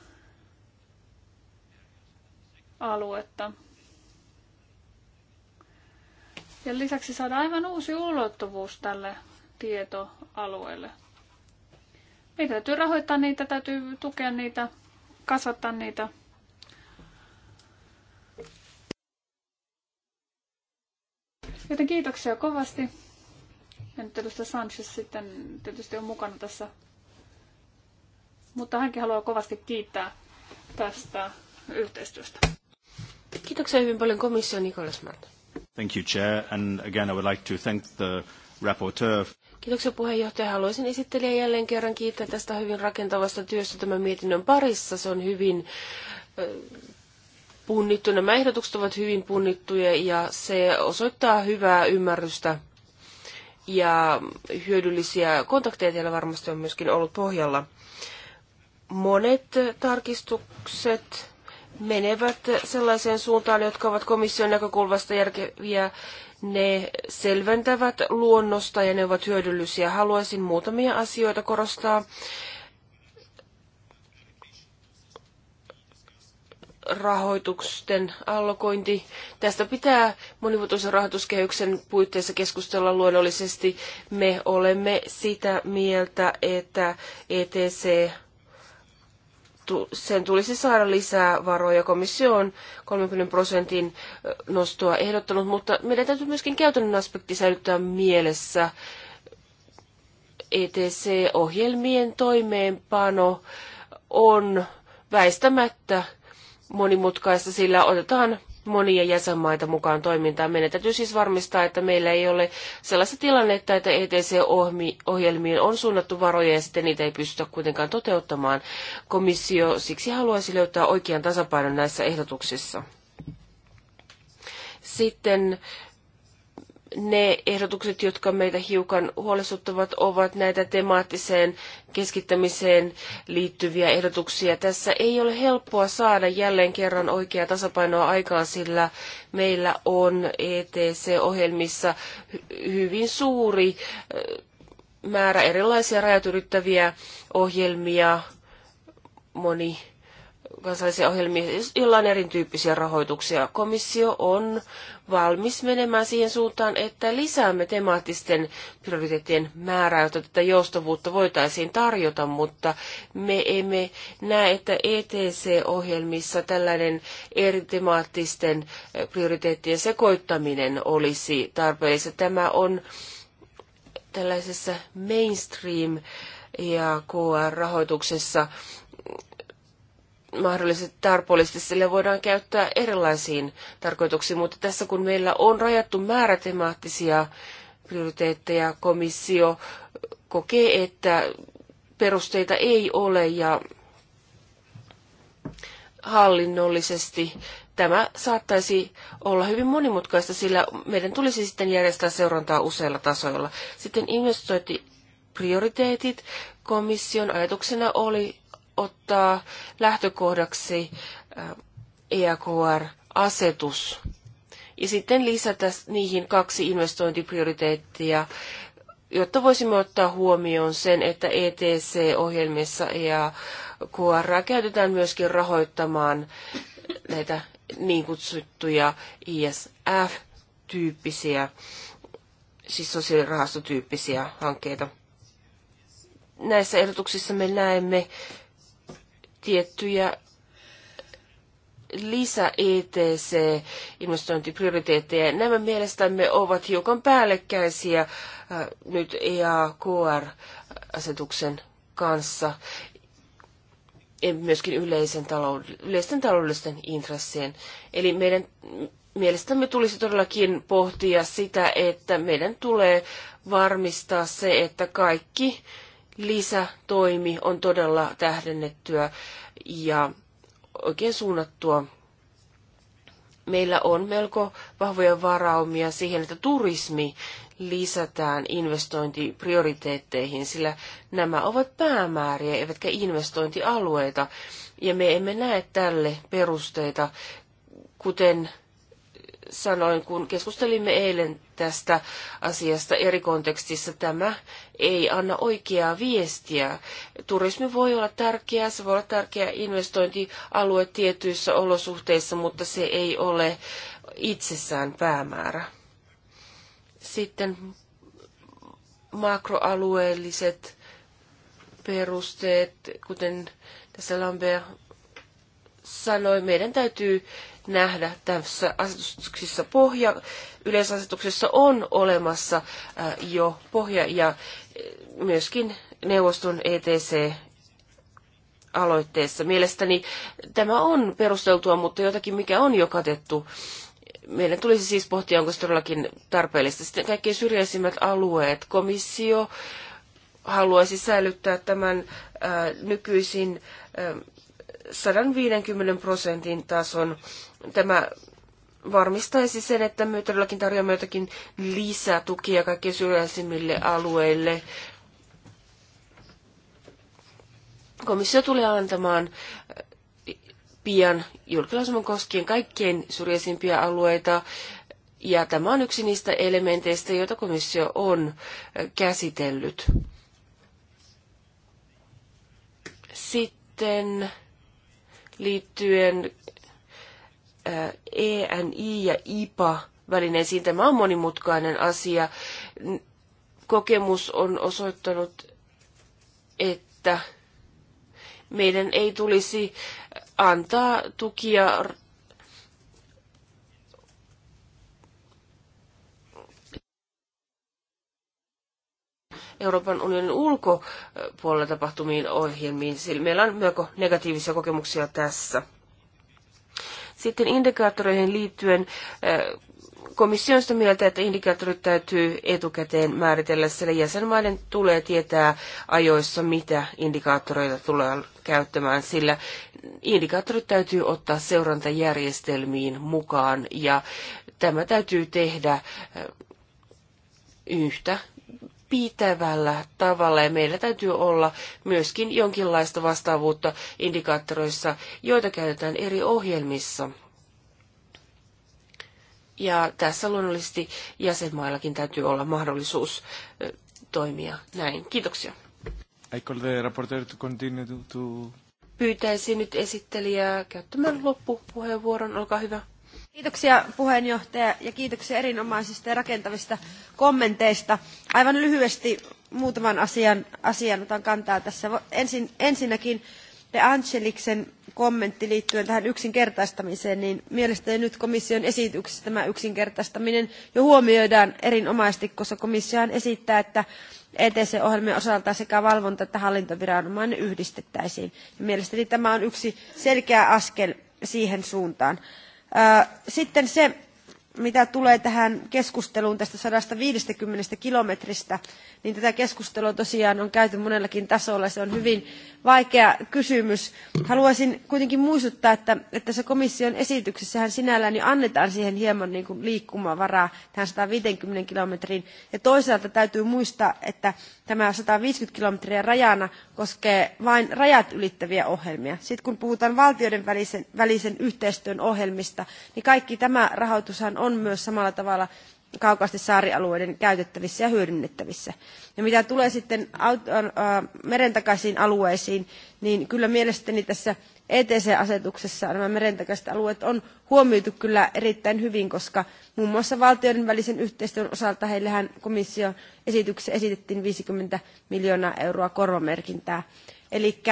aluetta. Ja lisäksi saada aivan uusi ulottuvuus tälle tietoalueelle. Meidän täytyy rahoittaa niitä, täytyy tukea niitä, kasvattaa niitä Joten kiitoksia kovasti. Ja nyt tietysti Sanchez sitten tietysti on mukana tässä. Mutta hänkin haluaa kovasti kiittää tästä yhteistyöstä. Kiitoksia hyvin paljon komissio Nikolas Mart. Thank you, Chair. And again, I would like to thank the rapporteur. Kiitoksia puheenjohtaja. Haluaisin esittelijä jälleen kerran kiittää tästä hyvin rakentavasta työstä tämän mietinnön parissa. Se on hyvin punnittu. Nämä ehdotukset ovat hyvin punnittuja ja se osoittaa hyvää ymmärrystä ja hyödyllisiä kontakteja teillä varmasti on myöskin ollut pohjalla. Monet tarkistukset menevät sellaiseen suuntaan, jotka ovat komission näkökulmasta järkeviä. Ne selventävät luonnosta ja ne ovat hyödyllisiä. Haluaisin muutamia asioita korostaa. rahoituksen allokointi. Tästä pitää monivuotoisen rahoituskehyksen puitteissa keskustella luonnollisesti. Me olemme sitä mieltä, että ETC sen tulisi saada lisää varoja. Komissio on 30 prosentin nostoa ehdottanut, mutta meidän täytyy myöskin käytännön aspekti säilyttää mielessä. ETC-ohjelmien toimeenpano on väistämättä monimutkaista, sillä otetaan monia jäsenmaita mukaan toimintaan. Meidän täytyy siis varmistaa, että meillä ei ole sellaista tilannetta, että ETC-ohjelmiin on suunnattu varoja ja sitten niitä ei pystytä kuitenkaan toteuttamaan. Komissio siksi haluaisi löytää oikean tasapainon näissä ehdotuksissa. Sitten ne ehdotukset, jotka meitä hiukan huolestuttavat, ovat näitä temaattiseen keskittämiseen liittyviä ehdotuksia. Tässä ei ole helppoa saada jälleen kerran oikeaa tasapainoa aikaan, sillä meillä on ETC-ohjelmissa hyvin suuri määrä erilaisia rajat ylittäviä ohjelmia, moni kansallisia ohjelmia, joilla on erityyppisiä rahoituksia. Komissio on valmis menemään siihen suuntaan, että lisäämme temaattisten prioriteettien määrää, jotta tätä joustavuutta voitaisiin tarjota, mutta me emme näe, että ETC-ohjelmissa tällainen eri temaattisten eh, prioriteettien sekoittaminen olisi tarpeellista. Tämä on tällaisessa mainstream ja KR-rahoituksessa mahdollisesti tarpeellisesti, sillä voidaan käyttää erilaisiin tarkoituksiin, mutta tässä kun meillä on rajattu määrä temaattisia prioriteetteja, komissio kokee, että perusteita ei ole ja hallinnollisesti tämä saattaisi olla hyvin monimutkaista, sillä meidän tulisi sitten järjestää seurantaa useilla tasoilla. Sitten investointiprioriteetit. Komission ajatuksena oli ottaa lähtökohdaksi äh, EAKR-asetus ja sitten lisätä niihin kaksi investointiprioriteettia, jotta voisimme ottaa huomioon sen, että ETC-ohjelmissa ja e käytetään myöskin rahoittamaan näitä niin kutsuttuja ISF-tyyppisiä, siis sosiaalirahastotyyppisiä hankkeita. Näissä ehdotuksissa me näemme tiettyjä lisä ETC-investointiprioriteetteja. Nämä mielestämme ovat hiukan päällekkäisiä äh, nyt EAKR-asetuksen kanssa ja myöskin yleisen talouden, yleisten taloudellisten intressien. Eli meidän mielestämme tulisi todellakin pohtia sitä, että meidän tulee varmistaa se, että kaikki äh, lisätoimi on todella tähdennettyä ja oikein suunnattua. Meillä on melko vahvoja varaumia siihen, että turismi lisätään investointiprioriteetteihin, sillä nämä ovat päämääriä eivätkä investointialueita, ja me emme näe tälle perusteita, kuten sanoin, kun keskustelimme eilen tästä asiasta eri kontekstissa, tämä ei anna oikeaa viestiä. Turismi voi olla tärkeä, se voi olla tärkeä investointialue tietyissä olosuhteissa, mutta se ei ole itsessään päämäärä. Sitten makroalueelliset perusteet, kuten tässä Lambert sanoi, meidän täytyy nähdä tässä asetuksissa pohja. Yleisasetuksessa on olemassa jo pohja ja myöskin neuvoston ETC aloitteessa. Mielestäni tämä on perusteltua, mutta jotakin mikä on jo katettu. Meidän tulisi siis pohtia, onko se todellakin tarpeellista. Sitten kaikkein syrjäisimmät alueet. Komissio haluaisi säilyttää tämän äh, nykyisin äh, 150 prosentin tason Tämä varmistaisi sen, että me todellakin tarjoamme jotakin lisätukia kaikkein syrjäisimmille alueille. Komissio tulee antamaan äh, pian julkilausuman koskien kaikkein syrjäisimpiä alueita. Ja tämä on yksi niistä elementeistä, joita komissio on äh, käsitellyt. Sitten liittyen ENI ja IPA välineisiin. Tämä on monimutkainen asia. Kokemus on osoittanut, että meidän ei tulisi antaa tukia Euroopan unionin ulkopuolella tapahtumiin ohjelmiin, meillä on melko negatiivisia kokemuksia tässä. Sitten indikaattoreihin liittyen komission on sitä mieltä, että indikaattorit täytyy etukäteen määritellä, sillä jäsenmaiden tulee tietää ajoissa, mitä indikaattoreita tulee käyttämään, sillä indikaattorit täytyy ottaa seurantajärjestelmiin mukaan ja tämä täytyy tehdä yhtä pitävällä tavalla ja meillä täytyy olla myöskin jonkinlaista vastaavuutta indikaattoreissa, joita käytetään eri ohjelmissa. Ja tässä luonnollisesti jäsenmaillakin täytyy olla mahdollisuus toimia näin. Kiitoksia. Pyytäisin nyt esittelijää käyttämään loppupuheenvuoron. Olkaa hyvä. Kiitoksia puheenjohtaja ja kiitoksia erinomaisista ja rakentavista kommenteista. Aivan lyhyesti muutaman asian, asian otan kantaa tässä. Ensin, ensinnäkin De Angeliksen kommentti liittyen tähän yksinkertaistamiseen, niin mielestäni nyt komission esityksessä tämä yksinkertaistaminen jo huomioidaan erinomaisesti, koska komissiohan esittää, että ETC-ohjelmien osalta sekä valvonta- että hallintoviranomainen yhdistettäisiin. Ja mielestäni tämä on yksi selkeä askel siihen suuntaan. Sitten se, mitä tulee tähän keskusteluun tästä 150 kilometristä, niin tätä keskustelua tosiaan on käyty monellakin tasolla. Se on hyvin vaikea kysymys. Haluaisin kuitenkin muistuttaa, että, että tässä komission esityksessähän sinällään jo annetaan siihen hieman niin kuin liikkumavaraa tähän 150 kilometriin. Ja toisaalta täytyy muistaa, että tämä 150 kilometriä rajana koskee vain rajat ylittäviä ohjelmia. Sitten kun puhutaan valtioiden välisen, välisen yhteistyön ohjelmista, niin kaikki tämä rahoitushan on myös samalla tavalla kaukaisten saarialueiden käytettävissä ja hyödynnettävissä. Ja mitä tulee sitten äh, merentakaisiin alueisiin, niin kyllä mielestäni tässä ETC-asetuksessa nämä merentakaiset alueet on huomioitu kyllä erittäin hyvin, koska muun muassa valtioiden välisen yhteistyön osalta heillähän komission esityksessä esitettiin 50 miljoonaa euroa korvamerkintää Eli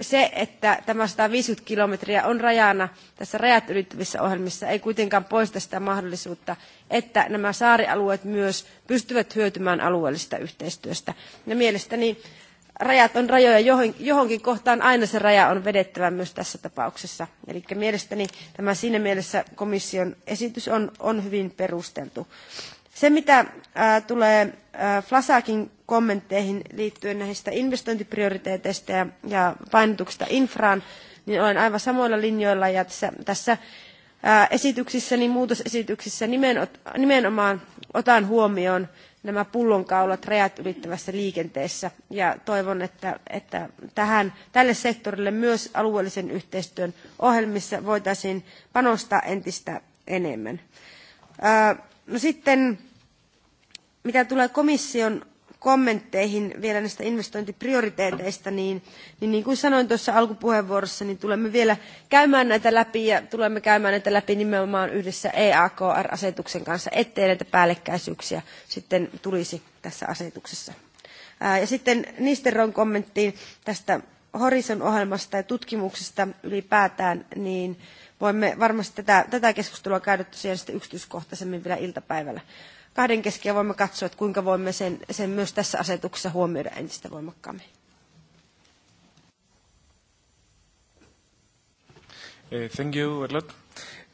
se, että tämä 150 kilometriä on rajana tässä rajat ylittävissä ohjelmissa, ei kuitenkaan poista sitä mahdollisuutta, että nämä saarialueet myös pystyvät hyötymään alueellisesta yhteistyöstä. Ja mielestäni rajat on rajoja, johonkin kohtaan aina se raja on vedettävä myös tässä tapauksessa. Eli mielestäni tämä siinä mielessä komission esitys on, on hyvin perusteltu. Se, mitä tulee Flasakin kommentteihin liittyen näistä investointiprioriteeteista ja, ja painotuksista infraan, niin olen aivan samoilla linjoilla ja tässä, tässä esityksissä, niin muutosesityksissä nimenomaan otan huomioon nämä pullonkaulat rajat ylittävässä liikenteessä ja toivon, että, että tähän, tälle sektorille myös alueellisen yhteistyön ohjelmissa voitaisiin panostaa entistä enemmän. No sitten mitä tulee komission kommentteihin vielä näistä investointiprioriteeteista, niin, niin, niin kuin sanoin tuossa alkupuheenvuorossa, niin tulemme vielä käymään näitä läpi ja tulemme käymään näitä läpi nimenomaan yhdessä EAKR-asetuksen kanssa, ettei näitä päällekkäisyyksiä sitten tulisi tässä asetuksessa. Ää, ja sitten Nisteron kommenttiin tästä Horizon-ohjelmasta ja tutkimuksesta ylipäätään, niin voimme varmasti tätä, tätä keskustelua käydä tosiaan sitten yksityiskohtaisemmin vielä iltapäivällä kahden kesken voimme katsoa, että kuinka voimme sen, sen myös tässä asetuksessa huomioida entistä voimakkaammin. Eh, thank you a lot.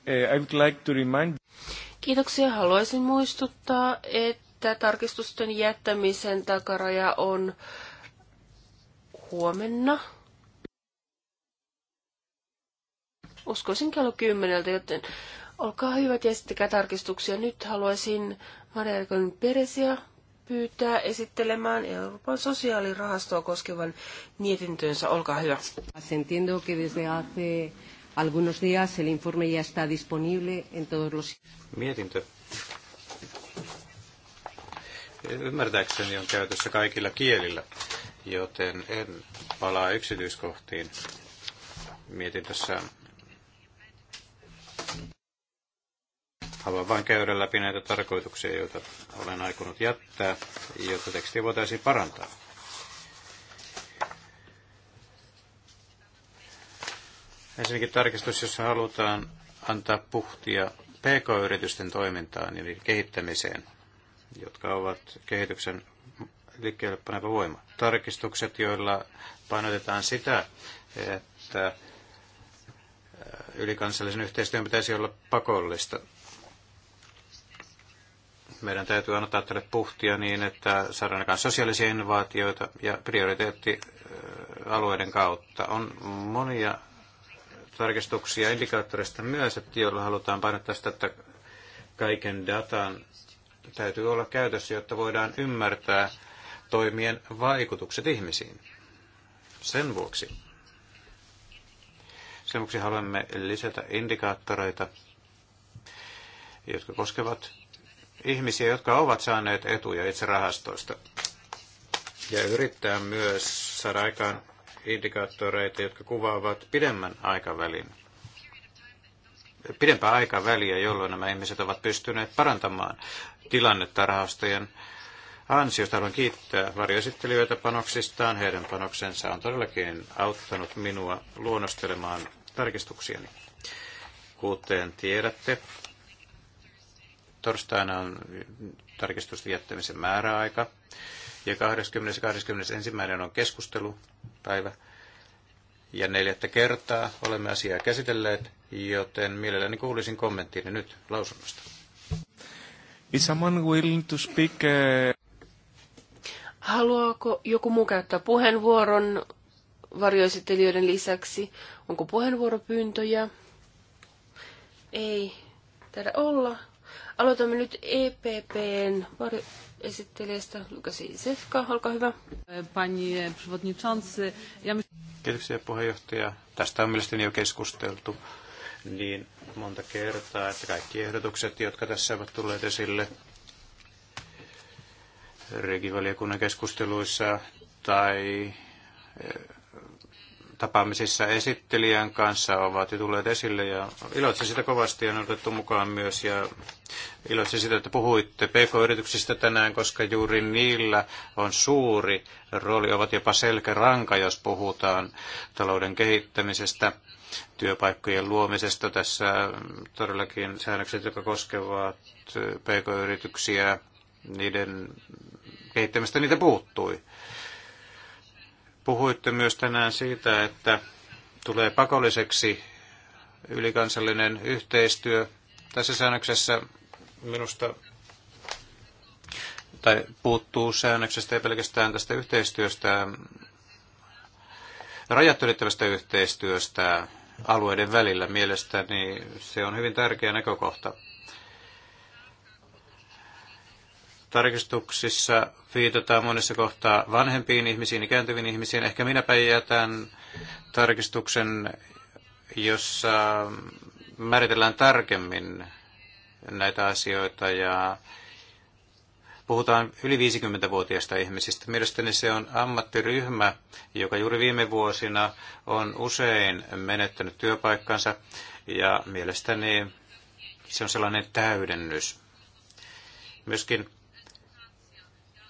Eh, I would like to remind... Kiitoksia. Haluaisin muistuttaa, että tarkistusten jättämisen takaraja on huomenna. Uskoisin kello kymmeneltä, joten Olkaa hyvät ja esittäkää tarkistuksia. Nyt haluaisin Maria peresia pyytää esittelemään Euroopan sosiaalirahastoa koskevan mietintönsä. Olkaa hyvä. Entiendo que desde hace algunos días el informe ya está disponible en todos los... Mietintö. Ymmärtääkseni on käytössä kaikilla kielillä, joten en palaa yksityiskohtiin mietintössään. Haluan vain käydä läpi näitä tarkoituksia, joita olen aikonut jättää, jotta tekstiä voitaisiin parantaa. Ensinnäkin tarkistus, jossa halutaan antaa puhtia pk-yritysten toimintaan eli kehittämiseen, jotka ovat kehityksen liikkeelle paneva voima. Tarkistukset, joilla painotetaan sitä, että ylikansallisen yhteistyön pitäisi olla pakollista. Meidän täytyy antaa tälle puhtia niin, että saadaan aikaan sosiaalisia innovaatioita ja prioriteettialueiden kautta. On monia tarkistuksia indikaattoreista myös, että joilla halutaan painottaa sitä, että kaiken datan täytyy olla käytössä, jotta voidaan ymmärtää toimien vaikutukset ihmisiin. Sen vuoksi. Sen vuoksi haluamme lisätä indikaattoreita, jotka koskevat ihmisiä, jotka ovat saaneet etuja itse rahastoista. Ja yrittää myös saada aikaan indikaattoreita, jotka kuvaavat pidemmän aikavälin pidempää aikaväliä, jolloin nämä ihmiset ovat pystyneet parantamaan tilannetta rahastojen ansiosta. Haluan kiittää varjoesittelijöitä panoksistaan. Heidän panoksensa on todellakin auttanut minua luonnostelemaan tarkistuksiani. Kuten tiedätte, torstaina on tarkistusten jättämisen määräaika. Ja 20. 21. on keskustelupäivä. Ja neljättä kertaa olemme asiaa käsitelleet, joten mielelläni kuulisin kommenttiini nyt lausunnosta. Is someone willing to speak, uh, Haluaako joku muu käyttää puheenvuoron varjoesittelijöiden lisäksi? Onko puheenvuoropyyntöjä? Ei taida olla. Aloitamme nyt EPPn esittelijästä Lukasi Sefka, olkaa hyvä. Kiitoksia puheenjohtaja. Tästä on mielestäni jo keskusteltu niin monta kertaa, että kaikki ehdotukset, jotka tässä ovat tulleet esille regivaliokunnan keskusteluissa tai tapaamisissa esittelijän kanssa ovat jo tulleet esille ja iloitsen sitä kovasti ja on otettu mukaan myös ja iloitsen sitä, että puhuitte PK-yrityksistä tänään, koska juuri niillä on suuri rooli, ovat jopa selkäranka, jos puhutaan talouden kehittämisestä työpaikkojen luomisesta. Tässä todellakin säännökset, jotka koskevat PK-yrityksiä, niiden kehittämistä niitä puuttui. Puhuitte myös tänään siitä, että tulee pakolliseksi ylikansallinen yhteistyö. Tässä säännöksessä minusta tai puuttuu säännöksestä ja pelkästään tästä yhteistyöstä, rajat ylittävästä yhteistyöstä alueiden välillä mielestäni se on hyvin tärkeä näkökohta. Tarkistuksissa viitataan monessa kohtaa vanhempiin ihmisiin, ikääntyviin ihmisiin. Ehkä minäpä jätän tarkistuksen, jossa määritellään tarkemmin näitä asioita ja puhutaan yli 50-vuotiaista ihmisistä. Mielestäni se on ammattiryhmä, joka juuri viime vuosina on usein menettänyt työpaikkansa ja mielestäni se on sellainen täydennys. Myöskin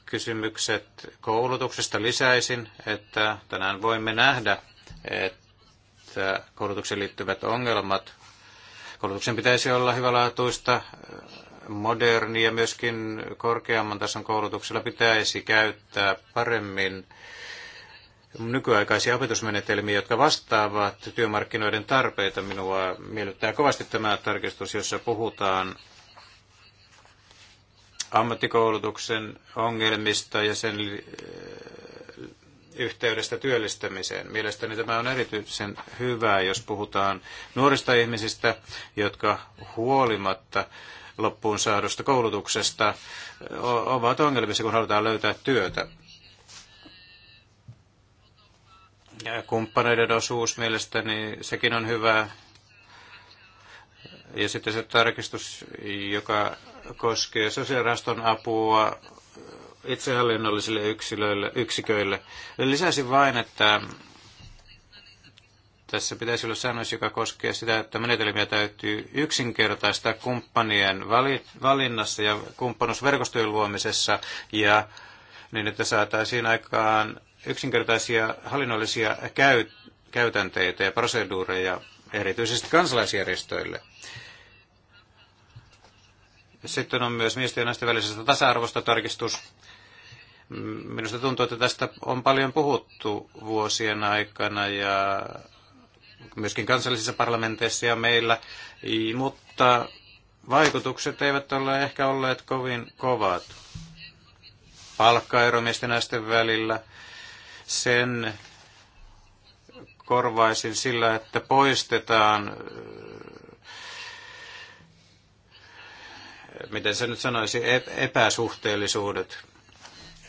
kysymykset koulutuksesta lisäisin, että tänään voimme nähdä, että koulutukseen liittyvät ongelmat, koulutuksen pitäisi olla hyvälaatuista, moderni ja myöskin korkeamman tason koulutuksella pitäisi käyttää paremmin nykyaikaisia opetusmenetelmiä, jotka vastaavat työmarkkinoiden tarpeita. Minua miellyttää kovasti tämä tarkistus, jossa puhutaan ammattikoulutuksen ongelmista ja sen eh, yhteydestä työllistämiseen. Mielestäni tämä on erityisen hyvää, jos puhutaan nuorista ihmisistä, jotka huolimatta loppuun saadusta koulutuksesta eh, ovat ongelmissa, kun halutaan löytää työtä. Ja kumppaneiden osuus mielestäni sekin on hyvä. Ja sitten se tarkistus, joka koskee sosiaaliraston apua itsehallinnollisille yksilöille, yksiköille. Lisäisin vain, että tässä pitäisi olla säännös, joka koskee sitä, että menetelmiä täytyy yksinkertaistaa kumppanien valinnassa ja kumppanusverkostojen luomisessa ja niin, että saataisiin aikaan yksinkertaisia hallinnollisia käy, käytänteitä ja proseduureja erityisesti kansalaisjärjestöille. Sitten on myös miesten ja naisten välisestä tasa-arvosta tarkistus. Minusta tuntuu, että tästä on paljon puhuttu vuosien aikana ja myöskin kansallisissa parlamenteissa ja meillä, mutta vaikutukset eivät ole ehkä olleet kovin kovat. Palkkaero miesten ja naisten välillä, sen korvaisin sillä, että poistetaan miten se nyt sanoisi, e- epäsuhteellisuudet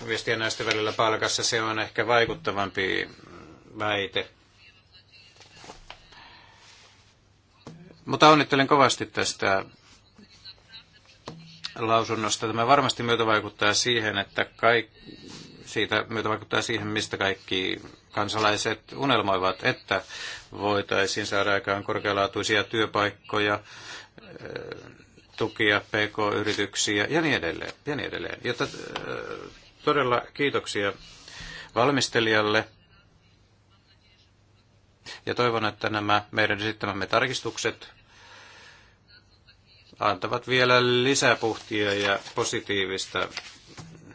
miesten ja naisten välillä palkassa, se on ehkä vaikuttavampi väite. Mutta onnittelen kovasti tästä lausunnosta. Tämä varmasti myötä vaikuttaa siihen, että kaik, siitä myötä vaikuttaa siihen, mistä kaikki kansalaiset unelmoivat, että voitaisiin saada aikaan korkealaatuisia työpaikkoja, tukia pk-yrityksiä ja niin edelleen. Ja niin edelleen. Jotta, äh, todella kiitoksia valmistelijalle. Ja toivon, että nämä meidän esittämämme tarkistukset antavat vielä lisäpuhtia ja positiivista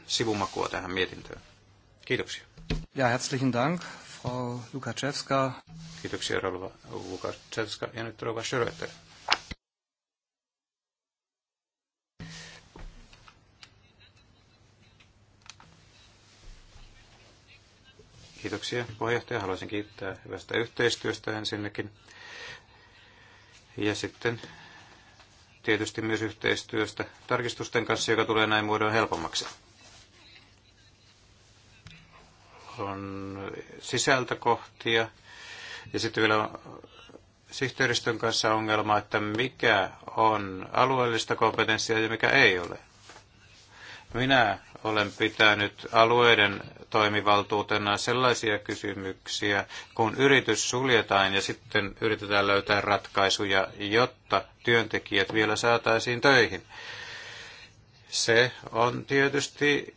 sivumakua tähän mietintöön. Kiitoksia. Ja herzlichen Dank, Frau Lukaszewska. Kiitoksia, Rouva Lukaszewska. Ja nyt Rouva Schröter. Kiitoksia puheenjohtaja. Haluaisin kiittää hyvästä yhteistyöstä ensinnäkin. Ja sitten tietysti myös yhteistyöstä tarkistusten kanssa, joka tulee näin muodon helpommaksi. On sisältökohtia ja sitten vielä sihteeristön kanssa ongelma, että mikä on alueellista kompetenssia ja mikä ei ole. Minä olen pitänyt alueiden toimivaltuutena sellaisia kysymyksiä, kun yritys suljetaan ja sitten yritetään löytää ratkaisuja, jotta työntekijät vielä saataisiin töihin. Se on tietysti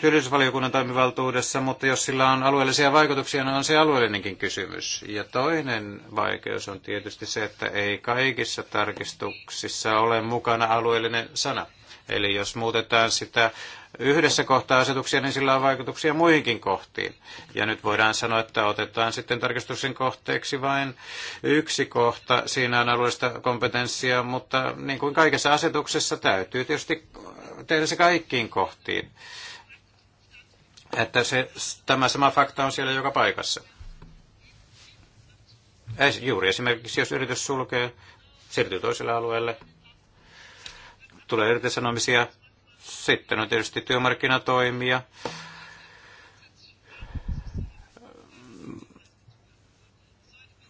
työllisyysvaliokunnan toimivaltuudessa, mutta jos sillä on alueellisia vaikutuksia, niin on se alueellinenkin kysymys. Ja toinen vaikeus on tietysti se, että ei kaikissa tarkistuksissa ole mukana alueellinen sana. Eli jos muutetaan sitä yhdessä kohtaa asetuksia, niin sillä on vaikutuksia muihinkin kohtiin. Ja nyt voidaan sanoa, että otetaan sitten tarkistuksen kohteeksi vain yksi kohta. Siinä on alueellista kompetenssia, mutta niin kuin kaikessa asetuksessa täytyy tietysti tehdä se kaikkiin kohtiin että se, tämä sama fakta on siellä joka paikassa. Es, juuri esimerkiksi, jos yritys sulkee, siirtyy toiselle alueelle, tulee irtisanomisia, sitten on tietysti työmarkkinatoimia,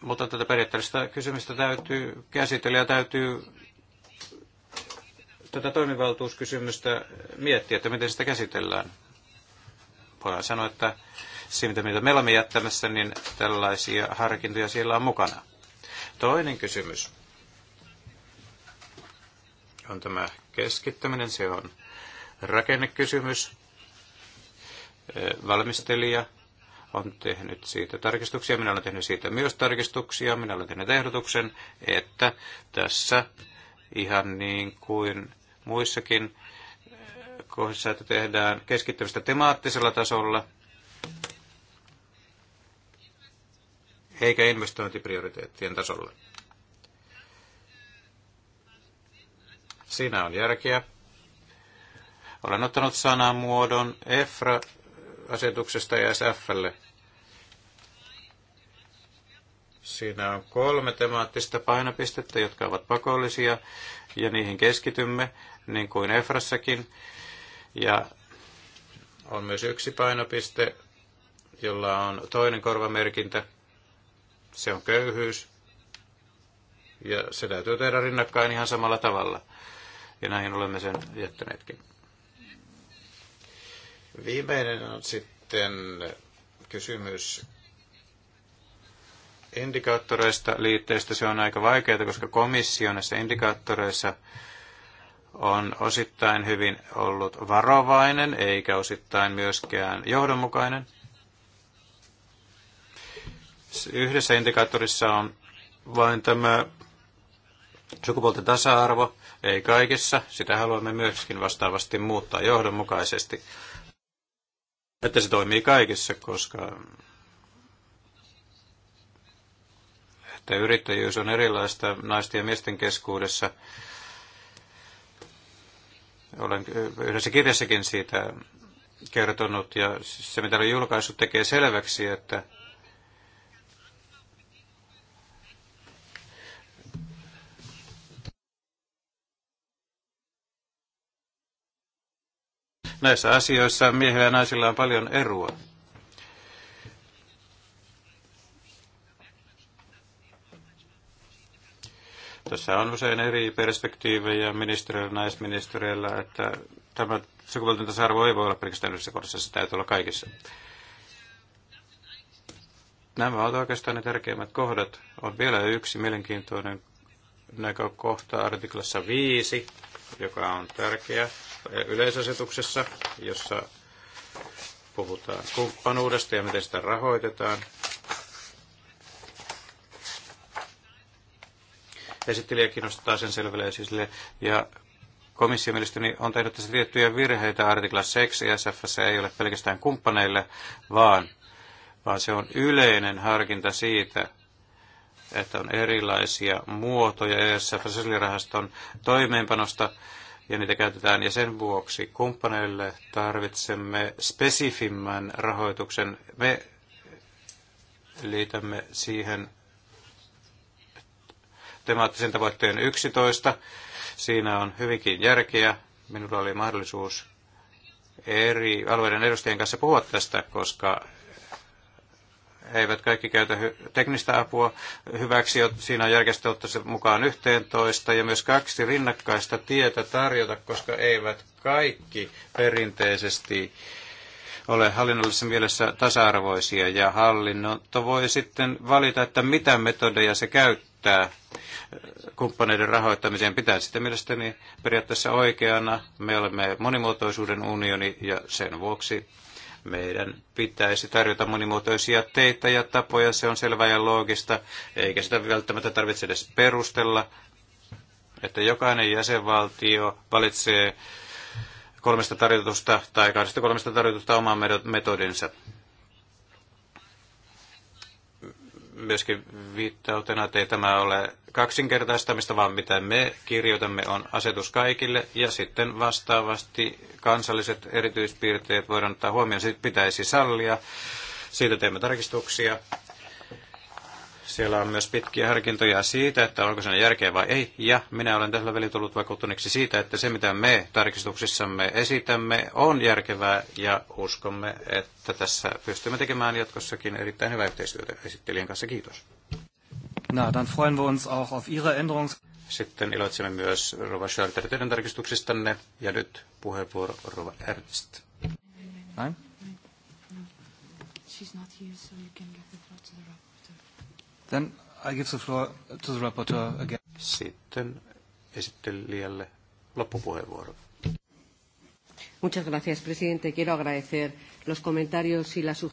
mutta tätä periaatteellista kysymystä täytyy käsitellä ja täytyy tätä toimivaltuuskysymystä miettiä, että miten sitä käsitellään voidaan sanoa, että siitä, mitä me olemme jättämässä, niin tällaisia harkintoja siellä on mukana. Toinen kysymys on tämä keskittäminen. Se on rakennekysymys. Valmistelija on tehnyt siitä tarkistuksia. Minä olen tehnyt siitä myös tarkistuksia. Minä olen tehnyt ehdotuksen, että tässä ihan niin kuin muissakin kohdissa, että tehdään keskittymistä temaattisella tasolla, eikä investointiprioriteettien tasolla. Siinä on järkeä. Olen ottanut sanamuodon EFRA-asetuksesta ja SFlle. Siinä on kolme temaattista painopistettä, jotka ovat pakollisia, ja niihin keskitymme, niin kuin EFRassakin. Ja on myös yksi painopiste, jolla on toinen korvamerkintä. Se on köyhyys. Ja se täytyy tehdä rinnakkain ihan samalla tavalla. Ja näihin olemme sen jättäneetkin. Viimeinen on sitten kysymys indikaattoreista liitteistä. Se on aika vaikeaa, koska komissio näissä indikaattoreissa on osittain hyvin ollut varovainen eikä osittain myöskään johdonmukainen. Yhdessä indikaattorissa on vain tämä sukupuolten tasa-arvo, ei kaikissa. Sitä haluamme myöskin vastaavasti muuttaa johdonmukaisesti, että se toimii kaikissa, koska että yrittäjyys on erilaista naisten ja miesten keskuudessa. Olen yhdessä kirjassakin siitä kertonut ja se, mitä olen julkaissut, tekee selväksi, että näissä asioissa miehillä ja naisilla on paljon eroa. Tässä on usein eri perspektiivejä ministeriöllä, naisministeriöllä, että tämä sukupuolten tasa-arvo ei voi olla pelkästään yhdessä kohdassa, se täytyy olla kaikissa. Nämä ovat oikeastaan ne tärkeimmät kohdat. On vielä yksi mielenkiintoinen näkökohta artiklassa 5, joka on tärkeä yleisasetuksessa, jossa puhutaan kumppanuudesta ja miten sitä rahoitetaan. esittelijä kiinnostaa sen selville esille. Siis ja komissio mielestäni on tehnyt tässä tiettyjä virheitä. Artikla 6 ISFS ei ole pelkästään kumppaneille, vaan, vaan se on yleinen harkinta siitä, että on erilaisia muotoja esf rahaston toimeenpanosta ja niitä käytetään. Ja sen vuoksi kumppaneille tarvitsemme spesifimmän rahoituksen. Me liitämme siihen temaattisen tavoitteen 11. Siinä on hyvinkin järkeä. Minulla oli mahdollisuus eri alueiden edustajien kanssa puhua tästä, koska eivät kaikki käytä teknistä apua hyväksi. Siinä on järkeästi ottaa se mukaan 11 ja myös kaksi rinnakkaista tietä tarjota, koska eivät kaikki perinteisesti ole hallinnollisessa mielessä tasa-arvoisia ja hallinto voi sitten valita, että mitä metodeja se käyttää käyttää kumppaneiden rahoittamiseen, pitää sitä mielestäni periaatteessa oikeana. Me olemme monimuotoisuuden unioni ja sen vuoksi meidän pitäisi tarjota monimuotoisia teitä ja tapoja, se on selvää ja loogista, eikä sitä välttämättä tarvitse edes perustella, että jokainen jäsenvaltio valitsee kolmesta tarjotusta tai kahdesta kolmesta tarjotusta oman metodinsa. myöskin viittautena, että ei tämä ole kaksinkertaistamista, vaan mitä me kirjoitamme on asetus kaikille ja sitten vastaavasti kansalliset erityispiirteet voidaan ottaa huomioon, sitten pitäisi sallia. Siitä teemme tarkistuksia siellä on myös pitkiä harkintoja siitä, että onko se järkeä vai ei. Ja minä olen tällä veli tullut vakuuttuneeksi siitä, että se mitä me tarkistuksissamme esitämme on järkevää ja uskomme, että tässä pystymme tekemään jatkossakin erittäin hyvää yhteistyötä esittelijän kanssa. Kiitos. Na, dann freuen wir uns auch auf Ihre Änderungs... Sitten iloitsemme myös Rova Schalter teidän tarkistuksistanne. Ja nyt puheenvuoro Rova Ernst. Näin. She's not here, so you can give the floor to the rock. Then I give the floor to the rapporteur again. Sitten esittelijälle loppupuheenvuoro. Muchas gracias, presidente. Quiero agradecer los comentarios y las...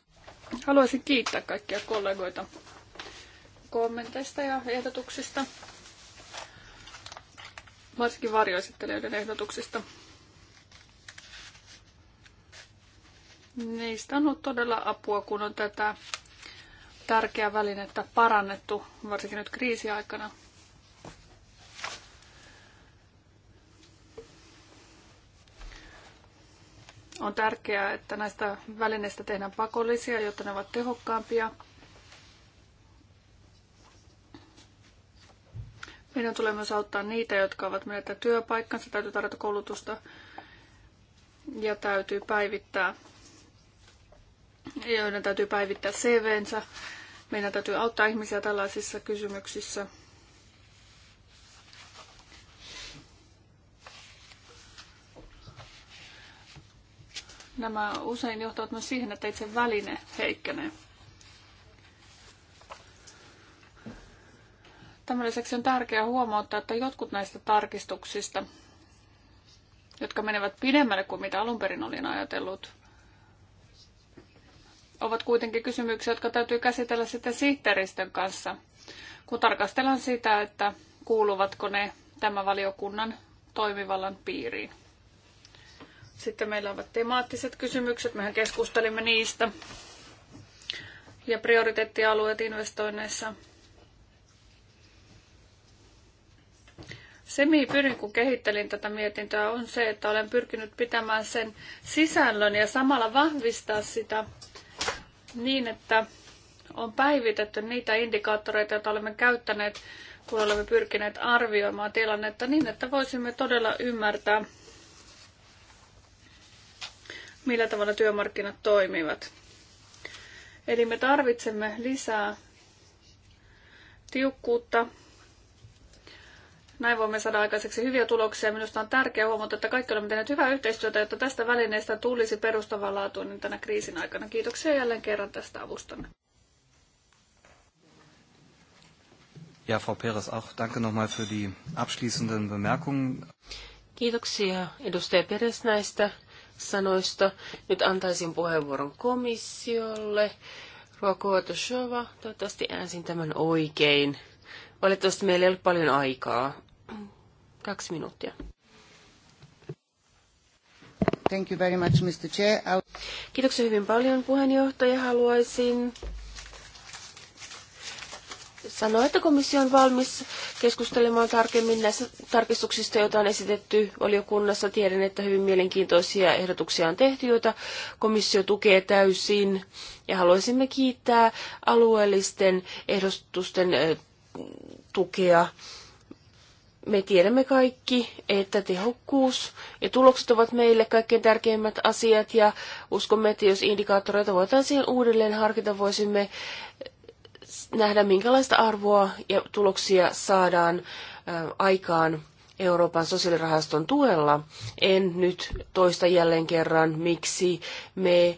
Haluaisin kiittää kaikkia kollegoita kommenteista ja ehdotuksista, varsinkin varjoesittelijöiden ehdotuksista. Niistä on ollut todella apua, kun on tätä tärkeää että parannettu, varsinkin nyt kriisiaikana. On tärkeää, että näistä välineistä tehdään pakollisia, jotta ne ovat tehokkaampia. Meidän tulee myös auttaa niitä, jotka ovat menettäneet työpaikkansa, täytyy tarjota koulutusta ja täytyy päivittää joiden täytyy päivittää CVnsä. Meidän täytyy auttaa ihmisiä tällaisissa kysymyksissä. Nämä usein johtavat myös siihen, että itse väline heikkenee. Tämän lisäksi on tärkeää huomauttaa, että jotkut näistä tarkistuksista, jotka menevät pidemmälle kuin mitä alun perin olin ajatellut, ovat kuitenkin kysymyksiä, jotka täytyy käsitellä sitten sihteeristön kanssa, kun tarkastellaan sitä, että kuuluvatko ne tämän valiokunnan toimivallan piiriin. Sitten meillä ovat temaattiset kysymykset, mehän keskustelimme niistä. Ja prioriteettialueet investoinneissa. Se, mihin pyrin, kun kehittelin tätä mietintöä, on se, että olen pyrkinyt pitämään sen sisällön ja samalla vahvistaa sitä niin, että on päivitetty niitä indikaattoreita, joita olemme käyttäneet, kun olemme pyrkineet arvioimaan tilannetta niin, että voisimme todella ymmärtää, millä tavalla työmarkkinat toimivat. Eli me tarvitsemme lisää tiukkuutta näin voimme saada aikaiseksi hyviä tuloksia. Minusta on tärkeää huomata, että kaikki olemme tehneet hyvää yhteistyötä, jotta tästä välineestä tulisi perustavanlaatuinen tänä kriisin aikana. Kiitoksia jälleen kerran tästä avustanne. Ja, Frau Peres, auch danke nochmal für die abschließenden Bemerkungen. Kiitoksia edustaja Peres näistä sanoista. Nyt antaisin puheenvuoron komissiolle. Shova, toivottavasti äänsin tämän oikein. Valitettavasti meillä ei ole paljon aikaa. Kaksi minuuttia. Thank you very much, Mr. Chair. Kiitoksia hyvin paljon puheenjohtaja. Haluaisin sanoa, että komissio on valmis keskustelemaan tarkemmin näistä tarkistuksista, joita on esitetty valiokunnassa. Tiedän, että hyvin mielenkiintoisia ehdotuksia on tehty, joita komissio tukee täysin. Ja haluaisimme kiittää alueellisten ehdotusten tukea me tiedämme kaikki, että tehokkuus ja tulokset ovat meille kaikkein tärkeimmät asiat ja uskomme, että jos indikaattoreita voitaisiin uudelleen harkita, voisimme nähdä, minkälaista arvoa ja tuloksia saadaan aikaan Euroopan sosiaalirahaston tuella. En nyt toista jälleen kerran, miksi me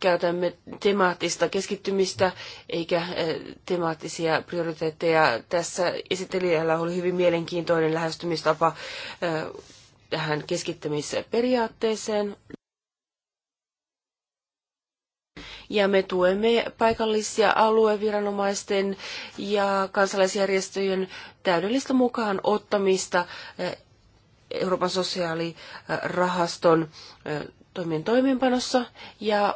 käytämme temaattista keskittymistä eikä eh, temaattisia prioriteetteja. Tässä esittelijällä oli hyvin mielenkiintoinen lähestymistapa eh, tähän keskittämisperiaatteeseen. ja me tuemme paikallisia alueviranomaisten ja kansalaisjärjestöjen täydellistä mukaan ottamista eh, Euroopan sosiaalirahaston eh, toimien toimeenpanossa ja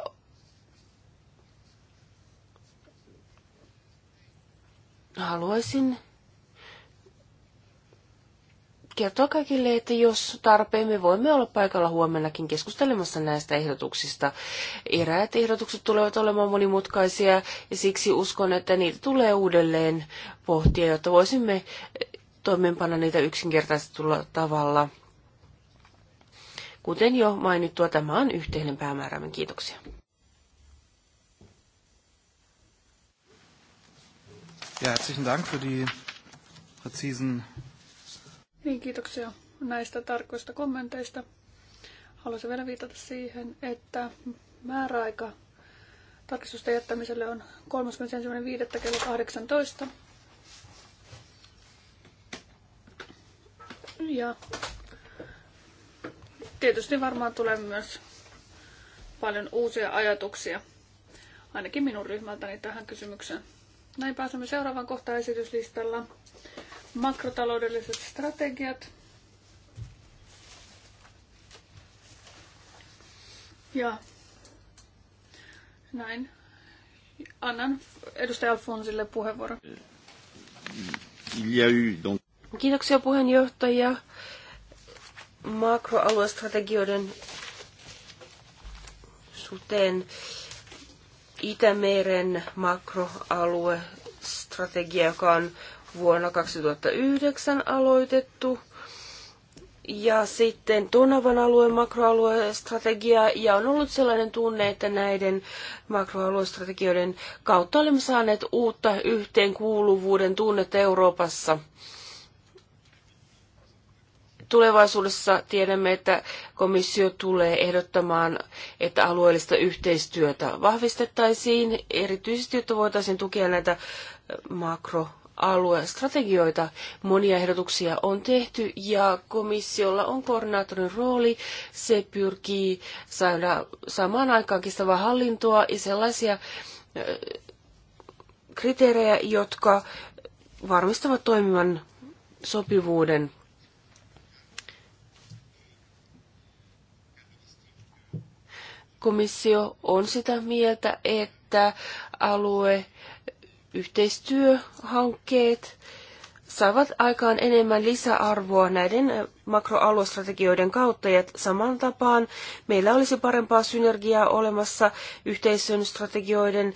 haluaisin kertoa kaikille, että jos tarpeen, me voimme olla paikalla huomennakin keskustelemassa näistä ehdotuksista. Eräät ehdotukset tulevat olemaan monimutkaisia ja siksi uskon, että niitä tulee uudelleen pohtia, jotta voisimme toimeenpanna niitä yksinkertaistetulla tavalla. Kuten jo mainittua, tämä on yhteinen päämäärämme. Kiitoksia. Ja, herzlichen Dank für die präzisen niin, kiitoksia näistä tarkoista kommenteista. Haluaisin vielä viitata siihen, että määräaika tarkistusten jättämiselle on 31.5. kello 18. Ja tietysti varmaan tulee myös paljon uusia ajatuksia, ainakin minun ryhmältäni tähän kysymykseen. Näin pääsemme seuraavaan kohtaan esityslistalla makrotaloudelliset strategiat ja näin. Annan edustaja Alfonsille puheenvuoro. Kiitoksia puheenjohtaja. Makroaluestrategioiden suhteen Itämeren makroalue joka on vuonna 2009 aloitettu. Ja sitten Tonavan alueen makroaluestrategia, ja on ollut sellainen tunne, että näiden makroaluestrategioiden kautta olemme saaneet uutta yhteenkuuluvuuden tunnetta Euroopassa. Tulevaisuudessa tiedämme, että komissio tulee ehdottamaan, että alueellista yhteistyötä vahvistettaisiin, erityisesti jotta voitaisiin tukea näitä makro aluestrategioita. Monia ehdotuksia on tehty ja komissiolla on koordinaattorin rooli. Se pyrkii saada samaan aikaan kestävää hallintoa ja sellaisia kriteerejä, jotka varmistavat toimivan sopivuuden. Komissio on sitä mieltä, että alue yhteistyöhankkeet saavat aikaan enemmän lisäarvoa näiden makroaluestrategioiden kautta ja saman tapaan meillä olisi parempaa synergiaa olemassa yhteisön strategioiden,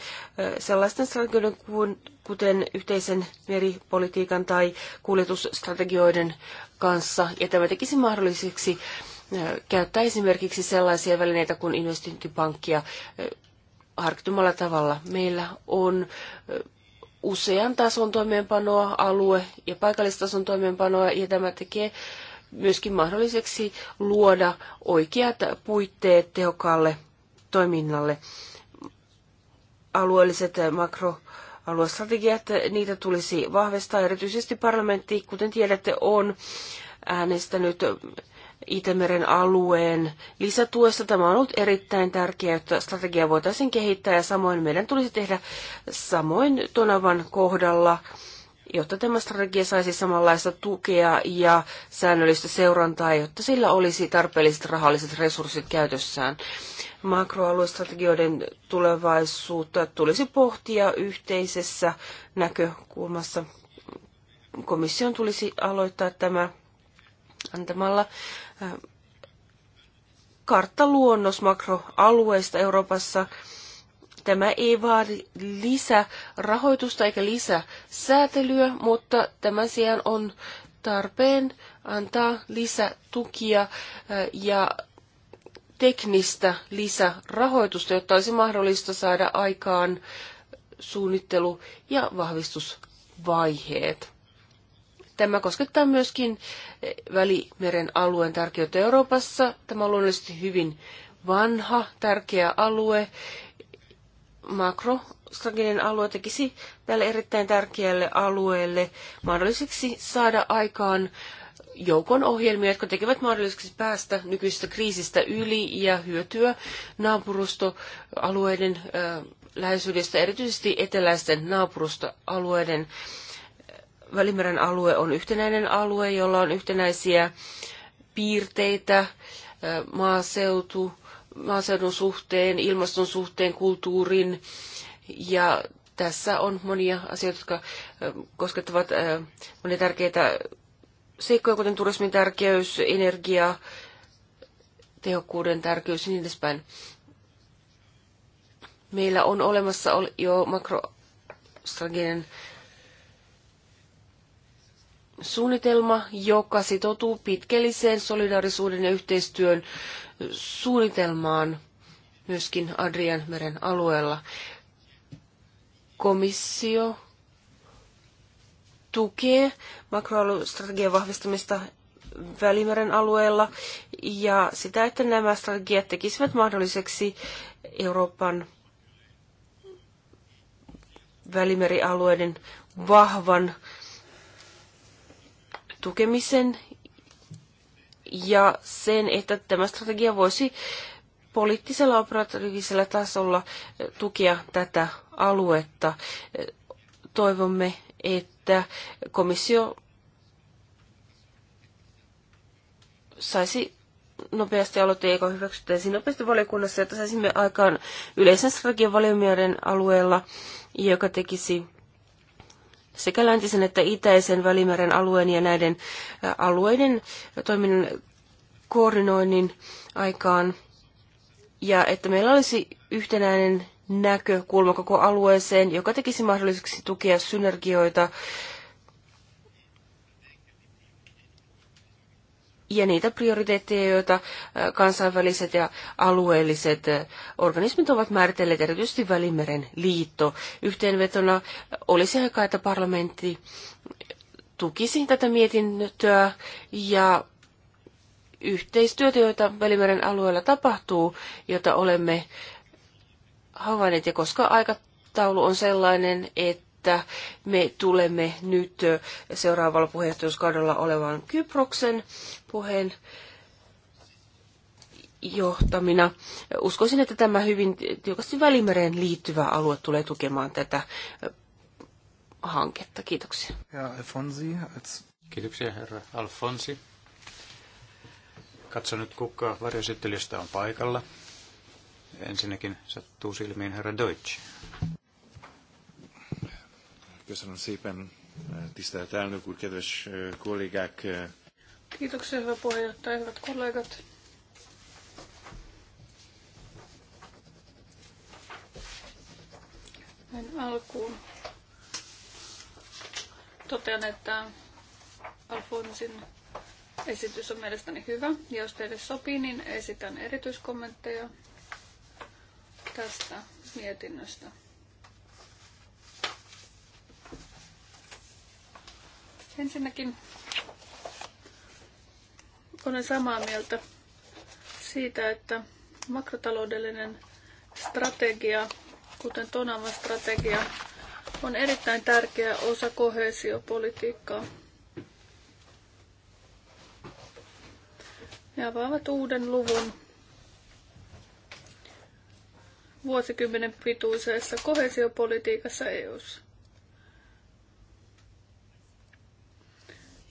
sellaisten strategioiden kuin, kuten yhteisen meripolitiikan tai kuljetusstrategioiden kanssa ja tämä tekisi mahdolliseksi käyttää esimerkiksi sellaisia välineitä kuin investointipankkia harkittumalla tavalla. Meillä on usean tason toimeenpanoa, alue- ja paikallistason toimeenpanoa, ja tämä tekee myöskin mahdolliseksi luoda oikeat puitteet tehokkaalle toiminnalle. Alueelliset makro aluestrategiat, niitä tulisi vahvistaa. Erityisesti parlamentti, kuten tiedätte, on äänestänyt Itämeren alueen lisätuessa. Tämä on ollut erittäin tärkeää, että strategiaa voitaisiin kehittää ja samoin meidän tulisi tehdä samoin Tonavan kohdalla, jotta tämä strategia saisi samanlaista tukea ja säännöllistä seurantaa, jotta sillä olisi tarpeelliset rahalliset resurssit käytössään. Makroaluestrategioiden tulevaisuutta tulisi pohtia yhteisessä näkökulmassa. Komission tulisi aloittaa tämä antamalla Äh, karttaluonnos makroalueista Euroopassa. Tämä ei vaadi lisää rahoitusta eikä lisää säätelyä, mutta tämän sijaan on tarpeen antaa lisätukia äh, ja teknistä lisärahoitusta, jotta olisi mahdollista saada aikaan suunnittelu- ja vahvistusvaiheet. Tämä koskettaa myöskin Välimeren alueen tärkeyttä Euroopassa. Tämä on luonnollisesti hyvin vanha, tärkeä alue. Makrostrateginen alue tekisi tälle erittäin tärkeälle alueelle mahdolliseksi saada aikaan joukon ohjelmia, jotka tekevät mahdolliseksi päästä nykyisestä kriisistä yli ja hyötyä naapurustoalueiden läheisyydestä, erityisesti eteläisten naapurustoalueiden Välimeren alue on yhtenäinen alue, jolla on yhtenäisiä piirteitä, maaseutu, maaseudun suhteen, ilmaston suhteen, kulttuurin. Ja tässä on monia asioita, jotka koskettavat monia tärkeitä seikkoja, kuten turismin tärkeys, energia, tehokkuuden tärkeys ja niin edespäin. Meillä on olemassa jo makrostrateginen suunnitelma, joka sitoutuu pitkälliseen solidaarisuuden ja yhteistyön suunnitelmaan myöskin Adrianmeren alueella. Komissio tukee makroalustrategian vahvistamista Välimeren alueella ja sitä, että nämä strategiat tekisivät mahdolliseksi Euroopan välimerialueiden vahvan tukemisen ja sen, että tämä strategia voisi poliittisella operatiivisella tasolla tukea tätä aluetta. Toivomme, että komissio saisi nopeasti aloitteen, joka hyväksyttäisiin nopeasti valiokunnassa, että saisimme aikaan yleisen strategian valiomielen alueella, joka tekisi sekä läntisen että itäisen välimeren alueen ja näiden alueiden toiminnan koordinoinnin aikaan. Ja että meillä olisi yhtenäinen näkökulma koko alueeseen, joka tekisi mahdolliseksi tukea synergioita ja niitä prioriteetteja, joita kansainväliset ja alueelliset organismit ovat määritelleet, erityisesti Välimeren liitto. Yhteenvetona olisi aika, että parlamentti tukisi tätä mietintöä ja yhteistyötä, joita Välimeren alueella tapahtuu, jota olemme havainneet, ja koska aikataulu on sellainen, että että me tulemme nyt seuraavalla puheenjohtajuuskaudella olevan Kyproksen puheen johtamina. Uskoisin, että tämä hyvin tiukasti Välimereen liittyvä alue tulee tukemaan tätä hanketta. Kiitoksia. Alfonsi. Kiitoksia, herra Alfonsi. Katso nyt, kuka varjosittelystä on paikalla. Ensinnäkin sattuu silmiin herra Deutsch. Köszönöm szépen, tisztelt elnök úr, kedves kollégák! Kiitoksia, hyvä puheenjohtaja, hyvät kollegat! Näin alkuun totean, että Alfonsin esitys on mielestäni hyvä. Ja jos teille sopii, niin esitän erityiskommentteja tästä mietinnöstä. Ensinnäkin olen samaa mieltä siitä, että makrotaloudellinen strategia, kuten Tonavan strategia, on erittäin tärkeä osa kohesiopolitiikkaa. Ne avaavat uuden luvun vuosikymmenen pituisessa kohesiopolitiikassa EU:ssa.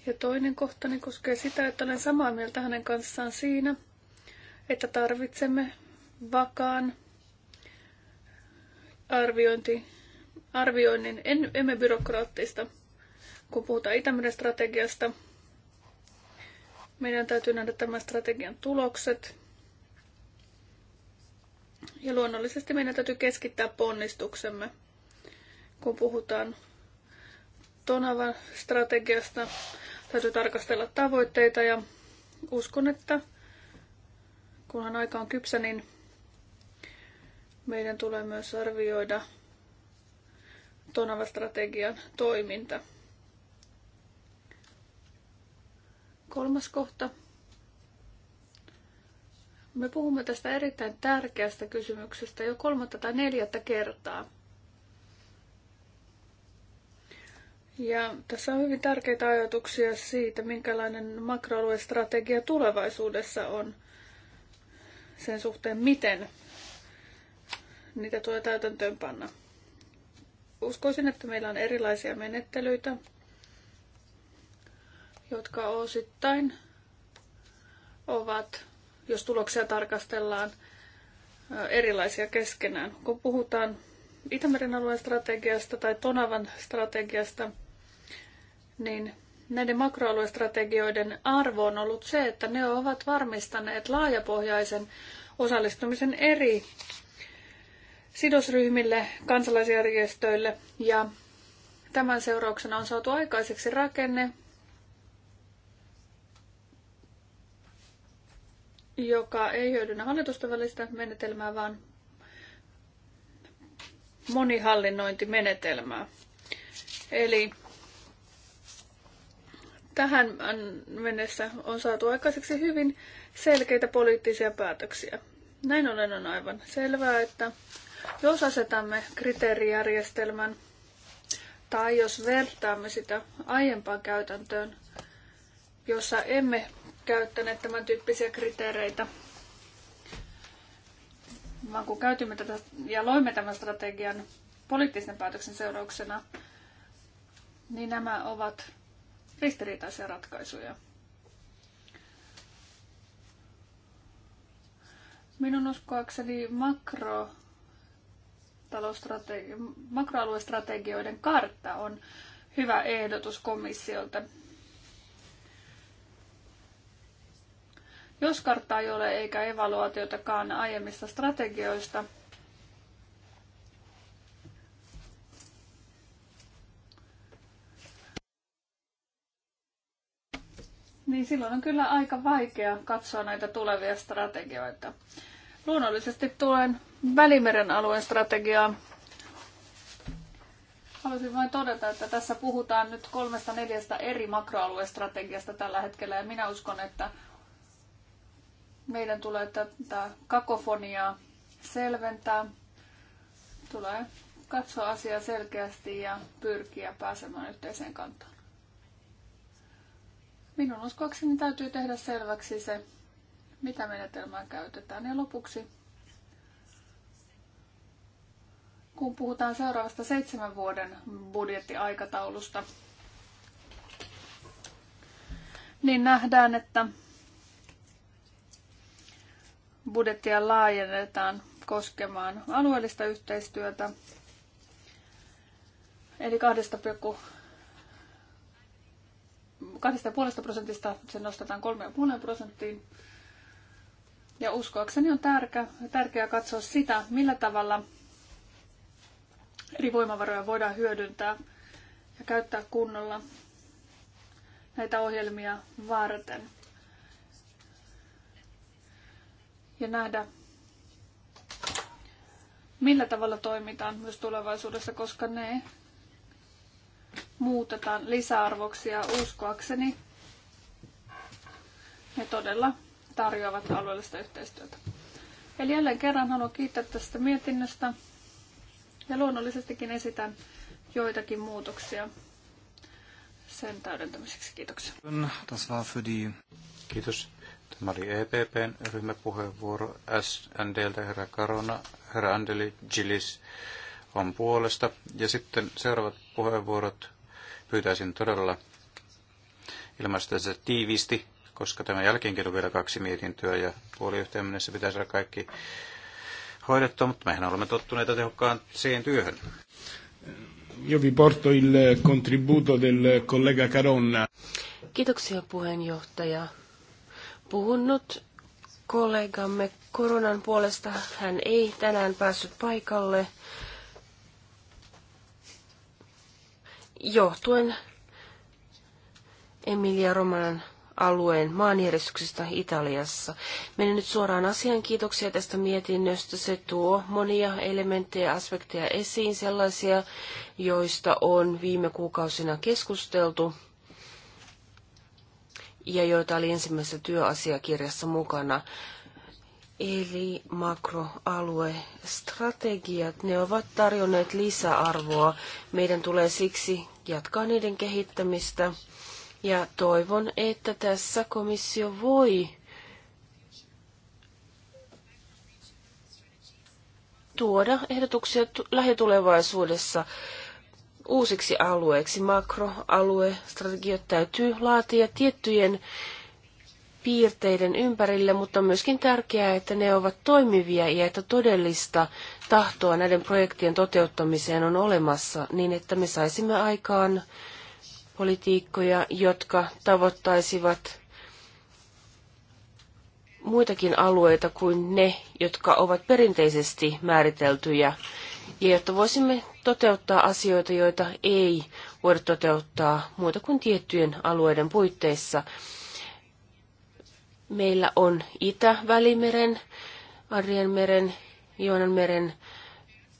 Ja toinen kohtani koskee sitä, että olen samaa mieltä hänen kanssaan siinä, että tarvitsemme vakaan arviointi, arvioinnin, en, emme byrokraattista, kun puhutaan Itämeren strategiasta. Meidän täytyy nähdä tämän strategian tulokset. Ja luonnollisesti meidän täytyy keskittää ponnistuksemme, kun puhutaan Tonavan strategiasta, Täytyy tarkastella tavoitteita ja uskon, että kunhan aika on kypsä, niin meidän tulee myös arvioida Tonava-strategian toiminta. Kolmas kohta. Me puhumme tästä erittäin tärkeästä kysymyksestä jo kolmatta tai neljättä kertaa. Ja tässä on hyvin tärkeitä ajatuksia siitä, minkälainen makroaluestrategia tulevaisuudessa on sen suhteen, miten niitä tulee täytäntöönpanna. Uskoisin, että meillä on erilaisia menettelyitä, jotka osittain ovat, jos tuloksia tarkastellaan, erilaisia keskenään. Kun puhutaan Itämeren alueen strategiasta tai Tonavan strategiasta – niin näiden makroaluestrategioiden arvo on ollut se, että ne ovat varmistaneet laajapohjaisen osallistumisen eri sidosryhmille, kansalaisjärjestöille ja tämän seurauksena on saatu aikaiseksi rakenne, joka ei hyödynnä hallitusten välistä menetelmää, vaan monihallinnointimenetelmää. Eli Tähän mennessä on saatu aikaiseksi hyvin selkeitä poliittisia päätöksiä. Näin ollen on aivan selvää, että jos asetamme kriteerijärjestelmän tai jos vertaamme sitä aiempaan käytäntöön, jossa emme käyttäneet tämän tyyppisiä kriteereitä, vaan kun käytimme tätä ja loimme tämän strategian poliittisen päätöksen seurauksena, niin nämä ovat ristiriitaisia ratkaisuja. Minun uskoakseni makro makroaluestrategioiden kartta on hyvä ehdotus komissiolta. Jos karttaa ei ole eikä evaluaatiotakaan aiemmista strategioista, niin silloin on kyllä aika vaikea katsoa näitä tulevia strategioita. Luonnollisesti tuen Välimeren alueen strategiaa. Haluaisin vain todeta, että tässä puhutaan nyt kolmesta neljästä eri makroaluestrategiasta tällä hetkellä, ja minä uskon, että meidän tulee tätä kakofoniaa selventää, tulee katsoa asiaa selkeästi ja pyrkiä pääsemään yhteiseen kantaan. Minun uskoakseni täytyy tehdä selväksi se, mitä menetelmää käytetään. Ja lopuksi, kun puhutaan seuraavasta seitsemän vuoden budjettiaikataulusta, niin nähdään, että budjettia laajennetaan koskemaan alueellista yhteistyötä, eli 2,5 prosentista se nostetaan 3,5 prosenttiin. Ja uskoakseni on tärkeää, tärkeää katsoa sitä, millä tavalla eri voimavaroja voidaan hyödyntää ja käyttää kunnolla näitä ohjelmia varten. Ja nähdä, millä tavalla toimitaan myös tulevaisuudessa, koska ne muutetaan lisäarvoksi ja uskoakseni ne todella tarjoavat alueellista yhteistyötä. Eli jälleen kerran haluan kiittää tästä mietinnöstä ja luonnollisestikin esitän joitakin muutoksia sen täydentämiseksi. Kiitoksia. Kiitos. Tämä oli EPPn ryhmäpuheenvuoro SNDltä herra Karona, herra Andeli Gillis on puolesta. Ja sitten seuraavat puheenvuorot. Pyytäisin todella ilmaista sitä tiiviisti, koska tämän jälkeenkin on vielä kaksi mietintöä ja puoli yhteen mennessä pitää saada kaikki hoidettua, mutta mehän olemme tottuneita tehokkaan siihen työhön. Io vi porto il contributo del collega Caronna. Kiitoksia puheenjohtaja. Puhun nyt kollegamme Koronan puolesta. Hän ei tänään päässyt paikalle. johtuen Emilia Romanan alueen maanjärjestyksestä Italiassa. Menen nyt suoraan asian. Kiitoksia tästä mietinnöstä. Se tuo monia elementtejä ja aspekteja esiin, sellaisia, joista on viime kuukausina keskusteltu ja joita oli ensimmäisessä työasiakirjassa mukana. Eli makroaluestrategiat, ne ovat tarjonneet lisäarvoa. Meidän tulee siksi jatkaa niiden kehittämistä. Ja toivon, että tässä komissio voi tuoda ehdotuksia lähitulevaisuudessa uusiksi alueiksi. Makroaluestrategiat täytyy laatia tiettyjen piirteiden ympärille, mutta on myöskin tärkeää, että ne ovat toimivia ja että todellista tahtoa näiden projektien toteuttamiseen on olemassa, niin että me saisimme aikaan politiikkoja, jotka tavoittaisivat muitakin alueita kuin ne, jotka ovat perinteisesti määriteltyjä, ja jotta voisimme toteuttaa asioita, joita ei voida toteuttaa muuta kuin tiettyjen alueiden puitteissa. Meillä on Itä-Välimeren, Arjenmeren, Joonanmeren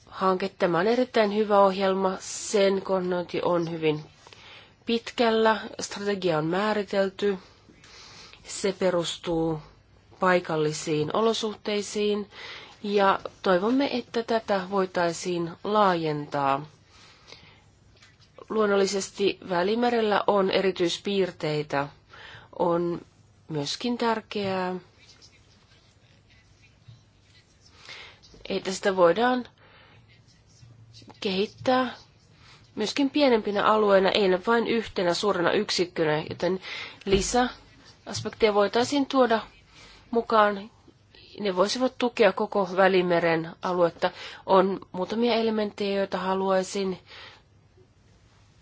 hanke. Tämä on erittäin hyvä ohjelma. Sen koordinointi on hyvin pitkällä. Strategia on määritelty. Se perustuu paikallisiin olosuhteisiin ja toivomme, että tätä voitaisiin laajentaa. Luonnollisesti Välimerellä on erityispiirteitä. On myöskin tärkeää, että sitä voidaan kehittää myöskin pienempinä alueina, ei vain yhtenä suurena yksikkönä, joten lisäaspekteja voitaisiin tuoda mukaan. Ne voisivat tukea koko Välimeren aluetta. On muutamia elementtejä, joita haluaisin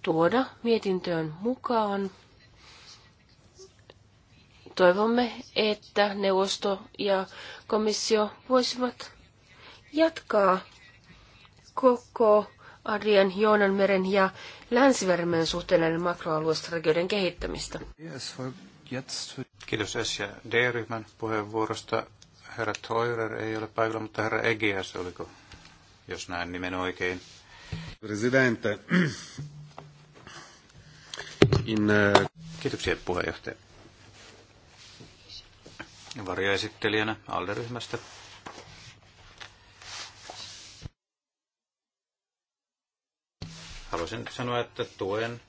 tuoda mietintöön mukaan. Toivomme, että neuvosto ja komissio voisivat jatkaa koko Adrian, Joonanmeren ja Länsivermeen suhteellinen makroaluestrategioiden kehittämistä. Kiitos S- ja D-ryhmän puheenvuorosta. Herra Toirer ei ole paikalla, mutta herra Egias, oliko, jos näen nimen oikein? Presidente. In, uh... Kiitoksia puheenjohtaja varjoesittelijänä ALDE-ryhmästä. Haluaisin sanoa, että tuen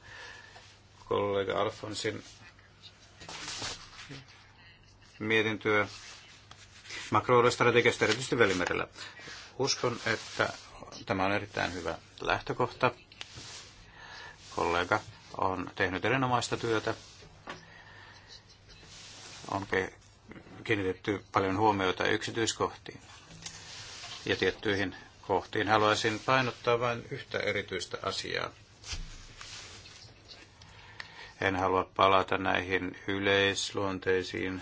kollega Alfonsin mietintöä makroalustrategiasta erityisesti Välimerellä. Uskon, että tämä on erittäin hyvä lähtökohta. Kollega on tehnyt erinomaista työtä. On kiinnitetty paljon huomiota yksityiskohtiin ja tiettyihin kohtiin. Haluaisin painottaa vain yhtä erityistä asiaa. En halua palata näihin yleisluonteisiin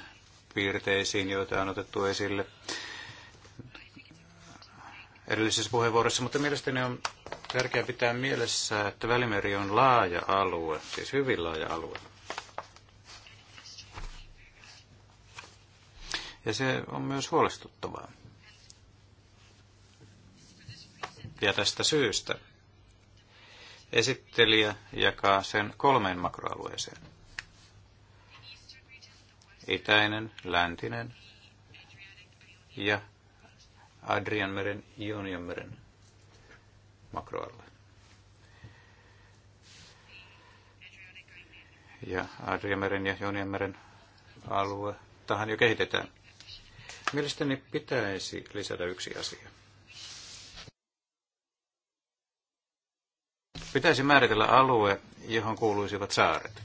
piirteisiin, joita on otettu esille edellisessä puheenvuorossa, mutta mielestäni on tärkeää pitää mielessä, että Välimeri on laaja alue, siis hyvin laaja alue. Ja se on myös huolestuttavaa. Ja tästä syystä esittelijä jakaa sen kolmeen makroalueeseen. Itäinen, läntinen ja Adrianmeren, Ionianmeren makroalue. Ja Adrianmeren ja Ionianmeren alue tähän jo kehitetään. Mielestäni pitäisi lisätä yksi asia. Pitäisi määritellä alue, johon kuuluisivat saaret.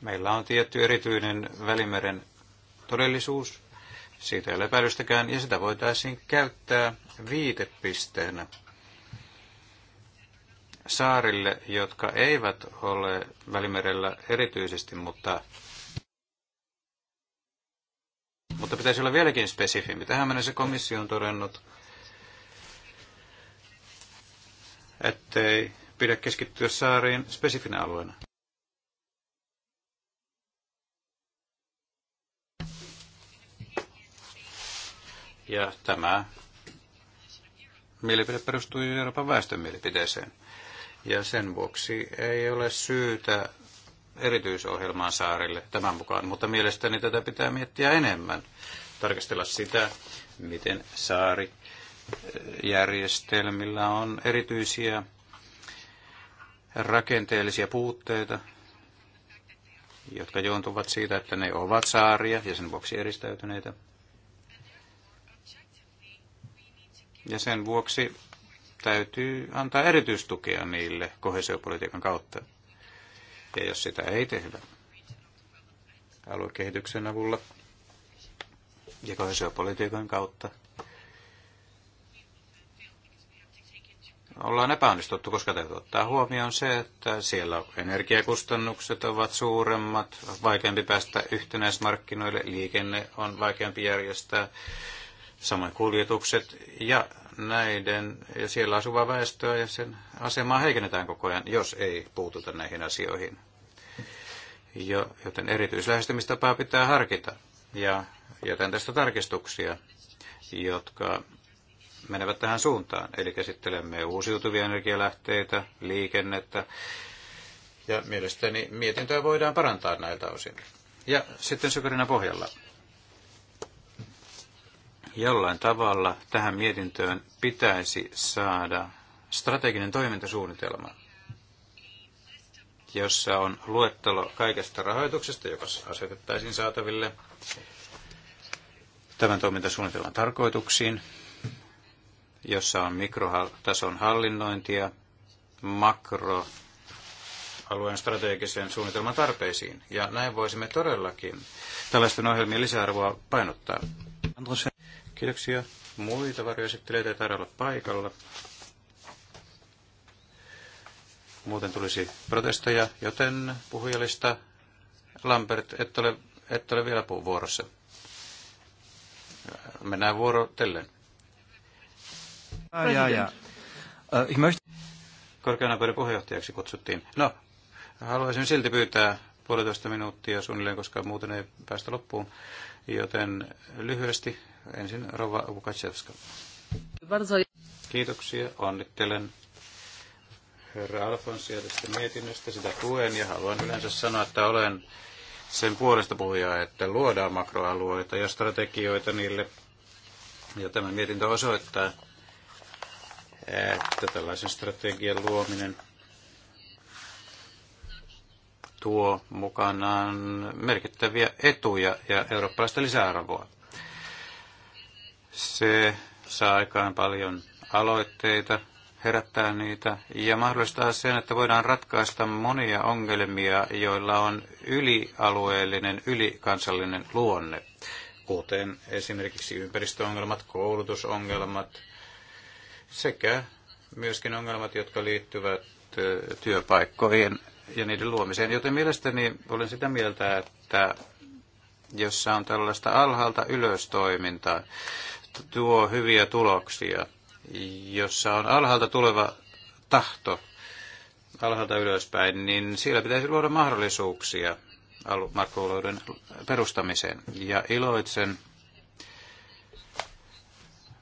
Meillä on tietty erityinen Välimeren todellisuus, siitä ei ole ja sitä voitaisiin käyttää viitepisteenä saarille, jotka eivät ole Välimerellä erityisesti, mutta, mutta pitäisi olla vieläkin spesifimpi. Tähän mennessä komissio on todennut, ettei pidä keskittyä saariin spesifinä alueena. Ja tämä mielipide perustui Euroopan väestön mielipiteeseen. Ja sen vuoksi ei ole syytä erityisohjelmaan saarille tämän mukaan, mutta mielestäni tätä pitää miettiä enemmän. Tarkastella sitä, miten saarijärjestelmillä on erityisiä rakenteellisia puutteita, jotka joontuvat siitä, että ne ovat saaria ja sen vuoksi eristäytyneitä. Ja sen vuoksi täytyy antaa erityistukea niille kohesiopolitiikan kautta. Ja jos sitä ei tehdä aluekehityksen avulla ja kohesiopolitiikan kautta, ollaan epäonnistuttu, koska täytyy ottaa huomioon se, että siellä energiakustannukset ovat suuremmat, vaikeampi päästä yhtenäismarkkinoille, liikenne on vaikeampi järjestää, samoin kuljetukset ja näiden ja siellä asuvaa väestöä ja sen asemaa heikennetään koko ajan, jos ei puututa näihin asioihin. Jo, joten erityislähestymistapaa pitää harkita ja jätän tästä tarkistuksia, jotka menevät tähän suuntaan. Eli käsittelemme uusiutuvia energialähteitä, liikennettä ja mielestäni mietintöä voidaan parantaa näiltä osin. Ja sitten sykärinä pohjalla Jollain tavalla tähän mietintöön pitäisi saada strateginen toimintasuunnitelma, jossa on luettelo kaikesta rahoituksesta, joka asetettaisiin saataville tämän toimintasuunnitelman tarkoituksiin, jossa on mikrotason hallinnointia, makro alueen strategisen suunnitelman tarpeisiin. Ja näin voisimme todellakin tällaisten ohjelmien lisäarvoa painottaa. Kiitoksia. Muita varjoesittelijöitä ei taida olla paikalla. Muuten tulisi protestoja, joten puhujalista Lambert, et ole, et ole vielä vuorossa. Mennään vuorotellen. Ja, ja. Korkeana puheenjohtajaksi kutsuttiin. No, haluaisin silti pyytää puolitoista minuuttia suunnilleen, koska muuten ei päästä loppuun. Joten lyhyesti ensin Rova Vukacevska. Kiitoksia, onnittelen herra Alfonsia tästä mietinnöstä, sitä tuen ja haluan yleensä sanoa, että olen sen puolesta puhuja, että luodaan makroalueita ja strategioita niille. Ja tämä mietintö osoittaa, että tällaisen strategian luominen – tuo mukanaan merkittäviä etuja ja eurooppalaista lisäarvoa. Se saa aikaan paljon aloitteita, herättää niitä ja mahdollistaa sen, että voidaan ratkaista monia ongelmia, joilla on ylialueellinen, ylikansallinen luonne, kuten esimerkiksi ympäristöongelmat, koulutusongelmat sekä myöskin ongelmat, jotka liittyvät työpaikkojen ja niiden luomiseen. Joten mielestäni olen sitä mieltä, että jossa on tällaista alhaalta ylös toimintaa, tuo hyviä tuloksia, jossa on alhaalta tuleva tahto alhaalta ylöspäin, niin siellä pitäisi luoda mahdollisuuksia markkinoiden perustamiseen. Ja iloitsen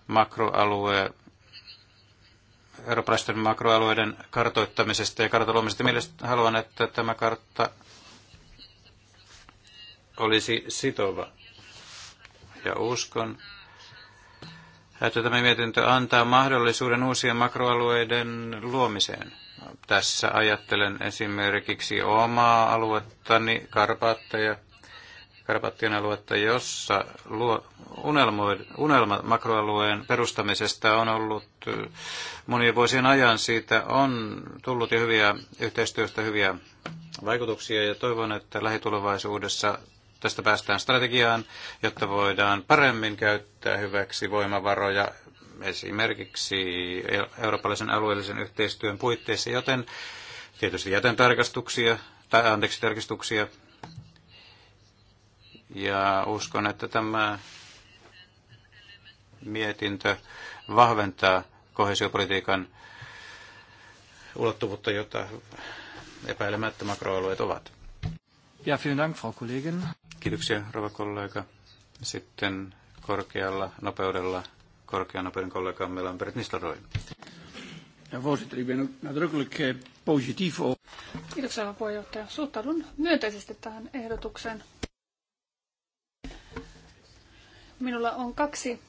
makroalueen eurooppalaisten makroalueiden kartoittamisesta ja kartan luomisesta. Mielestäni haluan, että tämä kartta olisi sitova. Ja uskon, että tämä mietintö antaa mahdollisuuden uusien makroalueiden luomiseen. Tässä ajattelen esimerkiksi omaa aluettani, Karpaatteja, Karpattien aluetta, jossa luo, unelmo, unelma makroalueen perustamisesta on ollut monien vuosien ajan. Siitä on tullut jo hyviä yhteistyöstä hyviä vaikutuksia ja toivon, että lähitulevaisuudessa tästä päästään strategiaan, jotta voidaan paremmin käyttää hyväksi voimavaroja esimerkiksi eurooppalaisen alueellisen yhteistyön puitteissa, joten tietysti jätän tarkastuksia, tai anteeksi tarkistuksia ja uskon, että tämä mietintö vahventaa kohesiopolitiikan ulottuvuutta, jota epäilemättä makroalueet ovat. Ja, vielen Dank, Frau Kollegin. Kiitoksia, rouva kollega. Sitten korkealla nopeudella korkean nopeuden kollegamme meillä on Bert ik ben ook eh, Kiitoksia, puheenjohtaja. Suhtaudun myönteisesti tähän ehdotukseen. Minulla on kaksi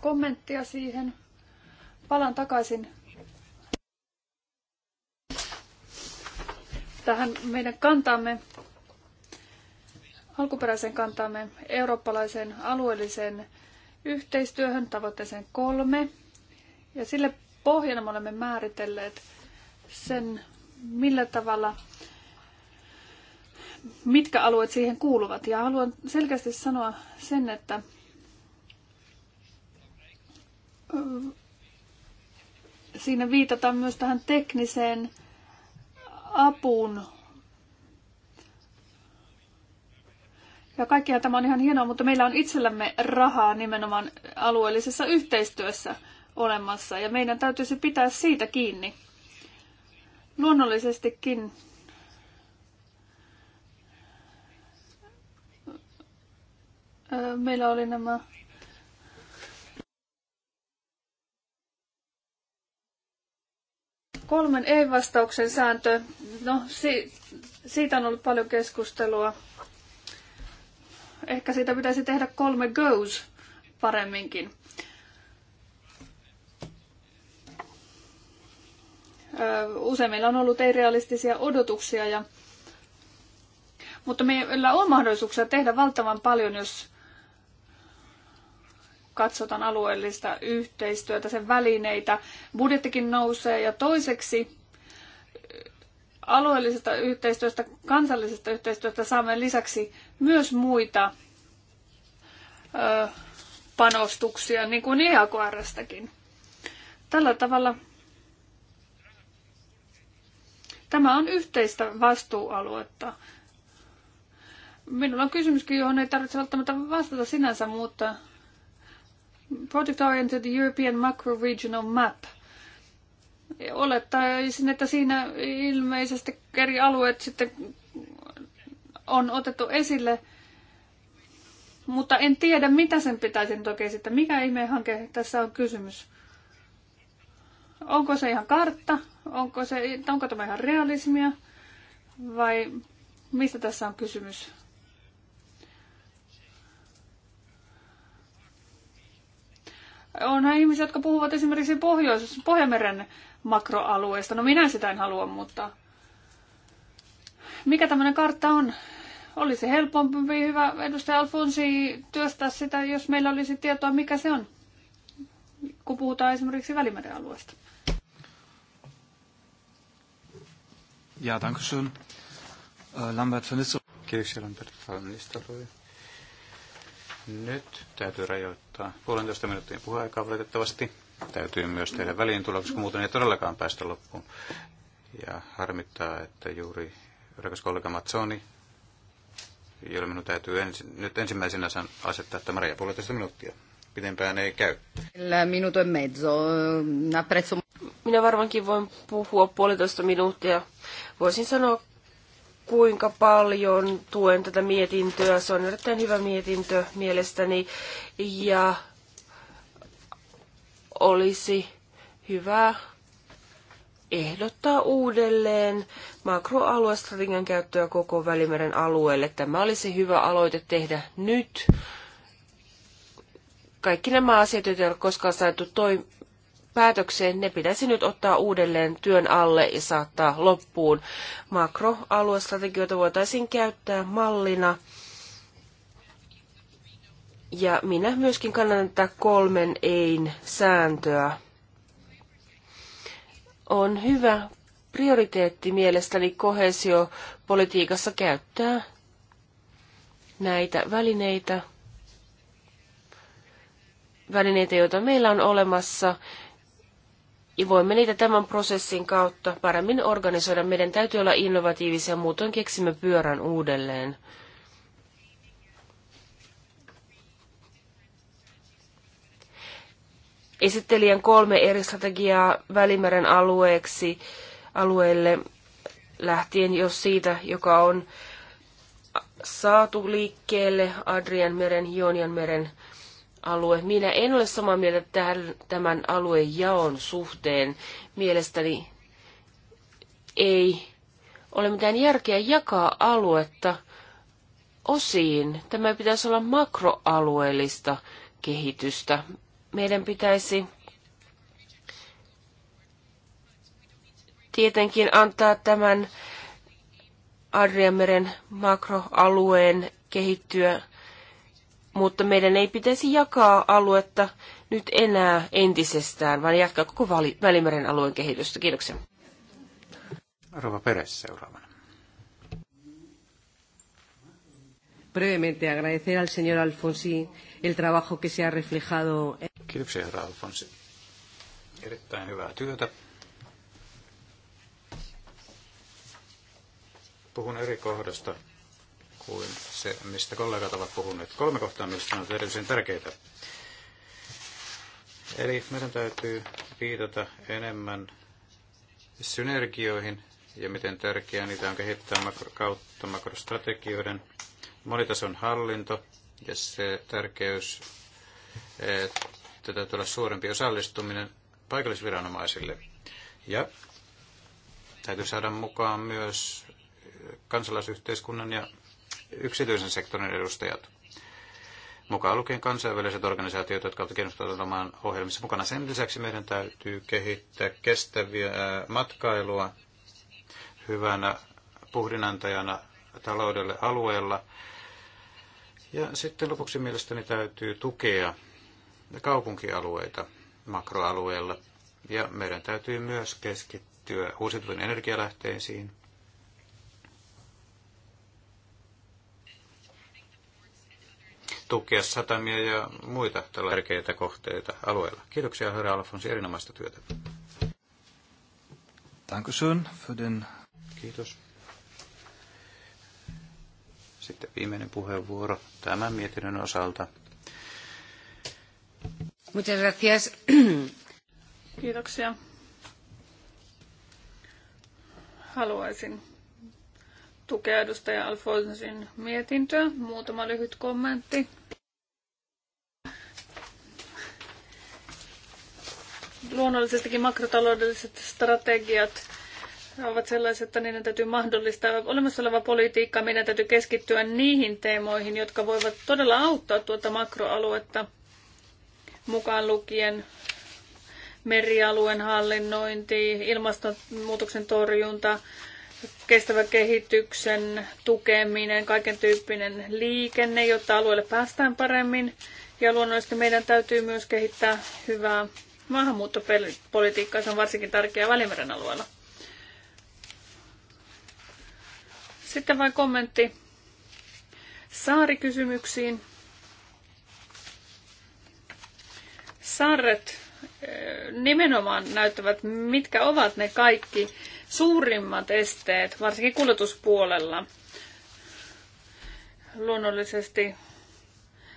kommenttia siihen. Palaan takaisin tähän meidän kantaamme, alkuperäisen kantaamme eurooppalaiseen alueelliseen yhteistyöhön, tavoitteeseen kolme. Ja sille pohjana me olemme määritelleet sen, millä tavalla mitkä alueet siihen kuuluvat. Ja haluan selkeästi sanoa sen, että siinä viitataan myös tähän tekniseen apuun. Ja kaikkihan tämä on ihan hienoa, mutta meillä on itsellämme rahaa nimenomaan alueellisessa yhteistyössä olemassa ja meidän täytyisi pitää siitä kiinni. Luonnollisestikin meillä oli nämä kolmen ei-vastauksen sääntö. No, si- siitä on ollut paljon keskustelua. Ehkä siitä pitäisi tehdä kolme goes paremminkin. Useimmilla on ollut ei-realistisia odotuksia, ja, mutta meillä on mahdollisuuksia tehdä valtavan paljon, jos katsotaan alueellista yhteistyötä, sen välineitä. Budjettikin nousee ja toiseksi alueellisesta yhteistyöstä, kansallisesta yhteistyöstä saamme lisäksi myös muita ö, panostuksia, niin kuin IAKRstäkin. Tällä tavalla tämä on yhteistä vastuualuetta. Minulla on kysymyskin, johon ei tarvitse välttämättä vastata sinänsä, mutta project-oriented European macro-regional map. Olettaisin, että siinä ilmeisesti eri alueet sitten on otettu esille, mutta en tiedä, mitä sen pitäisi nyt oikein sitten. Mikä ihmeen hanke tässä on kysymys? Onko se ihan kartta? Onko, se, onko tämä ihan realismia? Vai mistä tässä on kysymys? Onhan ihmisiä, jotka puhuvat esimerkiksi Pohjois- Pohjanmeren makroalueesta. No minä sitä en halua, mutta mikä tämmöinen kartta on? Olisi helpompi, hyvä edustaja Alfonsi, työstää sitä, jos meillä olisi tietoa, mikä se on, kun puhutaan esimerkiksi Välimeren alueesta. Ja, dankeschön. Äh, Lambert von Nistelrooy. Kiitoksia, Lambert von Nistelrooy. Nyt täytyy rajoittaa puolentoista minuuttia puheaikaa valitettavasti. Täytyy myös tehdä väliintulo, koska muuten ei todellakaan päästä loppuun. Ja harmittaa, että juuri rakas kollega Matsoni, jolle minun täytyy ensi, nyt ensimmäisenä asettaa tämä raja puolentoista minuuttia. Pidempään ei käy. Minuto e mezzo. Minä varmaankin voin puhua puolitoista minuuttia. Voisin sanoa kuinka paljon tuen tätä mietintöä. Se on erittäin hyvä mietintö mielestäni ja olisi hyvä ehdottaa uudelleen makroaluestrategian käyttöä koko Välimeren alueelle. Tämä olisi hyvä aloite tehdä nyt. Kaikki nämä asiat, joita ei ole koskaan saatu toi, päätökseen, ne pitäisi nyt ottaa uudelleen työn alle ja saattaa loppuun. Makroaluestrategioita voitaisiin käyttää mallina. Ja minä myöskin kannatan tätä kolmen ein sääntöä. On hyvä prioriteetti mielestäni kohesiopolitiikassa käyttää näitä välineitä, välineitä, joita meillä on olemassa ja voimme niitä tämän prosessin kautta paremmin organisoida. Meidän täytyy olla innovatiivisia, muutoin keksimme pyörän uudelleen. Esittelijän kolme eri strategiaa Välimeren alueeksi alueelle lähtien jo siitä, joka on saatu liikkeelle Adrian meren, Joonian meren alue. Minä en ole samaa mieltä tämän, alueen jaon suhteen. Mielestäni ei ole mitään järkeä jakaa aluetta osiin. Tämä pitäisi olla makroalueellista kehitystä. Meidän pitäisi tietenkin antaa tämän Adriameren makroalueen kehittyä mutta meidän ei pitäisi jakaa aluetta nyt enää entisestään, vaan jatkaa koko vali- Välimeren alueen kehitystä. Kiitoksia. Rova Peres seuraavana. Brevemente agradecer al señor Alfonsi el trabajo que se ha reflejado. Kiitoksia, herra Alfonsi. Erittäin hyvää työtä. Puhun eri kohdasta kuin se, mistä kollegat ovat puhuneet. Kolme kohtaa mistä on erityisen tärkeitä. Eli meidän täytyy viitata enemmän synergioihin ja miten tärkeää niitä on kehittää makro, kautta makrostrategioiden monitason hallinto ja se tärkeys, että täytyy olla suurempi osallistuminen paikallisviranomaisille. Ja täytyy saada mukaan myös kansalaisyhteiskunnan ja yksityisen sektorin edustajat mukaan lukien kansainväliset organisaatiot, jotka ovat kiinnostuneet olemaan ohjelmissa mukana. Sen lisäksi meidän täytyy kehittää kestäviä matkailua hyvänä puhdinantajana taloudelle alueella. Ja sitten lopuksi mielestäni täytyy tukea kaupunkialueita makroalueella. Ja meidän täytyy myös keskittyä uusiutuviin energialähteisiin, tukea satamia ja muita tärkeitä kohteita alueella. Kiitoksia herra Alfonsi erinomaista työtä. Dankeschön für den... Kiitos. Sitten viimeinen puheenvuoro tämän mietinnön osalta. Muchas gracias. Kiitoksia. Haluaisin tukea edustaja Alfonsin mietintöä. Muutama lyhyt kommentti. Luonnollisestikin makrotaloudelliset strategiat ovat sellaiset, että niiden täytyy mahdollistaa olemassa oleva politiikka. Meidän täytyy keskittyä niihin teemoihin, jotka voivat todella auttaa tuota makroaluetta mukaan lukien merialueen hallinnointi, ilmastonmuutoksen torjunta, kestävän kehityksen tukeminen, kaiken tyyppinen liikenne, jotta alueelle päästään paremmin. Ja luonnollisesti meidän täytyy myös kehittää hyvää maahanmuuttopolitiikkaa, se on varsinkin tärkeää Välimeren alueella. Sitten vain kommentti saarikysymyksiin. Sarret eh, nimenomaan näyttävät, mitkä ovat ne kaikki suurimmat esteet, varsinkin kuljetuspuolella. Luonnollisesti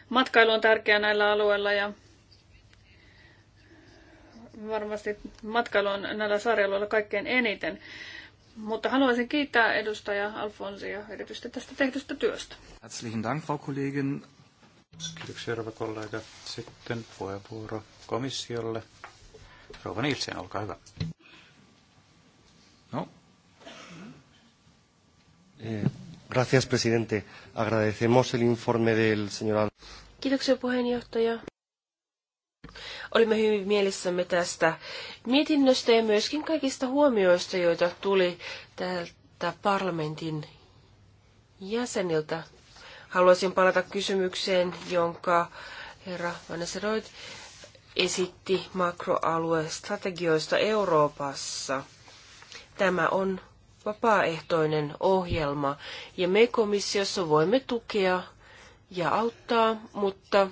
matkailu on tärkeää näillä alueilla ja varmasti matkailu on näillä saarialueilla kaikkein eniten. Mutta haluaisin kiittää edustaja Alfonsia erityisesti tästä tehdystä työstä. Herzlichen Dank, Frau Kollegin. Kiitoksia, rouva kollega. Sitten puheenvuoro komissiolle. Rouva Nielsen, olkaa hyvä. ¿No? Eh, gracias, presidente. Agradecemos el informe del señor. Kiitoksia puheenjohtaja. Olimme hyvin mielissämme tästä mietinnöstä ja myöskin kaikista huomioista, joita tuli täältä parlamentin jäseniltä. Haluaisin palata kysymykseen, jonka herra Vaneseroit esitti makroaluestrategioista Euroopassa – Tämä on vapaaehtoinen ohjelma ja me komissiossa voimme tukea ja auttaa, mutta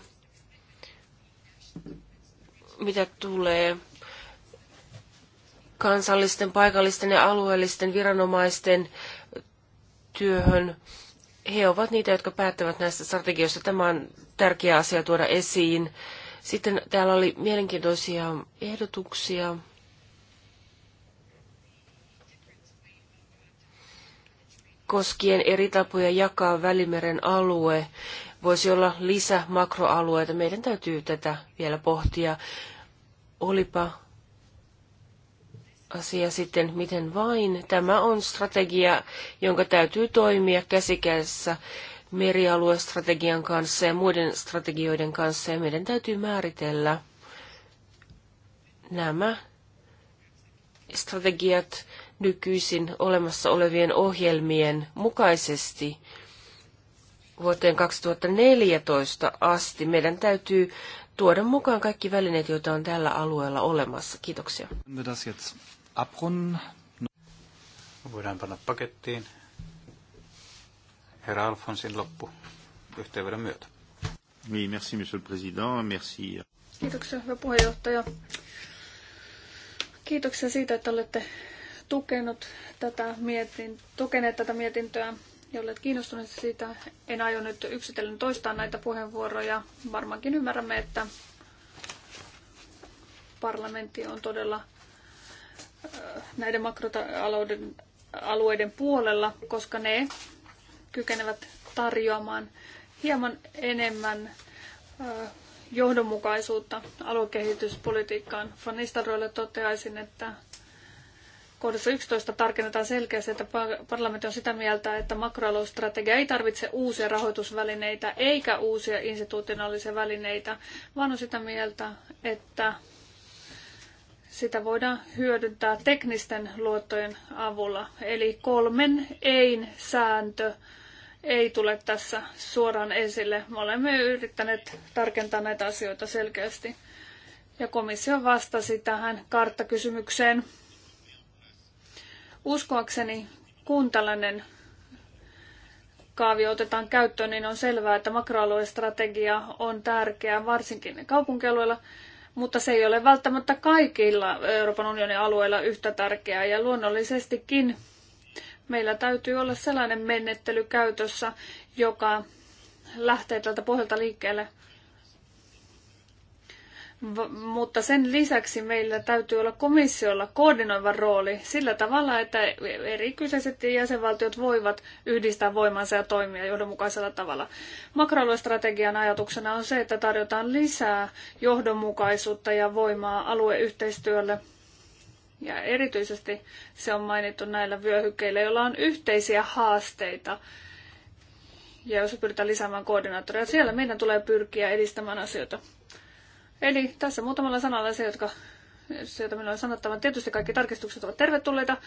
mitä tulee kansallisten, paikallisten ja alueellisten viranomaisten työhön, he ovat niitä, jotka päättävät näistä strategioista. Tämä on tärkeä asia tuoda esiin. Sitten täällä oli mielenkiintoisia ehdotuksia. koskien eri tapoja jakaa Välimeren alue. Voisi olla lisä makroalueita. Meidän täytyy tätä vielä pohtia. Olipa asia sitten miten vain. Tämä on strategia, jonka täytyy toimia käsikädessä merialuestrategian kanssa ja muiden strategioiden kanssa. Ja meidän täytyy määritellä nämä strategiat nykyisin olemassa olevien ohjelmien mukaisesti vuoteen 2014 asti. Meidän täytyy tuoda mukaan kaikki välineet, joita on tällä alueella olemassa. Kiitoksia. Voidaan panna pakettiin. Herra Alfonsin loppu yhteenvedon myötä. Niin, merci, monsieur le président. Merci. Kiitoksia, hyvä puheenjohtaja. Kiitoksia siitä, että olette tukenut tätä mietin, tukeneet tätä mietintöä ja olleet kiinnostuneet siitä. En aio nyt yksitellen toistaa näitä puheenvuoroja. Varmaankin ymmärrämme, että parlamentti on todella äh, näiden makrotalouden alueiden puolella, koska ne kykenevät tarjoamaan hieman enemmän äh, johdonmukaisuutta aluekehityspolitiikkaan. Van Nistelrooylle toteaisin, että Kohdassa 11 tarkennetaan selkeästi, että parlamentti on sitä mieltä, että makroalusstrategia ei tarvitse uusia rahoitusvälineitä eikä uusia institutionaalisia välineitä, vaan on sitä mieltä, että sitä voidaan hyödyntää teknisten luottojen avulla. Eli kolmen ein sääntö ei tule tässä suoraan esille. Me olemme yrittäneet tarkentaa näitä asioita selkeästi. Ja komissio vastasi tähän karttakysymykseen Uskoakseni, kun tällainen kaavio otetaan käyttöön, niin on selvää, että makroaluestrategia on tärkeä varsinkin kaupunkialueilla, mutta se ei ole välttämättä kaikilla Euroopan unionin alueilla yhtä tärkeää ja luonnollisestikin meillä täytyy olla sellainen menettely käytössä, joka lähtee tältä pohjalta liikkeelle, mutta sen lisäksi meillä täytyy olla komissiolla koordinoiva rooli sillä tavalla, että eri kyseiset jäsenvaltiot voivat yhdistää voimansa ja toimia johdonmukaisella tavalla. Makroaluestrategian ajatuksena on se, että tarjotaan lisää johdonmukaisuutta ja voimaa alueyhteistyölle. Ja erityisesti se on mainittu näillä vyöhykkeillä, joilla on yhteisiä haasteita. Ja jos pyritään lisäämään koordinaattoria, siellä meidän tulee pyrkiä edistämään asioita. Eli tässä muutamalla sanalla se, jotka, se, jota minulla on sanottava. Tietysti kaikki tarkistukset ovat tervetulleita.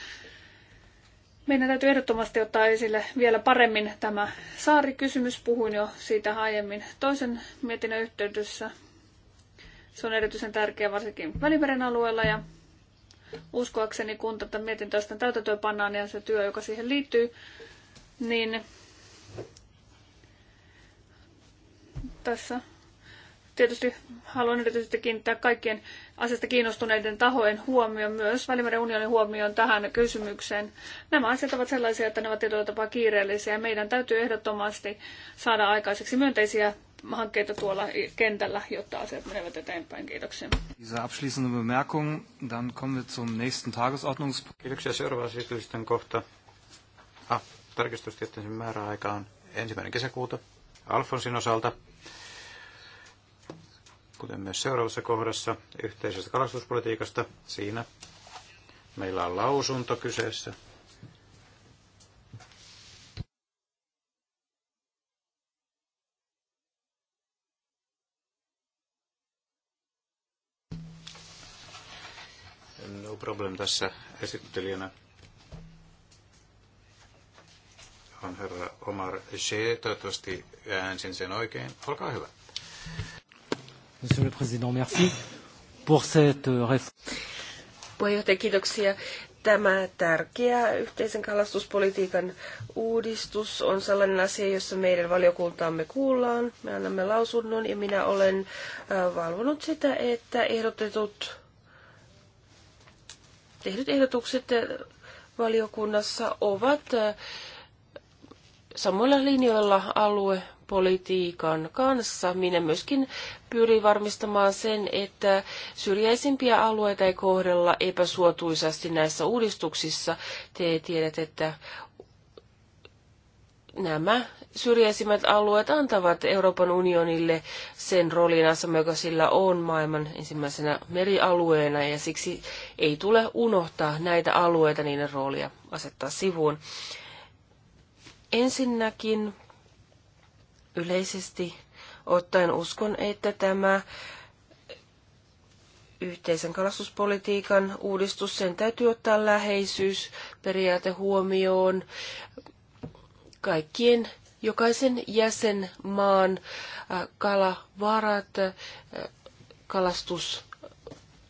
Meidän täytyy ehdottomasti ottaa esille vielä paremmin tämä saarikysymys. Puhuin jo siitä aiemmin toisen mietinnön yhteydessä. Se on erityisen tärkeä varsinkin Välimeren alueella ja uskoakseni kun tätä mietintöä sitten pannaan ja se työ, joka siihen liittyy, niin tässä tietysti haluan erityisesti kiinnittää kaikkien asiasta kiinnostuneiden tahojen huomioon myös Välimeren unionin huomioon tähän kysymykseen. Nämä asiat ovat sellaisia, että ne ovat tietyllä tapaa kiireellisiä ja meidän täytyy ehdottomasti saada aikaiseksi myönteisiä hankkeita tuolla kentällä, jotta asiat menevät eteenpäin. Kiitoksia. Diese abschließende Bemerkung, dann kommen wir zum nächsten Tagesordnungspunkt. Kiitoksia. sitten kohta. Ah, määräaika on ensimmäinen kesäkuuta Alfonsin osalta kuten myös seuraavassa kohdassa yhteisestä kalastuspolitiikasta. Siinä meillä on lausunto kyseessä. No problem tässä esittelijänä on herra Omar Shee. Toivottavasti äänsin sen oikein. Olkaa hyvä. Monsieur le Président, merci pour cette euh, Puheenjohtaja, kiitoksia. Tämä tärkeä yhteisen kalastuspolitiikan uudistus on sellainen asia, jossa meidän valiokuntaamme kuullaan. Me annamme lausunnon ja minä olen äh, valvonut sitä, että ehdotetut tehdyt ehdotukset äh, valiokunnassa ovat äh, samoilla linjoilla alue politiikan kanssa. Minä myöskin pyrin varmistamaan sen, että syrjäisimpiä alueita ei kohdella epäsuotuisasti näissä uudistuksissa. Te tiedät, että nämä syrjäisimmät alueet antavat Euroopan unionille sen roolin asema, joka sillä on maailman ensimmäisenä merialueena, ja siksi ei tule unohtaa näitä alueita, niiden roolia asettaa sivuun. Ensinnäkin yleisesti ottaen uskon, että tämä yhteisen kalastuspolitiikan uudistus, sen täytyy ottaa läheisyysperiaate huomioon kaikkien jokaisen jäsenmaan kalavarat, kalastus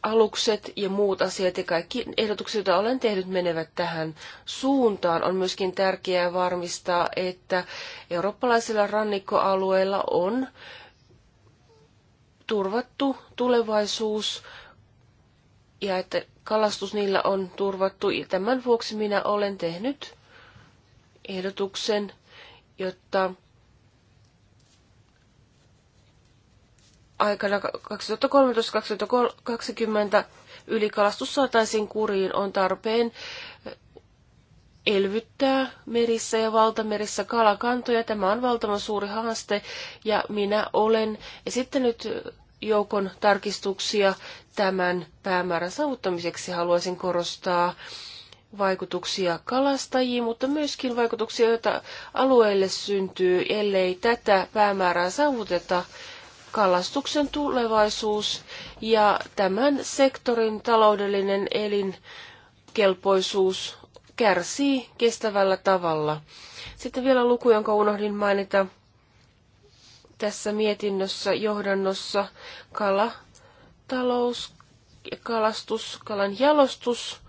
alukset ja muut asiat ja kaikki ehdotukset, joita olen tehnyt, menevät tähän suuntaan. On myöskin tärkeää varmistaa, että eurooppalaisilla rannikkoalueilla on turvattu tulevaisuus ja että kalastus niillä on turvattu. Ja tämän vuoksi minä olen tehnyt ehdotuksen, jotta aikana 2013-2020 ylikalastus saataisiin kuriin, on tarpeen eh, elvyttää merissä ja valtamerissä kalakantoja. Tämä on valtavan suuri haaste ja minä olen esittänyt joukon tarkistuksia tämän päämäärän saavuttamiseksi. Haluaisin korostaa vaikutuksia kalastajiin, mutta myöskin vaikutuksia, joita alueelle syntyy, ellei tätä päämäärää saavuteta kalastuksen tulevaisuus ja tämän sektorin taloudellinen elinkelpoisuus kärsii kestävällä tavalla. Sitten vielä luku, jonka unohdin mainita tässä mietinnössä johdannossa kala, talous, kalastus, kalan jalostus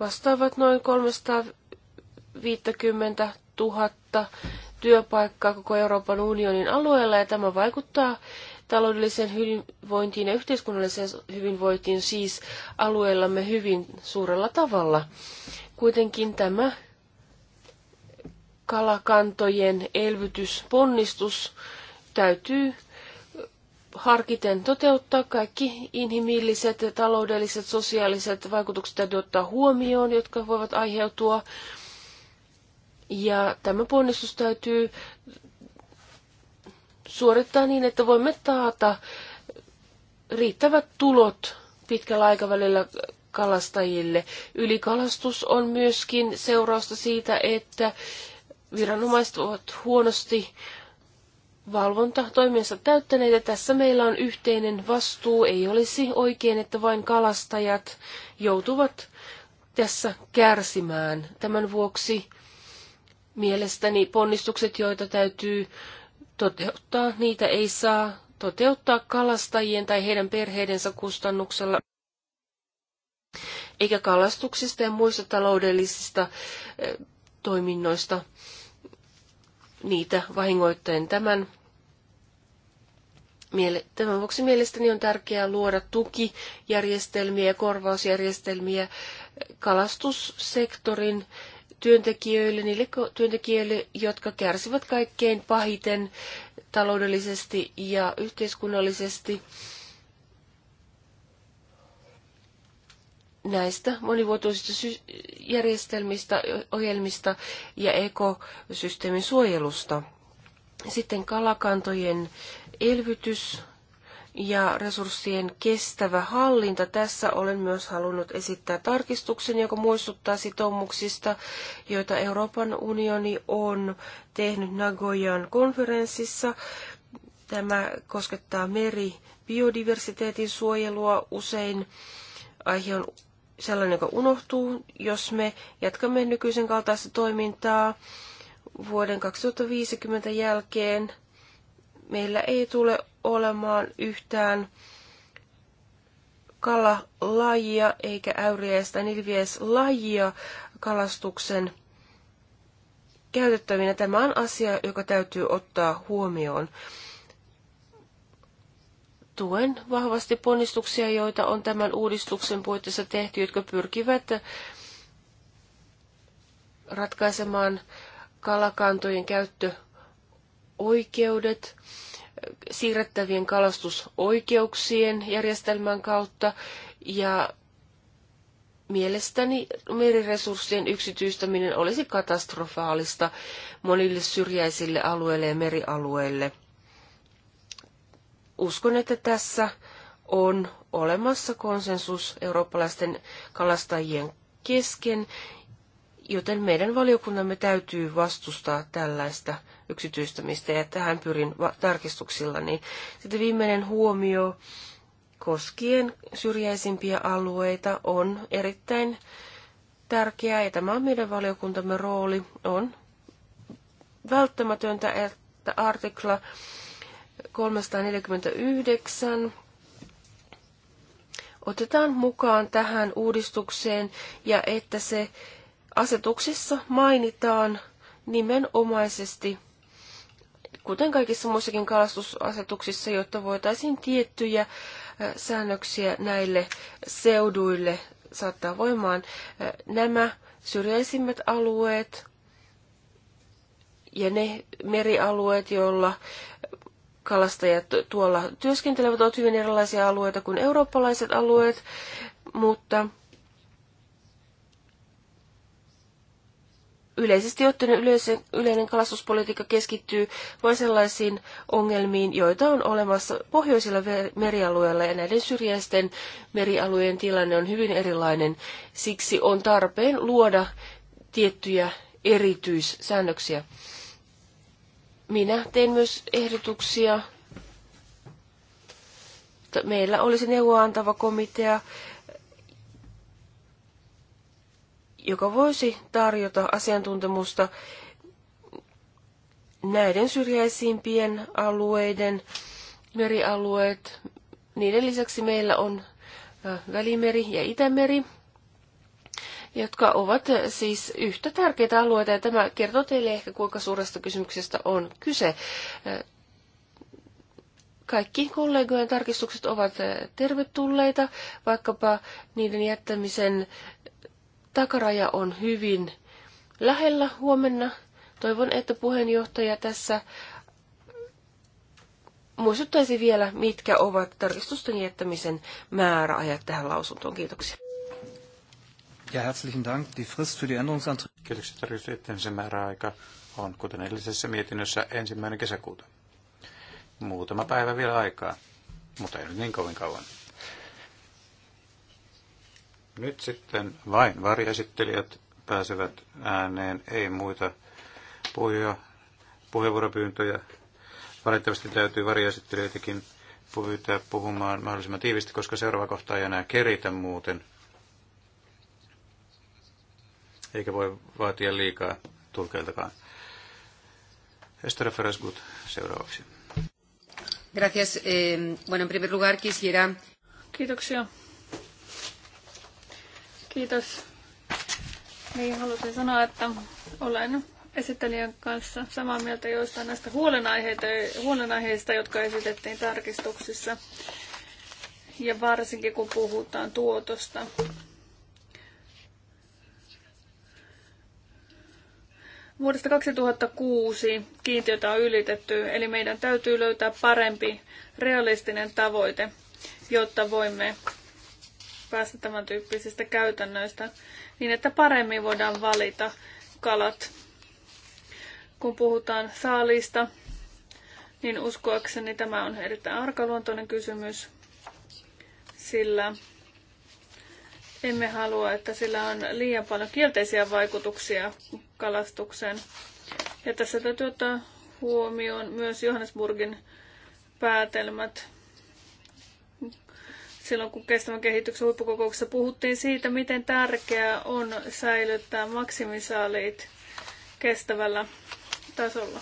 vastaavat noin 350 000 työpaikkaa koko Euroopan unionin alueella ja tämä vaikuttaa taloudelliseen hyvinvointiin ja yhteiskunnalliseen hyvinvointiin siis alueellamme hyvin suurella tavalla. Kuitenkin tämä kalakantojen elvytysponnistus täytyy harkiten toteuttaa. Kaikki inhimilliset, taloudelliset, sosiaaliset vaikutukset täytyy ottaa huomioon, jotka voivat aiheutua ja tämä ponnistus täytyy suorittaa niin, että voimme taata riittävät tulot pitkällä aikavälillä kalastajille. Ylikalastus on myöskin seurausta siitä, että viranomaiset ovat huonosti valvonta täyttäneet ja tässä meillä on yhteinen vastuu. Ei olisi oikein, että vain kalastajat joutuvat tässä kärsimään. Tämän vuoksi Mielestäni ponnistukset, joita täytyy toteuttaa, niitä ei saa toteuttaa kalastajien tai heidän perheidensä kustannuksella, eikä kalastuksista ja muista taloudellisista eh, toiminnoista niitä vahingoittajien tämän. Tämän vuoksi mielestäni on tärkeää luoda tukijärjestelmiä ja korvausjärjestelmiä kalastussektorin työntekijöille, niille työntekijöille, jotka kärsivät kaikkein pahiten taloudellisesti ja yhteiskunnallisesti näistä monivuotoisista järjestelmistä, ohjelmista ja ekosysteemin suojelusta. Sitten kalakantojen elvytys ja resurssien kestävä hallinta. Tässä olen myös halunnut esittää tarkistuksen, joka muistuttaa sitoumuksista, joita Euroopan unioni on tehnyt Nagojan konferenssissa. Tämä koskettaa meri biodiversiteetin suojelua usein. Aihe on sellainen, joka unohtuu, jos me jatkamme nykyisen kaltaista toimintaa vuoden 2050 jälkeen. Meillä ei tule olemaan yhtään kalalajia eikä äyriäistä tai nilvieslajia kalastuksen käytettävinä. Tämä on asia, joka täytyy ottaa huomioon. Tuen vahvasti ponnistuksia, joita on tämän uudistuksen puitteissa tehty, jotka pyrkivät ratkaisemaan kalakantojen käyttöoikeudet. oikeudet siirrettävien kalastusoikeuksien järjestelmän kautta ja mielestäni meriresurssien yksityistäminen olisi katastrofaalista monille syrjäisille alueille ja merialueille. Uskon, että tässä on olemassa konsensus eurooppalaisten kalastajien kesken Joten meidän valiokunnamme täytyy vastustaa tällaista yksityistämistä ja tähän pyrin Niin Sitten viimeinen huomio koskien syrjäisimpiä alueita on erittäin tärkeää ja tämä on meidän valiokuntamme rooli. On välttämätöntä, että artikla 349 otetaan mukaan tähän uudistukseen ja että se Asetuksissa mainitaan nimenomaisesti, kuten kaikissa muissakin kalastusasetuksissa, jotta voitaisiin tiettyjä säännöksiä näille seuduille saattaa voimaan. Nämä syrjäisimmät alueet ja ne merialueet, joilla kalastajat tuolla työskentelevät, ovat hyvin erilaisia alueita kuin eurooppalaiset alueet, mutta Yleisesti ottaen yleisen, yleinen kalastuspolitiikka keskittyy vain sellaisiin ongelmiin, joita on olemassa pohjoisilla merialueilla ja näiden syrjäisten merialueen tilanne on hyvin erilainen. Siksi on tarpeen luoda tiettyjä erityissäännöksiä. Minä tein myös ehdotuksia. Meillä olisi neuvoantava komitea joka voisi tarjota asiantuntemusta näiden syrjäisimpien alueiden, merialueet. Niiden lisäksi meillä on Välimeri ja Itämeri, jotka ovat siis yhtä tärkeitä alueita, ja tämä kertoo teille ehkä, kuinka suuresta kysymyksestä on kyse. Kaikki kollegojen tarkistukset ovat tervetulleita, vaikkapa niiden jättämisen takaraja on hyvin lähellä huomenna. Toivon, että puheenjohtaja tässä muistuttaisi vielä, mitkä ovat tarkistusten jättämisen määräajat tähän lausuntoon. Kiitoksia. Ja herzlichen Dank. Die Frist für die Änderungsanträge. Kiitoksia tarkistusten jättämisen määräaika on, kuten edellisessä mietinnössä, ensimmäinen kesäkuuta. Muutama päivä vielä aikaa, mutta ei nyt niin kovin kauan. Nyt sitten vain varjesittelijät pääsevät ääneen, ei muita puhuja, puheenvuoropyyntöjä. Valitettavasti täytyy varjaesittelijöitäkin pyytää puhumaan mahdollisimman tiivisti, koska seuraava kohta ei enää keritä muuten. Eikä voi vaatia liikaa tulkeiltakaan. Esther Ferasgut seuraavaksi. Gracias. Eh, bueno, en primer lugar quisiera... Kiitoksia. Kiitos. Niin, halusin sanoa, että olen esittelijän kanssa samaa mieltä joistain näistä huolenaiheista, jotka esitettiin tarkistuksissa. Ja varsinkin kun puhutaan tuotosta. Vuodesta 2006 kiintiötä on ylitetty, eli meidän täytyy löytää parempi realistinen tavoite, jotta voimme päästä tämän tyyppisistä käytännöistä niin, että paremmin voidaan valita kalat. Kun puhutaan saalista, niin uskoakseni tämä on erittäin arkaluontoinen kysymys, sillä emme halua, että sillä on liian paljon kielteisiä vaikutuksia kalastukseen. Ja tässä täytyy ottaa huomioon myös Johannesburgin päätelmät silloin, kun kestävän kehityksen huippukokouksessa puhuttiin siitä, miten tärkeää on säilyttää maksimisaalit kestävällä tasolla.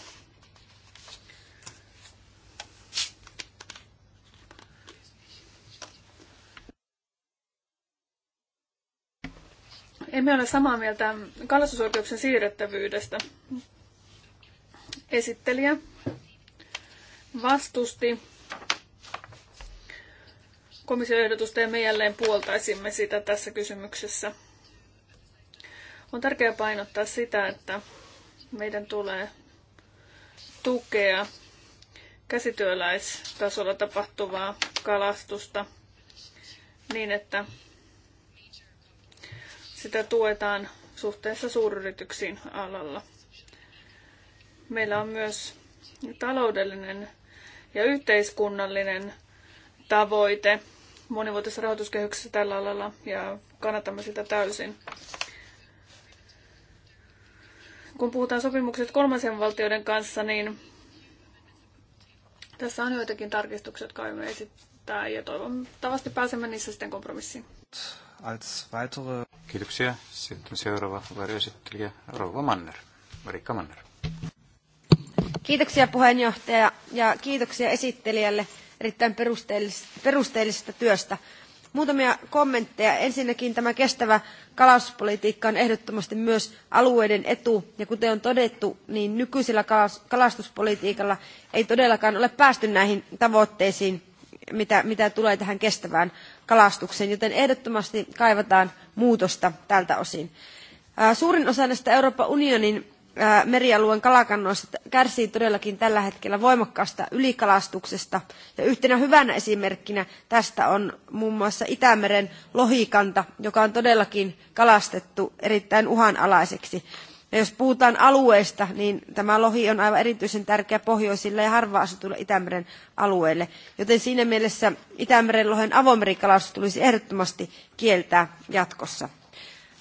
Emme ole samaa mieltä kalastusoikeuksen siirrettävyydestä. Esittelijä vastusti komission ehdotusta ja me jälleen puoltaisimme sitä tässä kysymyksessä. On tärkeää painottaa sitä, että meidän tulee tukea käsityöläistasolla tapahtuvaa kalastusta niin, että sitä tuetaan suhteessa suuryrityksiin alalla. Meillä on myös taloudellinen ja yhteiskunnallinen tavoite monivuotisessa rahoituskehyksessä tällä alalla ja kannatamme sitä täysin. Kun puhutaan sopimuksista kolmansien valtioiden kanssa, niin tässä on joitakin tarkistuksia, jotka aion esittää ja toivottavasti pääsemme niissä sitten kompromissiin. Kiitoksia. Sitten seuraava varjoesittelijä Rouva Manner. Marikka Manner. Kiitoksia puheenjohtaja ja kiitoksia esittelijälle erittäin perusteellisesta työstä. Muutamia kommentteja. Ensinnäkin tämä kestävä kalastuspolitiikka on ehdottomasti myös alueiden etu. Ja kuten on todettu, niin nykyisellä kalastuspolitiikalla ei todellakaan ole päästy näihin tavoitteisiin, mitä, mitä tulee tähän kestävään kalastukseen, joten ehdottomasti kaivataan muutosta tältä osin. Suurin osa näistä Euroopan unionin Äh, merialueen kalakannoista kärsii todellakin tällä hetkellä voimakkaasta ylikalastuksesta. Ja yhtenä hyvänä esimerkkinä tästä on muun mm. muassa Itämeren lohikanta, joka on todellakin kalastettu erittäin uhanalaiseksi. Ja jos puhutaan alueesta, niin tämä lohi on aivan erityisen tärkeä pohjoisilla ja harvaan asutuilla Itämeren alueille. Joten siinä mielessä Itämeren lohen avomerikalastus tulisi ehdottomasti kieltää jatkossa.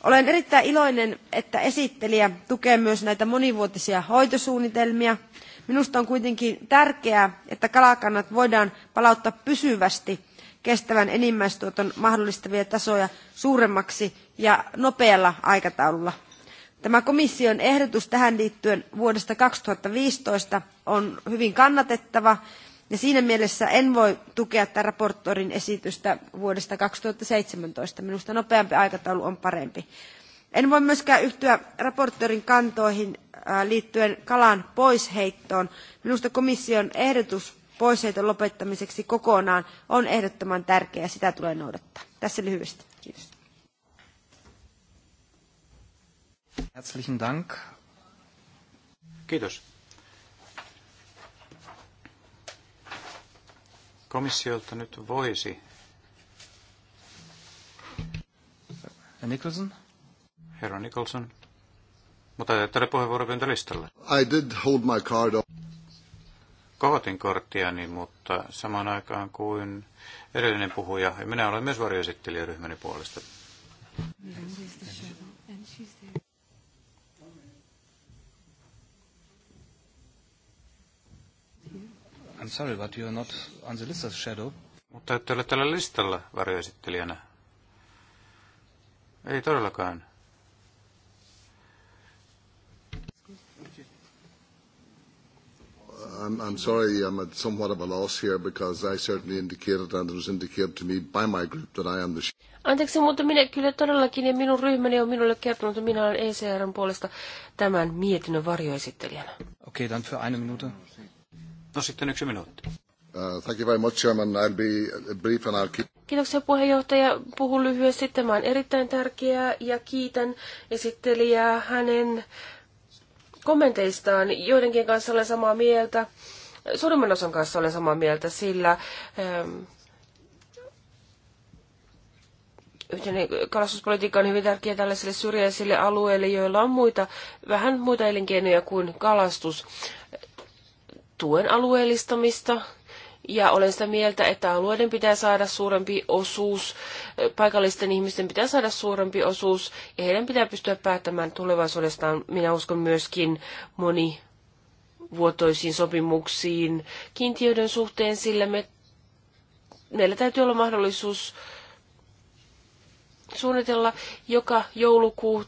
Olen erittäin iloinen, että esittelijä tukee myös näitä monivuotisia hoitosuunnitelmia. Minusta on kuitenkin tärkeää, että kalakannat voidaan palauttaa pysyvästi kestävän enimmäistuoton mahdollistavia tasoja suuremmaksi ja nopealla aikataululla. Tämä komission ehdotus tähän liittyen vuodesta 2015 on hyvin kannatettava ja siinä mielessä en voi tukea tätä raportorin esitystä vuodesta 2017. Minusta nopeampi aikataulu on parempi. En voi myöskään yhtyä raportorin kantoihin liittyen kalan poisheittoon. Minusta komission ehdotus poisheiton lopettamiseksi kokonaan on ehdottoman tärkeä ja sitä tulee noudattaa. Tässä lyhyesti. Kiitos. Herzlichen Dank. Kiitos. komissiolta nyt voisi? Nicholson? Herra Nicholson. Mutta tälle ole puheenvuoropyyntölistalle. I did hold my card on. Kohotin korttiani, mutta samaan aikaan kuin edellinen puhuja, minä olen myös varjoesittelijäryhmäni puolesta. Mm-hmm. I'm sorry, but you're not on the list as shadow. Mutta ette ole tällä listalla varjoesittelijänä. Ei todellakaan. I'm, I'm sorry, I'm at somewhat of a loss here because I certainly indicated and it was indicated to me by my group that I am the Anteeksi, mutta minä kyllä todellakin ja minun ryhmäni on minulle kertonut, että minä olen ECRn puolesta tämän mietinnön varjoesittelijänä. Okei, okay, dann für eine Minute. No sitten yksi minuutti. Uh, thank you very much, Chairman. I'll be brief and I'll keep... Kiitoksia puheenjohtaja. Puhun lyhyesti. Tämä on erittäin tärkeää ja kiitän esittelijää hänen kommenteistaan. Joidenkin kanssa olen samaa mieltä. Suurimman osan kanssa olen samaa mieltä, sillä ähm, yhteinen kalastuspolitiikka on hyvin tärkeä tällaisille syrjäisille alueille, joilla on muita, vähän muita elinkeinoja kuin kalastus tuen alueellistamista ja olen sitä mieltä, että alueiden pitää saada suurempi osuus, paikallisten ihmisten pitää saada suurempi osuus ja heidän pitää pystyä päättämään tulevaisuudestaan. Minä uskon myöskin moni vuotoisiin sopimuksiin kiintiöiden suhteen, sillä me, meillä täytyy olla mahdollisuus suunnitella joka joulukuu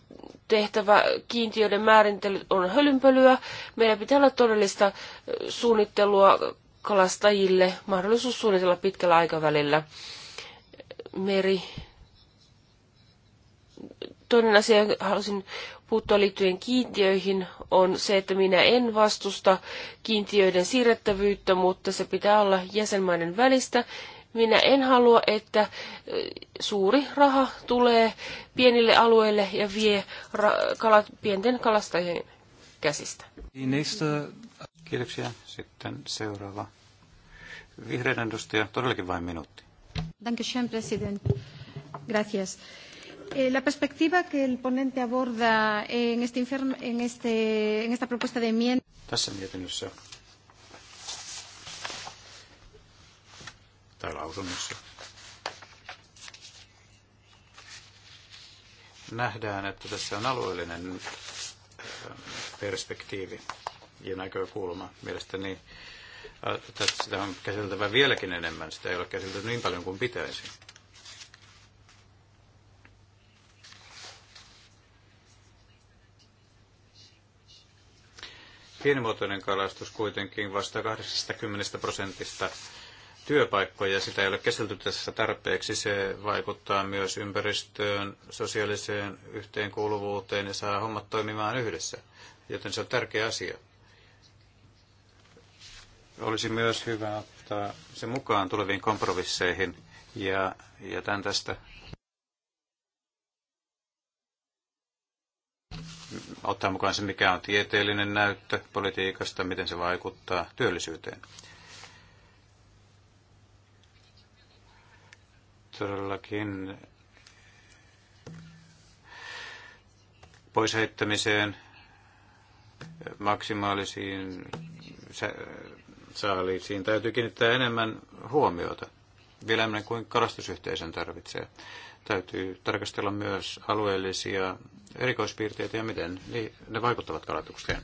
tehtävä kiintiöiden määrintely on hölynpölyä. Meillä pitää olla todellista suunnittelua kalastajille, mahdollisuus suunnitella pitkällä aikavälillä. Meri. Toinen asia, halusin puuttua liittyen kiintiöihin, on se, että minä en vastusta kiintiöiden siirrettävyyttä, mutta se pitää olla jäsenmaiden välistä minä en halua, että suuri raha tulee pienille alueille ja vie ra- kalat pienten kalastajien käsistä. Kiitoksia. Sitten seuraava. Vihreän edustaja, todellakin vain minuutti. Dankeschön, president. Gracias. Eh, la perspectiva que el ponente aborda en, este en, este, en esta propuesta de enmienda. Tässä mietinnössä tai lausunnossa. Nähdään, että tässä on alueellinen perspektiivi ja näkökulma. Mielestäni että sitä on käsiteltävä vieläkin enemmän. Sitä ei ole käsitelty niin paljon kuin pitäisi. Pienimuotoinen kalastus kuitenkin vasta 80 prosentista työpaikkoja sitä ei ole käsitelty tässä tarpeeksi. Se vaikuttaa myös ympäristöön, sosiaaliseen yhteenkuuluvuuteen ja saa hommat toimimaan yhdessä, joten se on tärkeä asia. Olisi myös hyvä ottaa se mukaan tuleviin kompromisseihin ja, ja tämän tästä ottaa mukaan se, mikä on tieteellinen näyttö politiikasta, miten se vaikuttaa työllisyyteen. todellakin poisheittämiseen, maksimaalisiin saaliisiin täytyy kiinnittää enemmän huomiota. Vielä enemmän kuin kalastusyhteisön tarvitsee. Täytyy tarkastella myös alueellisia erikoispiirteitä ja miten ne vaikuttavat kalatukseen.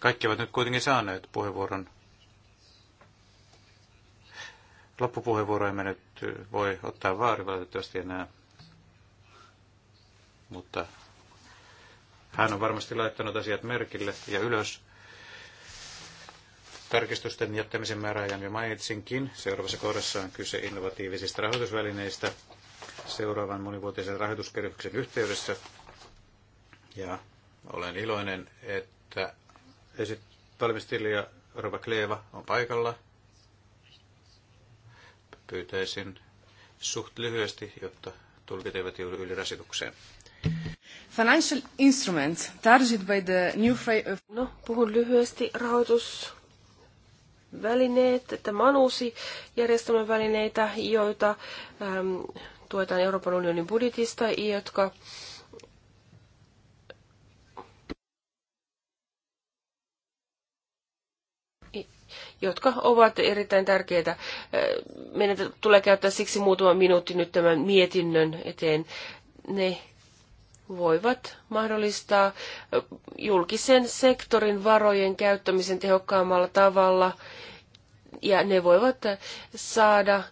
Kaikki ovat nyt kuitenkin saaneet puheenvuoron. Loppupuheenvuoroja emme nyt voi ottaa vaari valitettavasti enää, mutta hän on varmasti laittanut asiat merkille ja ylös. Tarkistusten jättämisen määräajan jo mainitsinkin. Seuraavassa kohdassa on kyse innovatiivisista rahoitusvälineistä seuraavan monivuotisen rahoituskehyksen yhteydessä. Ja olen iloinen, että esit- valmistelija Rova Kleeva on paikalla. Pyytäisin suht lyhyesti, jotta tulkit eivät joudu ylirasitukseen. Financial instruments targeted by the new of... No, puhun lyhyesti. Rahoitusvälineet, välineet, että manuusi järjestelmän välineitä, joita äm, tuetaan Euroopan unionin budjetista, jotka jotka ovat erittäin tärkeitä. Meidän tulee käyttää siksi muutama minuutti nyt tämän mietinnön eteen. Ne voivat mahdollistaa julkisen sektorin varojen käyttämisen tehokkaammalla tavalla ja ne voivat saada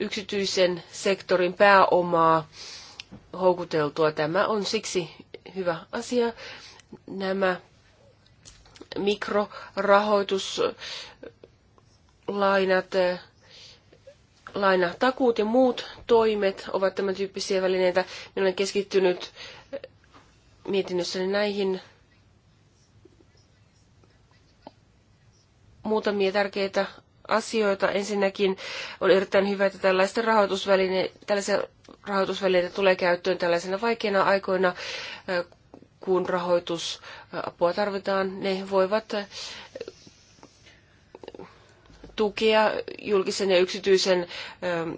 yksityisen sektorin pääomaa houkuteltua. Tämä on siksi hyvä asia. Nämä mikrorahoitus lainat, eh, lainatakuut ja muut toimet ovat tämän tyyppisiä välineitä. Minä olen keskittynyt eh, mietinnössäni näihin muutamia tärkeitä asioita. Ensinnäkin on erittäin hyvä, että tällaista rahoitusväline, tällaisia rahoitusvälineitä tulee käyttöön tällaisena vaikeina aikoina, eh, kun rahoitusapua tarvitaan. Ne voivat tukea julkisen ja yksityisen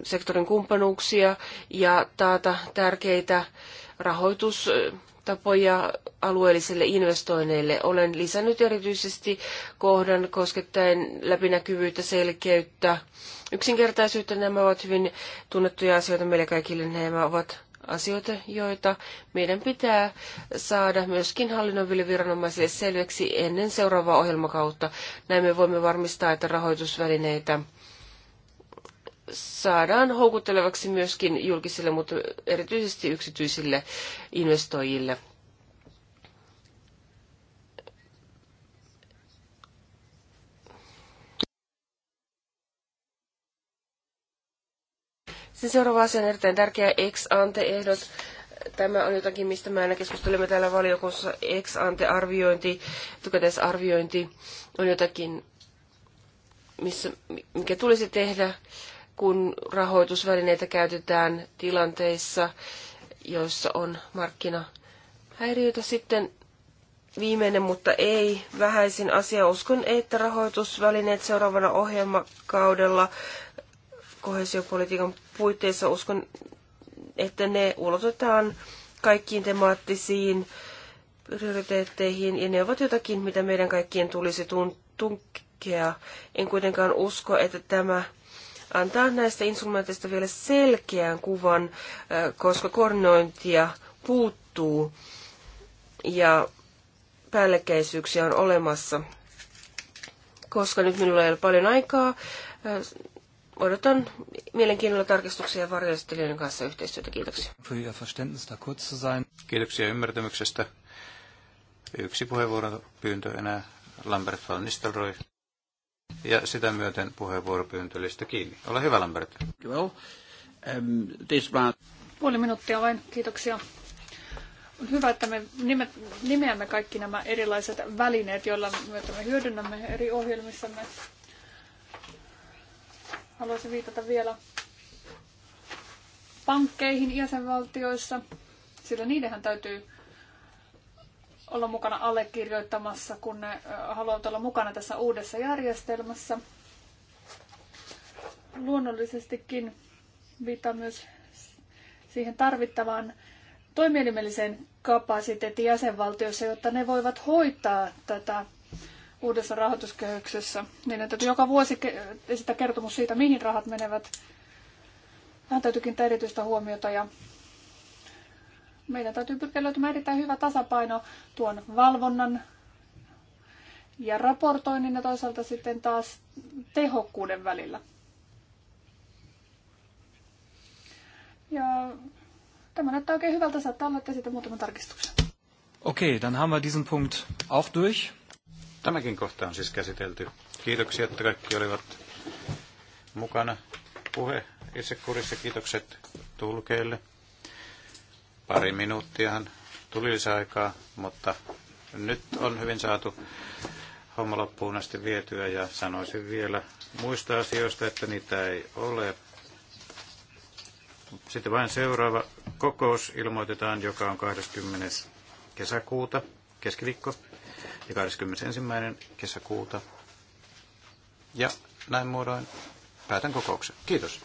sektorin kumppanuuksia ja taata tärkeitä rahoitustapoja alueellisille investoinneille. Olen lisännyt erityisesti kohdan koskettaen läpinäkyvyyttä, selkeyttä, yksinkertaisuutta. Nämä ovat hyvin tunnettuja asioita meille kaikille. Nämä ovat asioita, joita meidän pitää saada myöskin hallinnoville viranomaisille selväksi ennen seuraavaa ohjelmakautta. Näin me voimme varmistaa, että rahoitusvälineitä saadaan houkuttelevaksi myöskin julkisille, mutta erityisesti yksityisille investoijille. Sitten seuraava asia on erittäin tärkeä ex-ante-ehdot. Tämä on jotakin, mistä me aina keskustelemme täällä valiokunnassa. Ex-ante-arviointi, etukäteisarviointi on jotakin, missä, mikä tulisi tehdä, kun rahoitusvälineitä käytetään tilanteissa, joissa on markkinahäiriöitä. Sitten viimeinen, mutta ei vähäisin asia. Uskon, että rahoitusvälineet seuraavana ohjelmakaudella kohesiopolitiikan puitteissa uskon, että ne ulotetaan kaikkiin temaattisiin prioriteetteihin ja ne ovat jotakin, mitä meidän kaikkien tulisi tun- tunkea. En kuitenkaan usko, että tämä antaa näistä instrumenteista vielä selkeän kuvan, koska koordinointia puuttuu ja päällekkäisyyksiä on olemassa. Koska nyt minulla ei ole paljon aikaa, odotan mielenkiinnolla tarkistuksia varjoistelijoiden kanssa yhteistyötä. Kiitoksia. Kiitoksia ymmärtämyksestä. Yksi puheenvuoron pyyntö enää Lambert van Nistelrooy. Ja sitä myöten puheenvuoropyyntölistä kiinni. Ole hyvä, Lambert. Puoli minuuttia vain, kiitoksia. On hyvä, että me nimeämme kaikki nämä erilaiset välineet, joilla me hyödynnämme eri ohjelmissamme haluaisin viitata vielä pankkeihin jäsenvaltioissa, sillä niidenhän täytyy olla mukana allekirjoittamassa, kun ne haluavat olla mukana tässä uudessa järjestelmässä. Luonnollisestikin viittaa myös siihen tarvittavaan toimielimelliseen kapasiteetin jäsenvaltioissa, jotta ne voivat hoitaa tätä uudessa rahoituskehyksessä. Niin että joka vuosi esittää kertomus siitä, mihin rahat menevät. Tähän täytyykin erityistä huomiota ja meidän täytyy pyrkiä löytämään erittäin hyvä tasapaino tuon valvonnan ja raportoinnin ja toisaalta sitten taas tehokkuuden välillä. Ja tämä näyttää oikein hyvältä. Saattaa aloittaa siitä muutaman tarkistuksen. Okei, okay, dann haben wir diesen Punkt auch durch. Tämäkin kohta on siis käsitelty. Kiitoksia, että kaikki olivat mukana puhe itsekurissa. Kiitokset tulkeille. Pari minuuttiahan tuli lisäaikaa, mutta nyt on hyvin saatu homma loppuun asti vietyä ja sanoisin vielä muista asioista, että niitä ei ole. Sitten vain seuraava kokous ilmoitetaan, joka on 20. kesäkuuta, keskiviikko ja 21. kesäkuuta. Ja näin muodoin päätän kokouksen. Kiitos.